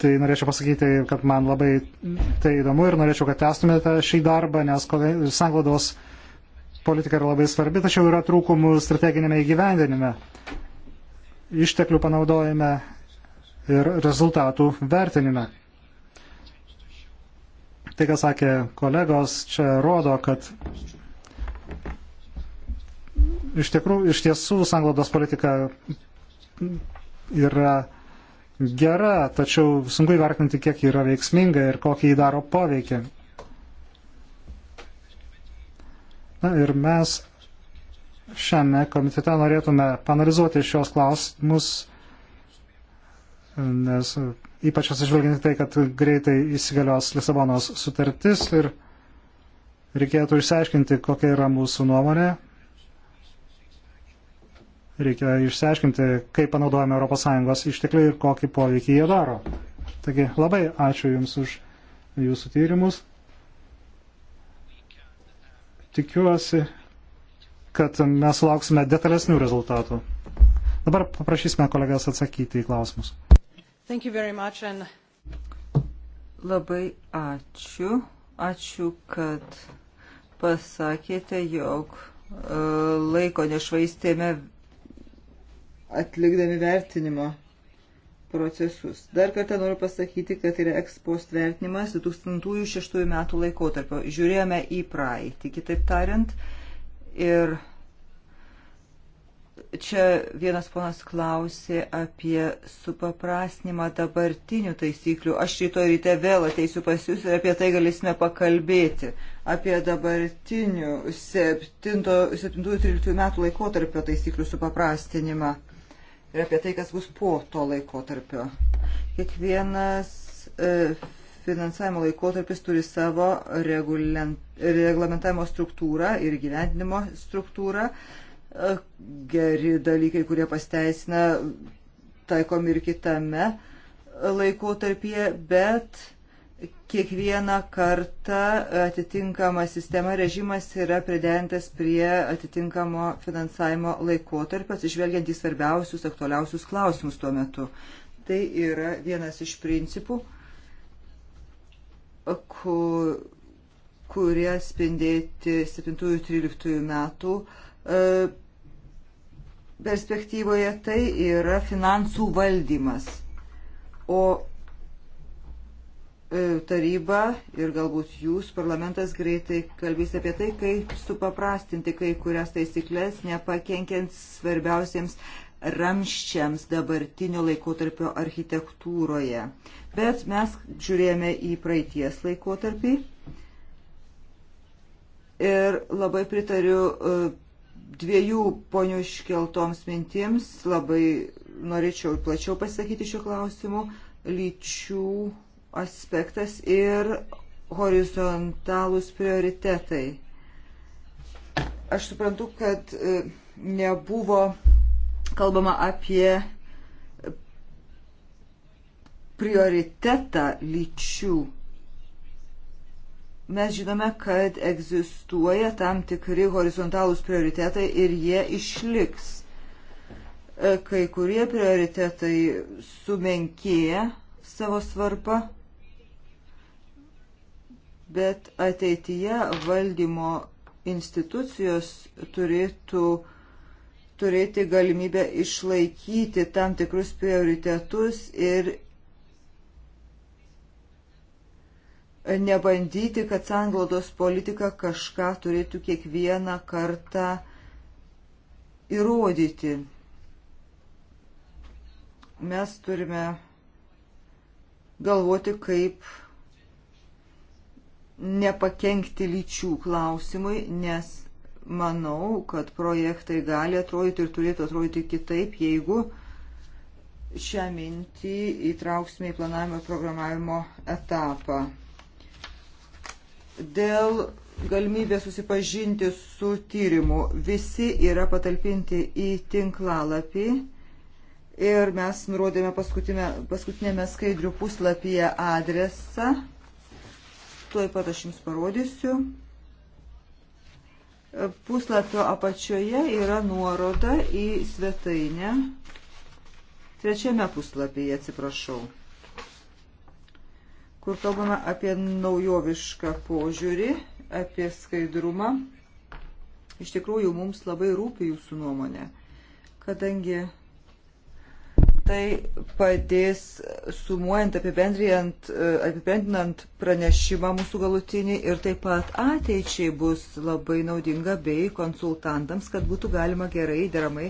Tai norėčiau pasakyti, kad man labai tai įdomu ir norėčiau, kad testumėte šį darbą, nes sanglaudos politika yra labai svarbi, tačiau yra trūkumų strateginėme įgyvendinime, išteklių panaudojime ir rezultatų vertinime. Tai, ką sakė kolegos, čia rodo, kad iš, tikrų, iš tiesų sanglaudos politika yra gera, tačiau sunku įvertinti, kiek yra veiksminga ir kokį jį daro poveikį. Na ir mes šiame komitete norėtume panalizuoti šios klausimus, nes ypač atsižvelgiant tai, kad greitai įsigalios Lisabonos sutartis ir reikėtų išsiaiškinti, kokia yra mūsų nuomonė Reikia išsiaiškinti, kaip panaudojame ES ištekliai ir kokį poveikį jie daro. Taigi labai ačiū Jums už Jūsų tyrimus. Tikiuosi, kad mes lauksime detalesnių rezultatų. Dabar paprašysime kolegas atsakyti į klausimus. And... Labai ačiū. Ačiū, kad pasakėte, jog e, laiko nešvaistėme atlikdami vertinimo procesus. Dar kartą noriu pasakyti, kad yra ekspost vertinimas 2006 metų laikotarpio. Žiūrėjome į praeitį, kitaip tariant. Ir čia vienas ponas klausė apie supaprasnimą dabartinių taisyklių. Aš rytoj ryte vėl ateisiu pas jūs ir apie tai galėsime pakalbėti. Apie dabartinių 7-13 metų laikotarpio taisyklių supaprastinimą ir apie tai, kas bus po to laikotarpio. Kiekvienas e, finansavimo laikotarpis turi savo reglamentavimo struktūrą ir gyventinimo struktūrą. E, geri dalykai, kurie pasteisina, taikomi ir kitame laikotarpyje, bet kiekvieną kartą atitinkama sistema režimas yra pridentas prie atitinkamo finansavimo laikotarpio, atsižvelgiant į svarbiausius, aktualiausius klausimus tuo metu. Tai yra vienas iš principų, ku, kurie spindėti 7-13 metų e, perspektyvoje, tai yra finansų valdymas. O E, taryba ir galbūt jūs, parlamentas, greitai kalbės apie tai, kaip supaprastinti kai kurias taisyklės, nepakenkiant svarbiausiems ramščiams dabartinio laikotarpio architektūroje. Bet mes žiūrėjome į praeities laikotarpį ir labai pritariu e, dviejų ponių iškeltoms mintims, labai norėčiau plačiau pasakyti šiuo klausimu, lyčių aspektas ir horizontalūs prioritetai. Aš suprantu, kad e, nebuvo kalbama apie prioritetą lyčių. Mes žinome, kad egzistuoja tam tikri horizontalūs prioritetai ir jie išliks. E, kai kurie prioritetai sumenkėja savo svarbą bet ateityje valdymo institucijos turėtų turėti galimybę išlaikyti tam tikrus prioritetus ir nebandyti, kad sanglaudos politika kažką turėtų kiekvieną kartą įrodyti. Mes turime galvoti, kaip nepakenkti lyčių klausimui, nes manau, kad projektai gali atrodyti ir turėtų atrodyti kitaip, jeigu šią mintį įtrauksime į planavimo ir programavimo etapą. Dėl galimybės susipažinti su tyrimu visi yra patalpinti į tinklalapį. Ir mes nurodėme paskutinėme skaidrių puslapyje adresą tuoj pat aš jums parodysiu. Puslapio apačioje yra nuoroda į svetainę. Trečiame puslapyje, atsiprašau, kur kalbame apie naujovišką požiūrį, apie skaidrumą. Iš tikrųjų, mums labai rūpi jūsų nuomonė, kadangi tai padės sumuojant, e, apibendrinant pranešimą mūsų galutinį ir taip pat ateičiai bus labai naudinga bei konsultantams, kad būtų galima gerai, deramai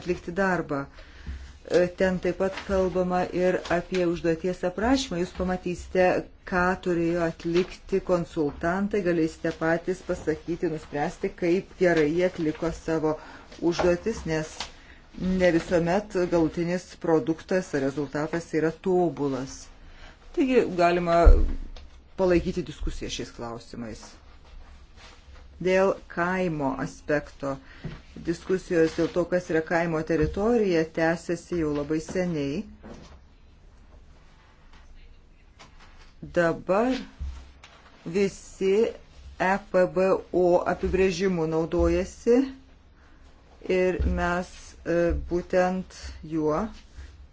atlikti darbą. E, ten taip pat kalbama ir apie užduoties aprašymą. Jūs pamatysite, ką turėjo atlikti konsultantai, galėsite patys pasakyti, nuspręsti, kaip gerai jie atliko savo užduotis, nes ne visuomet galutinis produktas ar rezultatas yra tobulas. Taigi galima palaikyti diskusiją šiais klausimais. Dėl kaimo aspekto. Diskusijos dėl to, kas yra kaimo teritorija, tęsiasi jau labai seniai. Dabar visi EPBO apibrėžimų naudojasi ir mes E, būtent juo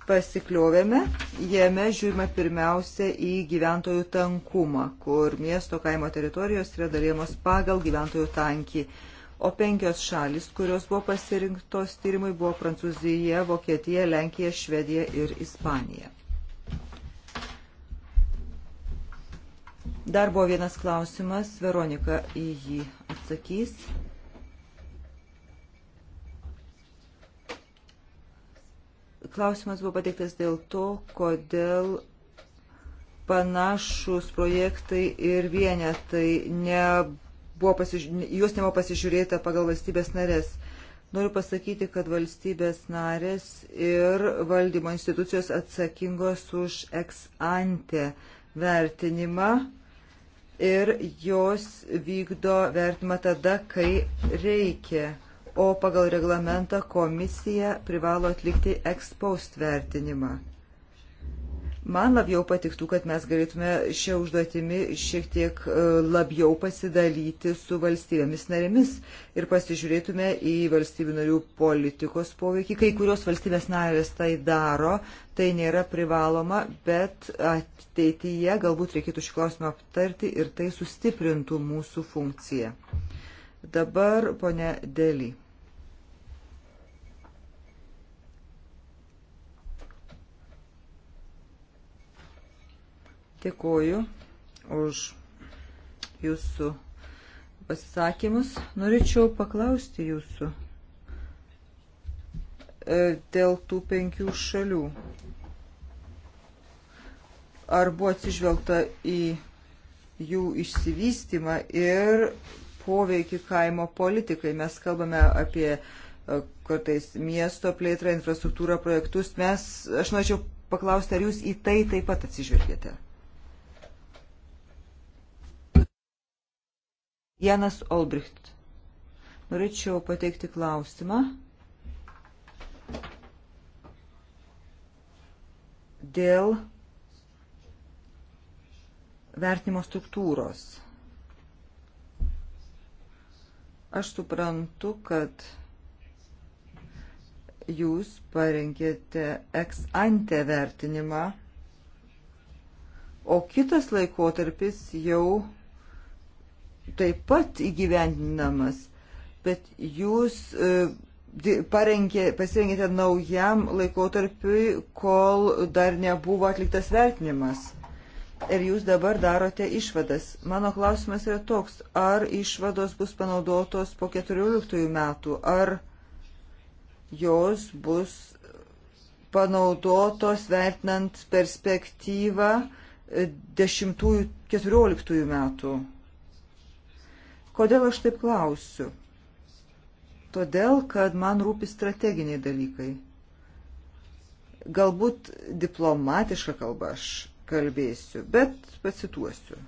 pasikliovėme, jame žiūrime pirmiausia į gyventojų tankumą, kur miesto kaimo teritorijos yra dalyjamos pagal gyventojų tankį. O penkios šalis, kurios buvo pasirinktos tyrimui, buvo Prancūzija, Vokietija, Lenkija, Švedija ir Ispanija. Dar buvo vienas klausimas, Veronika į jį atsakys. Klausimas buvo pateiktas dėl to, kodėl panašus projektai ir vienetai nebuvo pasiž... juos nebuvo pasižiūrėta pagal valstybės narės. Noriu pasakyti, kad valstybės narės ir valdymo institucijos atsakingos už ex ante vertinimą ir jos vykdo vertimą tada, kai reikia o pagal reglamentą komisija privalo atlikti ekspost vertinimą. Man labiau patiktų, kad mes galėtume šią užduotimį šiek tiek e, labiau pasidalyti su valstybėmis narėmis ir pasižiūrėtume į valstybių narių politikos poveikį. Kai kurios valstybės narės tai daro, tai nėra privaloma, bet ateityje galbūt reikėtų šį klausimą aptarti ir tai sustiprintų mūsų funkciją. Dabar, ponė Deli. Dėkuoju už jūsų pasisakymus. Norėčiau paklausti jūsų e, dėl tų penkių šalių. Ar buvo atsižvelgta į jų išsivystimą ir poveikį kaimo politikai? Mes kalbame apie e, kartais miesto plėtrą, infrastruktūrą, projektus. Mes, aš norėčiau paklausti, ar jūs į tai taip pat atsižvelgėte? Janas Olbricht. Norėčiau pateikti klausimą dėl vertinimo struktūros. Aš suprantu, kad jūs parengėte ex ante vertinimą, o kitas laikotarpis jau taip pat įgyvendinamas, bet jūs e, parengė, pasirengėte naujam laikotarpiui, kol dar nebuvo atliktas vertinimas. Ir jūs dabar darote išvadas. Mano klausimas yra toks, ar išvados bus panaudotos po 14 metų, ar jos bus panaudotos vertinant perspektyvą 10-14 metų. Kodėl aš taip klausiu? Todėl, kad man rūpi strateginiai dalykai. Galbūt diplomatišką kalbą aš kalbėsiu, bet pacituosiu.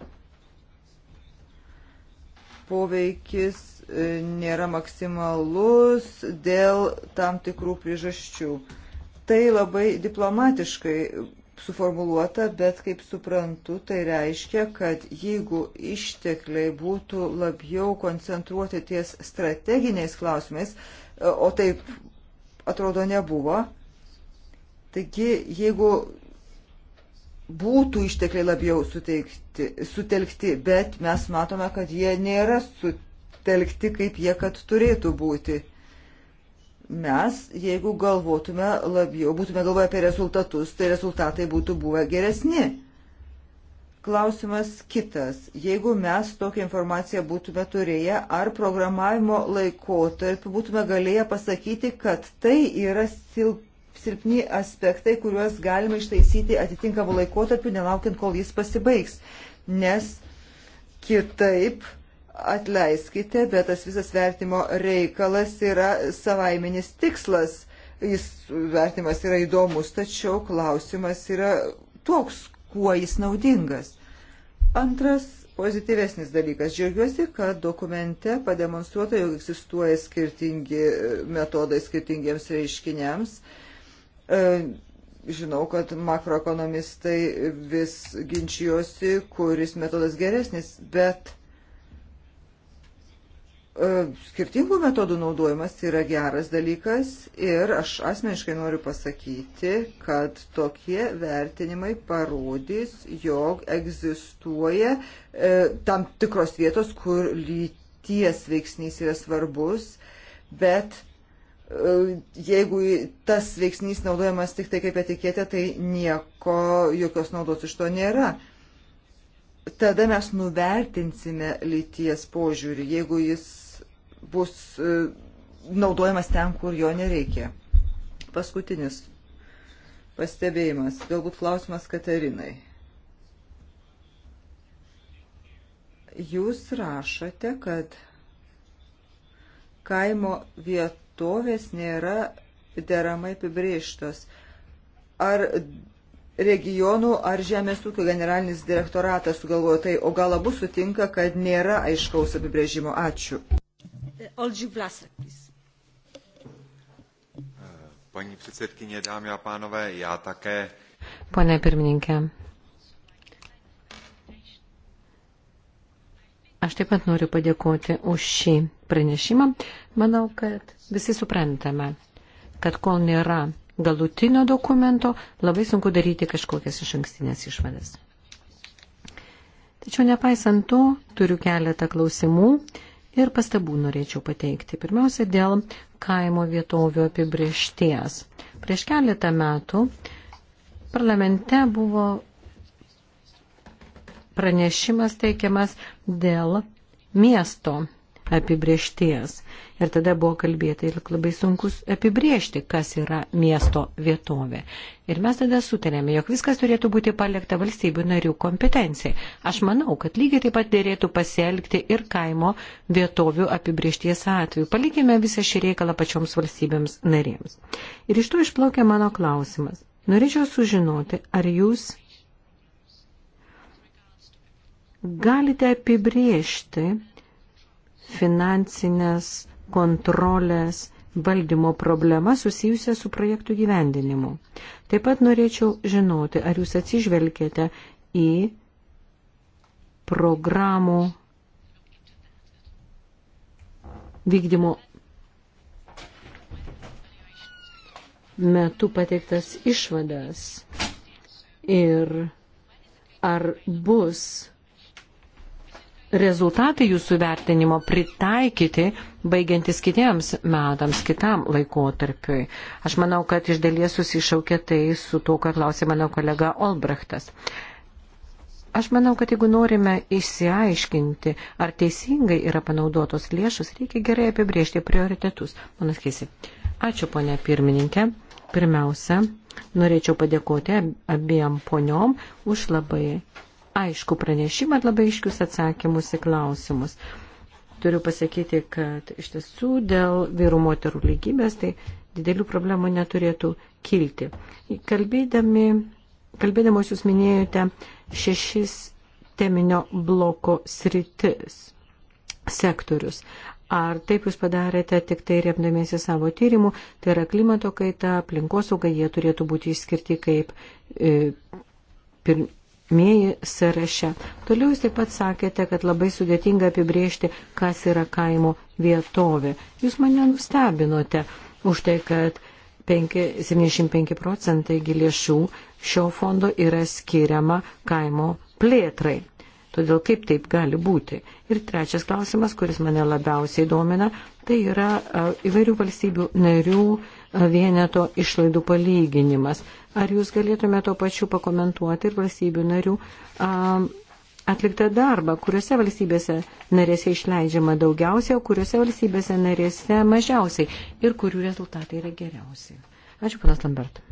Poveikis e, nėra maksimalus dėl tam tikrų priežasčių. Tai labai diplomatiškai suformuluota, bet kaip suprantu, tai reiškia, kad jeigu ištekliai būtų labiau koncentruoti ties strateginiais klausimais, e, o taip atrodo nebuvo, taigi jeigu būtų ištekliai labiau suteikti, sutelkti, bet mes matome, kad jie nėra sutelkti, kaip jie kad turėtų būti mes, jeigu galvotume labiau, būtume galvoję apie rezultatus, tai rezultatai būtų buvę geresni. Klausimas kitas. Jeigu mes tokią informaciją būtume turėję, ar programavimo laikotarpį būtume galėję pasakyti, kad tai yra silp, silpni aspektai, kuriuos galima ištaisyti atitinkamų laikotarpių, nelaukiant, kol jis pasibaigs. Nes kitaip atleiskite, bet tas visas vertimo reikalas yra savaiminis tikslas. Jis vertimas yra įdomus, tačiau klausimas yra toks, kuo jis naudingas. Antras pozityvesnis dalykas. Džiaugiuosi, kad dokumente pademonstruota, jog egzistuoja skirtingi metodai skirtingiems reiškiniams. E, žinau, kad makroekonomistai vis ginčijosi, kuris metodas geresnis, bet E, skirtingų metodų naudojimas yra geras dalykas ir aš asmeniškai noriu pasakyti, kad tokie vertinimai parodys, jog egzistuoja e, tam tikros vietos, kur lyties veiksnys yra svarbus, bet e, jeigu tas veiksnys naudojamas tik tai kaip etiketė, tai nieko, jokios naudos iš to nėra tada mes nuvertinsime lyties požiūrį, jeigu jis bus e, naudojamas ten, kur jo nereikia. Paskutinis pastebėjimas, galbūt klausimas Katerinai. Jūs rašote, kad kaimo vietovės nėra deramai apibrėžtos. Ar regionų ar žemės ūkio generalinis direktoratas sugalvojo tai, o gal abu sutinka, kad nėra aiškaus apibrėžimo. Ačiū. Olži Vlasek, please. Paní předsedkyně, dámy a pánové, já také. Pane pirmininkė, Aš taip pat noriu padėkoti už šį pranešimą. Manau, kad visi suprantame, kad kol nėra galutinio dokumento, labai sunku daryti kažkokias iš ankstinės išvadas. Tačiau nepaisant to, turiu keletą klausimų ir pastabų norėčiau pateikti. Pirmiausia, dėl kaimo vietovių apibriešties. Prieš keletą metų parlamente buvo pranešimas teikiamas dėl miesto apibriešties. Ir tada buvo kalbėta ir labai sunkus apibriežti, kas yra miesto vietovė. Ir mes tada sutarėme, jog viskas turėtų būti palikta valstybių narių kompetencijai. Aš manau, kad lygiai taip pat dėrėtų pasielgti ir kaimo vietovių apibriešties atveju. Palikime visą šį reikalą pačioms valstybėms narėms. Ir iš to išplaukia mano klausimas. Norėčiau sužinoti, ar jūs galite apibriežti finansinės kontrolės valdymo problema susijusia su projektų gyvendinimu. Taip pat norėčiau žinoti, ar jūs atsižvelgėte į programų vykdymo metu pateiktas išvadas ir ar bus rezultatai jūsų vertinimo pritaikyti baigiantis kitiems metams, kitam laikotarpiui? Aš manau, kad iš dalies susišaukia tai su to, ką klausė mano kolega Olbrechtas. Aš manau, kad jeigu norime išsiaiškinti, ar teisingai yra panaudotos lėšus, reikia gerai apibriežti prioritetus. Manas Kisi. Ačiū, ponia pirmininkė. Pirmiausia, norėčiau padėkoti abiem poniom už labai aišku pranešimą ir labai aiškius atsakymus į klausimus. Turiu pasakyti, kad iš tiesų dėl vyrų moterų lygybės tai didelių problemų neturėtų kilti. Kalbėdami, kalbėdamos jūs minėjote šešis teminio bloko sritis sektorius. Ar taip jūs padarėte tik tai remdamiesi savo tyrimų, tai yra klimato kaita, aplinkosauga, jie turėtų būti išskirti kaip e, pir, mėji sąraše. Toliau jūs taip pat sakėte, kad labai sudėtinga apibriežti, kas yra kaimo vietovė. Jūs mane nustebinote už tai, kad 5, 75 procentai lėšų šio fondo yra skiriama kaimo plėtrai. Todėl kaip taip gali būti? Ir trečias klausimas, kuris mane labiausiai domina, tai yra įvairių valstybių narių vieneto išlaidų palyginimas. Ar jūs galėtumėte to pačiu pakomentuoti ir valstybių narių atliktą darbą, kuriuose valstybėse narėse išleidžiama daugiausia, o kuriuose valstybėse narėse mažiausiai ir kurių rezultatai yra geriausi? Ačiū, panas Lambert.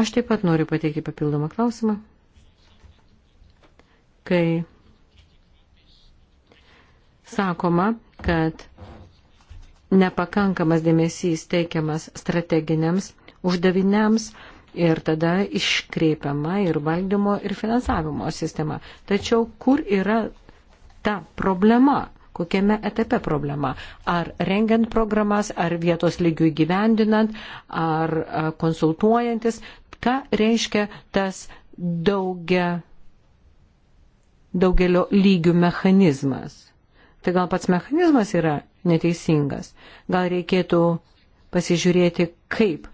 Aš taip pat noriu pateikti papildomą klausimą kai sakoma, kad nepakankamas dėmesys teikiamas strateginiams uždaviniams ir tada iškreipiama ir valdymo ir finansavimo sistema. Tačiau kur yra ta problema? Kokiame etape problema? Ar rengiant programas, ar vietos lygių įgyvendinant, ar konsultuojantis? Ką reiškia tas daugia daugelio lygių mechanizmas. Tai gal pats mechanizmas yra neteisingas. Gal reikėtų pasižiūrėti, kaip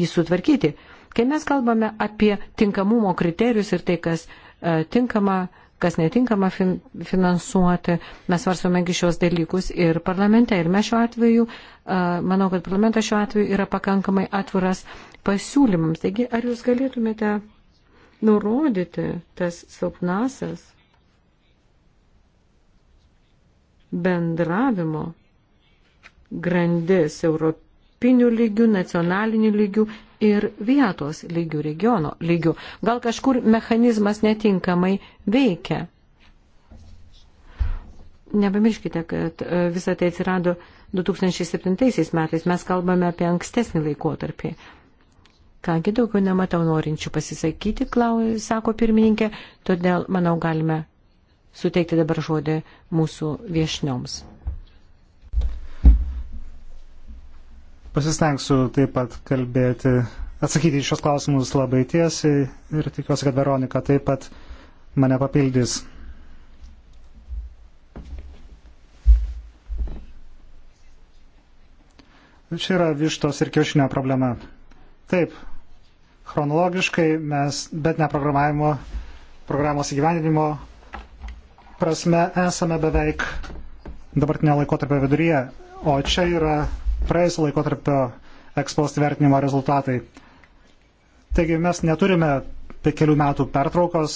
jį sutvarkyti. Kai mes kalbame apie tinkamumo kriterijus ir tai, kas e, tinkama, kas netinkama fin, finansuoti, mes varsomegi šios dalykus ir parlamente. Ir mes šiuo atveju, e, manau, kad parlamentas šiuo atveju yra pakankamai atviras pasiūlymams. Taigi, ar jūs galėtumėte nurodyti tas silpnasias bendravimo grandis europinių lygių, nacionalinių lygių ir vietos lygių, regiono lygių. Gal kažkur mechanizmas netinkamai veikia. Nepamirškite, kad e, visą tai atsirado 2007 metais. Mes kalbame apie ankstesnį laikotarpį. Kągi daugiau nematau norinčių pasisakyti, Klau, sako pirmininkė, todėl, manau, galime suteikti dabar žodį mūsų viešnioms. Pasistengsiu taip pat kalbėti, atsakyti į šios klausimus labai tiesiai ir tikiuosi, kad Veronika taip pat mane papildys. Čia yra vištos ir kiaušinio problema. Taip, chronologiškai, mes, bet ne programavimo, programos įgyvendinimo prasme esame beveik dabartinio laikotarpio viduryje, o čia yra praėjusio laikotarpio ekspost vertinimo rezultatai. Taigi mes neturime tai kelių metų pertraukos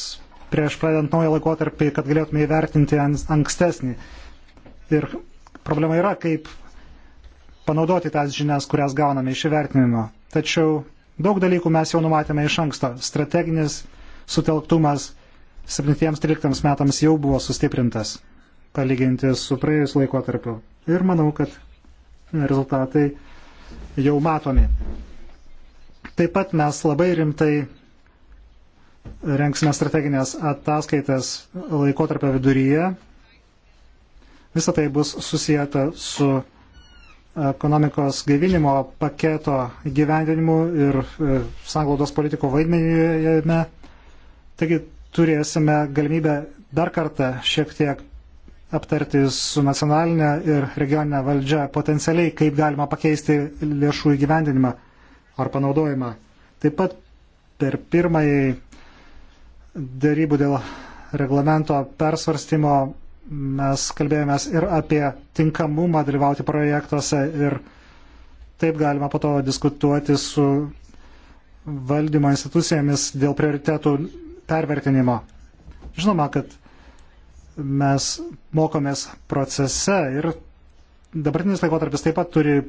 prieš pradedant naują laikotarpį, kad galėtume įvertinti ankstesnį. Ir problema yra, kaip panaudoti tas žinias, kurias gauname iš įvertinimo. Tačiau Daug dalykų mes jau numatėme iš anksto. Strateginis sutelktumas 7-13 metams jau buvo sustiprintas, palyginti su praėjus laikotarpiu. Ir manau, kad rezultatai jau matomi. Taip pat mes labai rimtai rengsime strateginės ataskaitas laikotarpio viduryje. Visą tai bus susijęta su ekonomikos gaivinimo paketo gyvendinimu ir e, sanglaudos politiko vaidmenyje. Taigi turėsime galimybę dar kartą šiek tiek aptarti su nacionalinė ir regioninė valdžia potencialiai, kaip galima pakeisti lėšų įgyvendinimą ar panaudojimą. Taip pat per pirmąjį darybų dėl reglamento persvarstymo mes kalbėjomės ir apie tinkamumą dalyvauti projektuose ir taip galima po to diskutuoti su valdymo institucijomis dėl prioritetų pervertinimo. Žinoma, kad mes mokomės procese ir dabartinis laikotarpis taip pat turi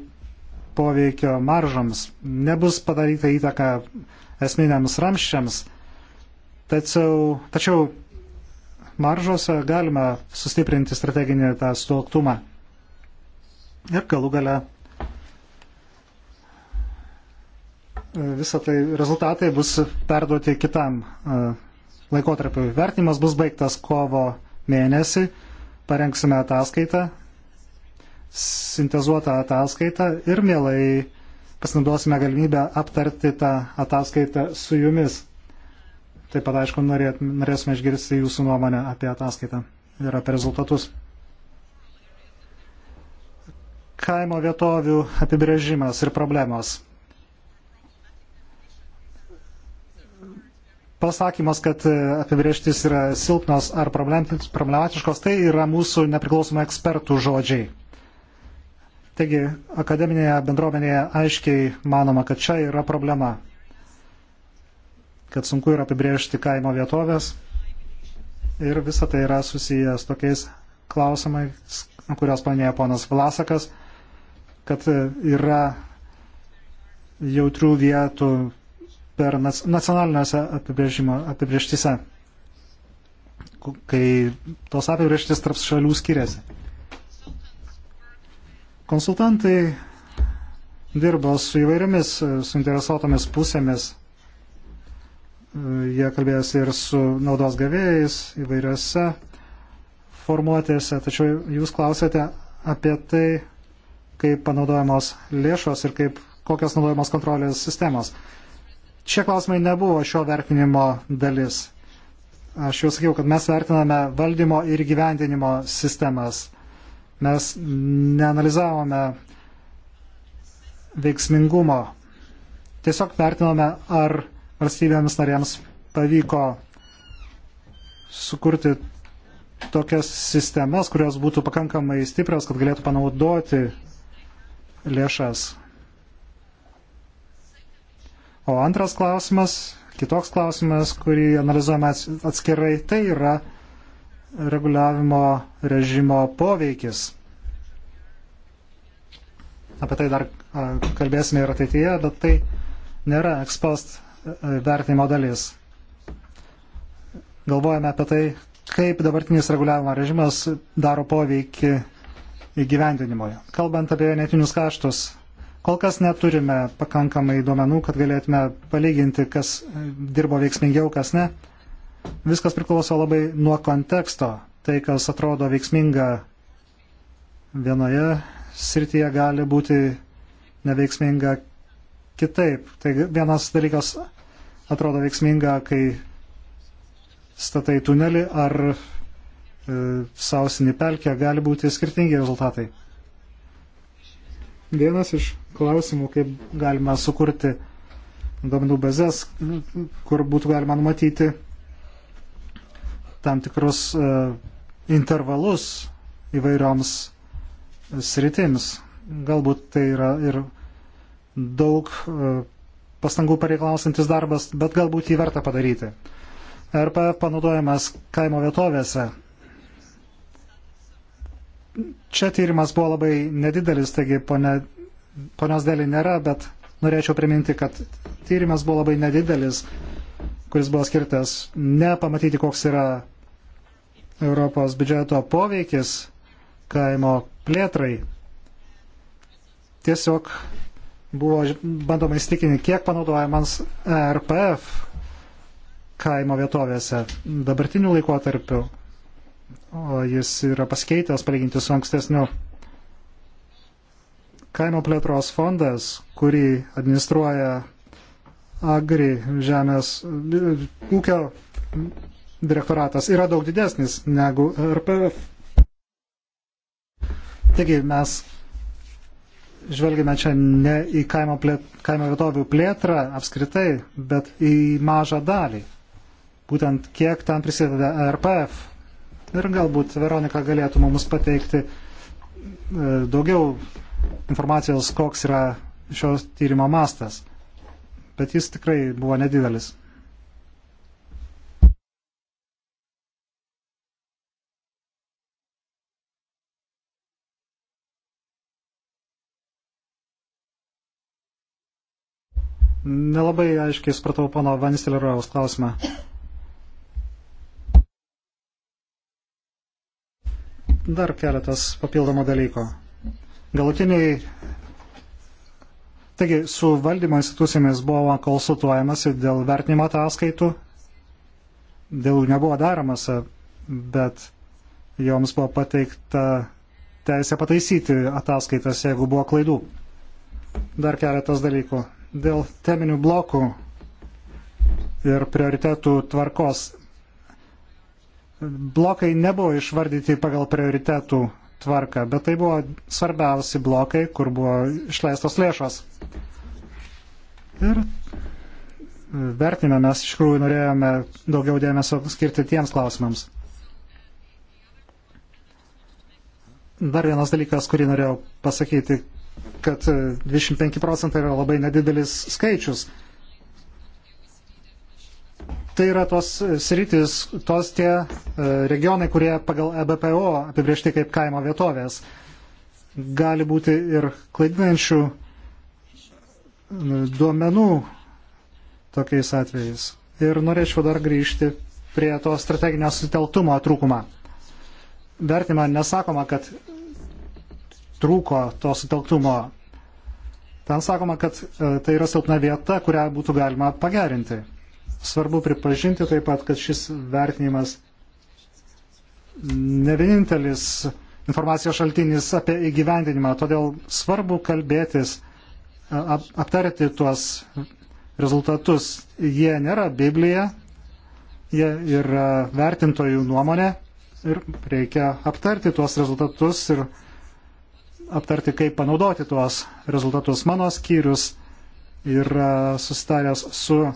poveikio maržoms. Nebus padaryta įtaka esminiams ramščiams, tačiau, tačiau maržose galime sustiprinti strateginį tą suoktumą. Ir galų gale e, visą tai rezultatai bus perduoti kitam e, laikotarpiu. Vertimas bus baigtas kovo mėnesį, parengsime ataskaitą, sintezuotą ataskaitą ir mielai pasinaudosime galimybę aptarti tą ataskaitą su jumis. Taip pat, aišku, norėsime išgirsti jūsų nuomonę apie ataskaitą ir apie rezultatus. Kaimo vietovių apibrėžimas ir problemos. Pasakymas, kad apibrėžtis yra silpnos ar problematiškos, tai yra mūsų nepriklausomų ekspertų žodžiai. Taigi, akademinėje bendruomenėje aiškiai manoma, kad čia yra problema kad sunku yra apibrėžti kaimo vietovės ir visa tai yra susijęs tokiais klausimais, kurios panėjo ponas Vlasakas, kad yra jautrių vietų per nacionaliniuose apibrieštise, kai tos apibrieštis tarp šalių skiriasi. Konsultantai dirbo su įvairiomis suinteresuotomis pusėmis Jie kalbės ir su naudos gavėjais įvairiose formuotėse, tačiau jūs klausėte apie tai, kaip panaudojamos lėšos ir kaip, kokios naudojamos kontrolės sistemos. Šie klausimai nebuvo šio vertinimo dalis. Aš jau sakiau, kad mes vertiname valdymo ir gyvendinimo sistemas. Mes neanalizavome veiksmingumo. Tiesiog vertinome, ar valstybėms narėms pavyko sukurti tokias sistemas, kurios būtų pakankamai stiprios, kad galėtų panaudoti lėšas. O antras klausimas, kitoks klausimas, kurį analizuojame atskirai, tai yra reguliavimo režimo poveikis. Apie tai dar kalbėsime ir ateityje, bet tai nėra ekspost vertinimo dalis. Galvojame apie tai, kaip dabartinis reguliavimo režimas daro poveikį įgyvendinimoje. Kalbant apie netinius kaštus, kol kas neturime pakankamai duomenų, kad galėtume palyginti, kas dirbo veiksmingiau, kas ne. Viskas priklauso labai nuo konteksto. Tai, kas atrodo veiksminga vienoje srityje, gali būti neveiksminga kitaip. Tai vienas dalykas atrodo veiksminga, kai statai tunelį ar e, sausinį pelkę, gali būti skirtingi rezultatai. Vienas iš klausimų, kaip galima sukurti duomenų bazės, kur būtų galima numatyti tam tikrus e, intervalus įvairioms e, sritims. Galbūt tai yra ir daug e, pastangų pareiklausantis darbas, bet galbūt jį verta padaryti. RP panaudojamas kaimo vietovėse. Čia tyrimas buvo labai nedidelis, taigi pone, ponios dėlį nėra, bet norėčiau priminti, kad tyrimas buvo labai nedidelis, kuris buvo skirtas ne pamatyti, koks yra Europos biudžeto poveikis kaimo plėtrai. Tiesiog buvo bandoma įstikinti, kiek panaudojamas e, RPF kaimo vietovėse dabartiniu laikotarpiu, o jis yra pasikeitęs palyginti su ankstesniu. Kaimo plėtros fondas, kurį administruoja Agri žemės e, ūkio direktoratas, yra daug didesnis negu RPF. Taigi mes žvelgime čia ne į kaimo, plėt, kaimo vietovių plėtrą apskritai, bet į mažą dalį. Būtent kiek tam prisideda RPF. Ir galbūt Veronika galėtų mums pateikti e, daugiau informacijos, koks yra šios tyrimo mastas. Bet jis tikrai buvo nedidelis. Nelabai aiškiai supratau pono Vanistelėrojaus klausimą. Dar keletas papildomų dalykų. Galutiniai. Taigi, su valdymo institucijomis buvo konsultuojamasi dėl vertinimo ataskaitų. Dėl jų nebuvo daromasi, bet joms buvo pateikta teisė pataisyti ataskaitas, jeigu buvo klaidų. Dar keletas dalykų dėl teminių blokų ir prioritetų tvarkos. Blokai nebuvo išvardyti pagal prioritetų tvarką, bet tai buvo svarbiausi blokai, kur buvo išleistos lėšos. Ir vertinime mes iš tikrųjų norėjome daugiau dėmesio skirti tiems klausimams. Dar vienas dalykas, kurį norėjau pasakyti, kad 25 e, procentai yra labai nedidelis skaičius. Tai yra tos sritis, tos tie e, regionai, kurie pagal EBPO apibriežti kaip kaimo vietovės. Gali būti ir klaidinančių e, duomenų tokiais atvejais. Ir norėčiau dar grįžti prie to strateginio suteltumo trūkumą. Vertimą nesakoma, kad trūko to sutelktumo. Ten sakoma, kad e, tai yra silpna vieta, kurią būtų galima pagerinti. Svarbu pripažinti taip pat, kad šis vertinimas ne vienintelis informacijos šaltinis apie įgyvendinimą, todėl svarbu kalbėtis, e, aptarti tuos rezultatus. Jie nėra Biblija, jie yra vertintojų nuomonė ir reikia aptarti tuos rezultatus ir rezultatus aptarti, kaip panaudoti tuos rezultatus. Mano skyrius yra susitaręs su e,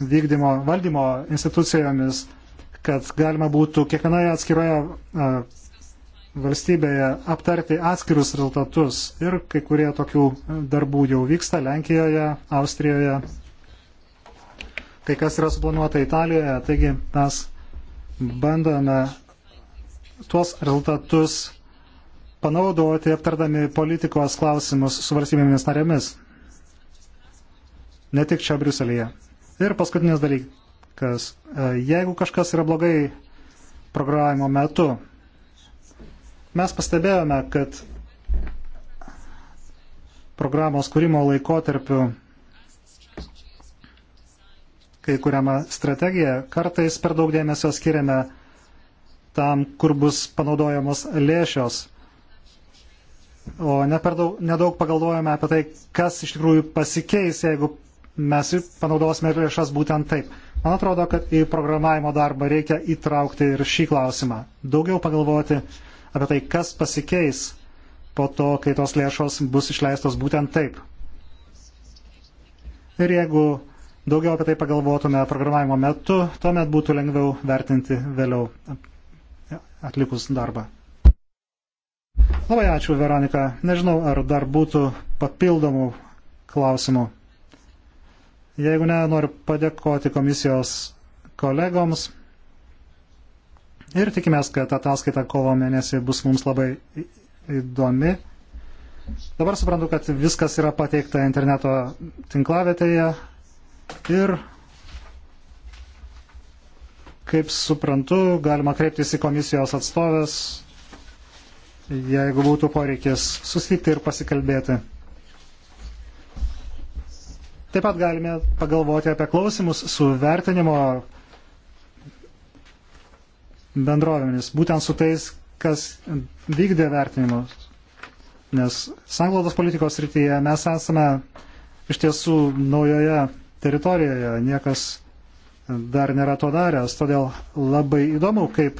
vykdymo valdymo institucijomis, kad galima būtų kiekvienoje atskiroje e, valstybėje aptarti atskirus rezultatus ir kai kurie tokių darbų jau vyksta Lenkijoje, Austrijoje, kai kas yra suplanuota Italijoje, taigi mes bandome tuos rezultatus panaudoti aptardami politikos klausimus su valstybėmis narėmis. Ne tik čia Briuselėje. Ir paskutinis dalykas. E, jeigu kažkas yra blogai programavimo metu, mes pastebėjome, kad programos kūrimo laikotarpiu, kai kuriama strategija, kartais per daug dėmesio skiriame tam, kur bus panaudojamos lėšios o ne per daug, nedaug pagalvojame apie tai, kas iš tikrųjų pasikeis, jeigu mes panaudosime lėšas būtent taip. Man atrodo, kad į programavimo darbą reikia įtraukti ir šį klausimą. Daugiau pagalvoti apie tai, kas pasikeis po to, kai tos lėšos bus išleistos būtent taip. Ir jeigu daugiau apie tai pagalvotume programavimo metu, tuomet būtų lengviau vertinti vėliau atlikus darbą. Labai ačiū, Veronika. Nežinau, ar dar būtų papildomų klausimų. Jeigu ne, noriu padėkoti komisijos kolegoms ir tikimės, kad ataskaita kovo mėnesį bus mums labai įdomi. Dabar suprantu, kad viskas yra pateikta interneto tinklavietėje ir, kaip suprantu, galima kreiptis į komisijos atstovės jeigu būtų poreikis susitikti ir pasikalbėti. Taip pat galime pagalvoti apie klausimus su vertinimo bendrovėmis, būtent su tais, kas vykdė vertinimus. Nes sanglaudos politikos rytyje mes esame iš tiesų naujoje teritorijoje, niekas dar nėra to daręs, todėl labai įdomu, kaip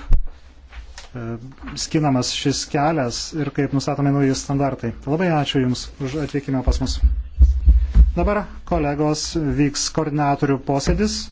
E, skinamas šis kelias ir kaip nustatomi nauji standartai. Labai ačiū Jums už atvykimą pas mus. Dabar kolegos vyks koordinatorių posėdis.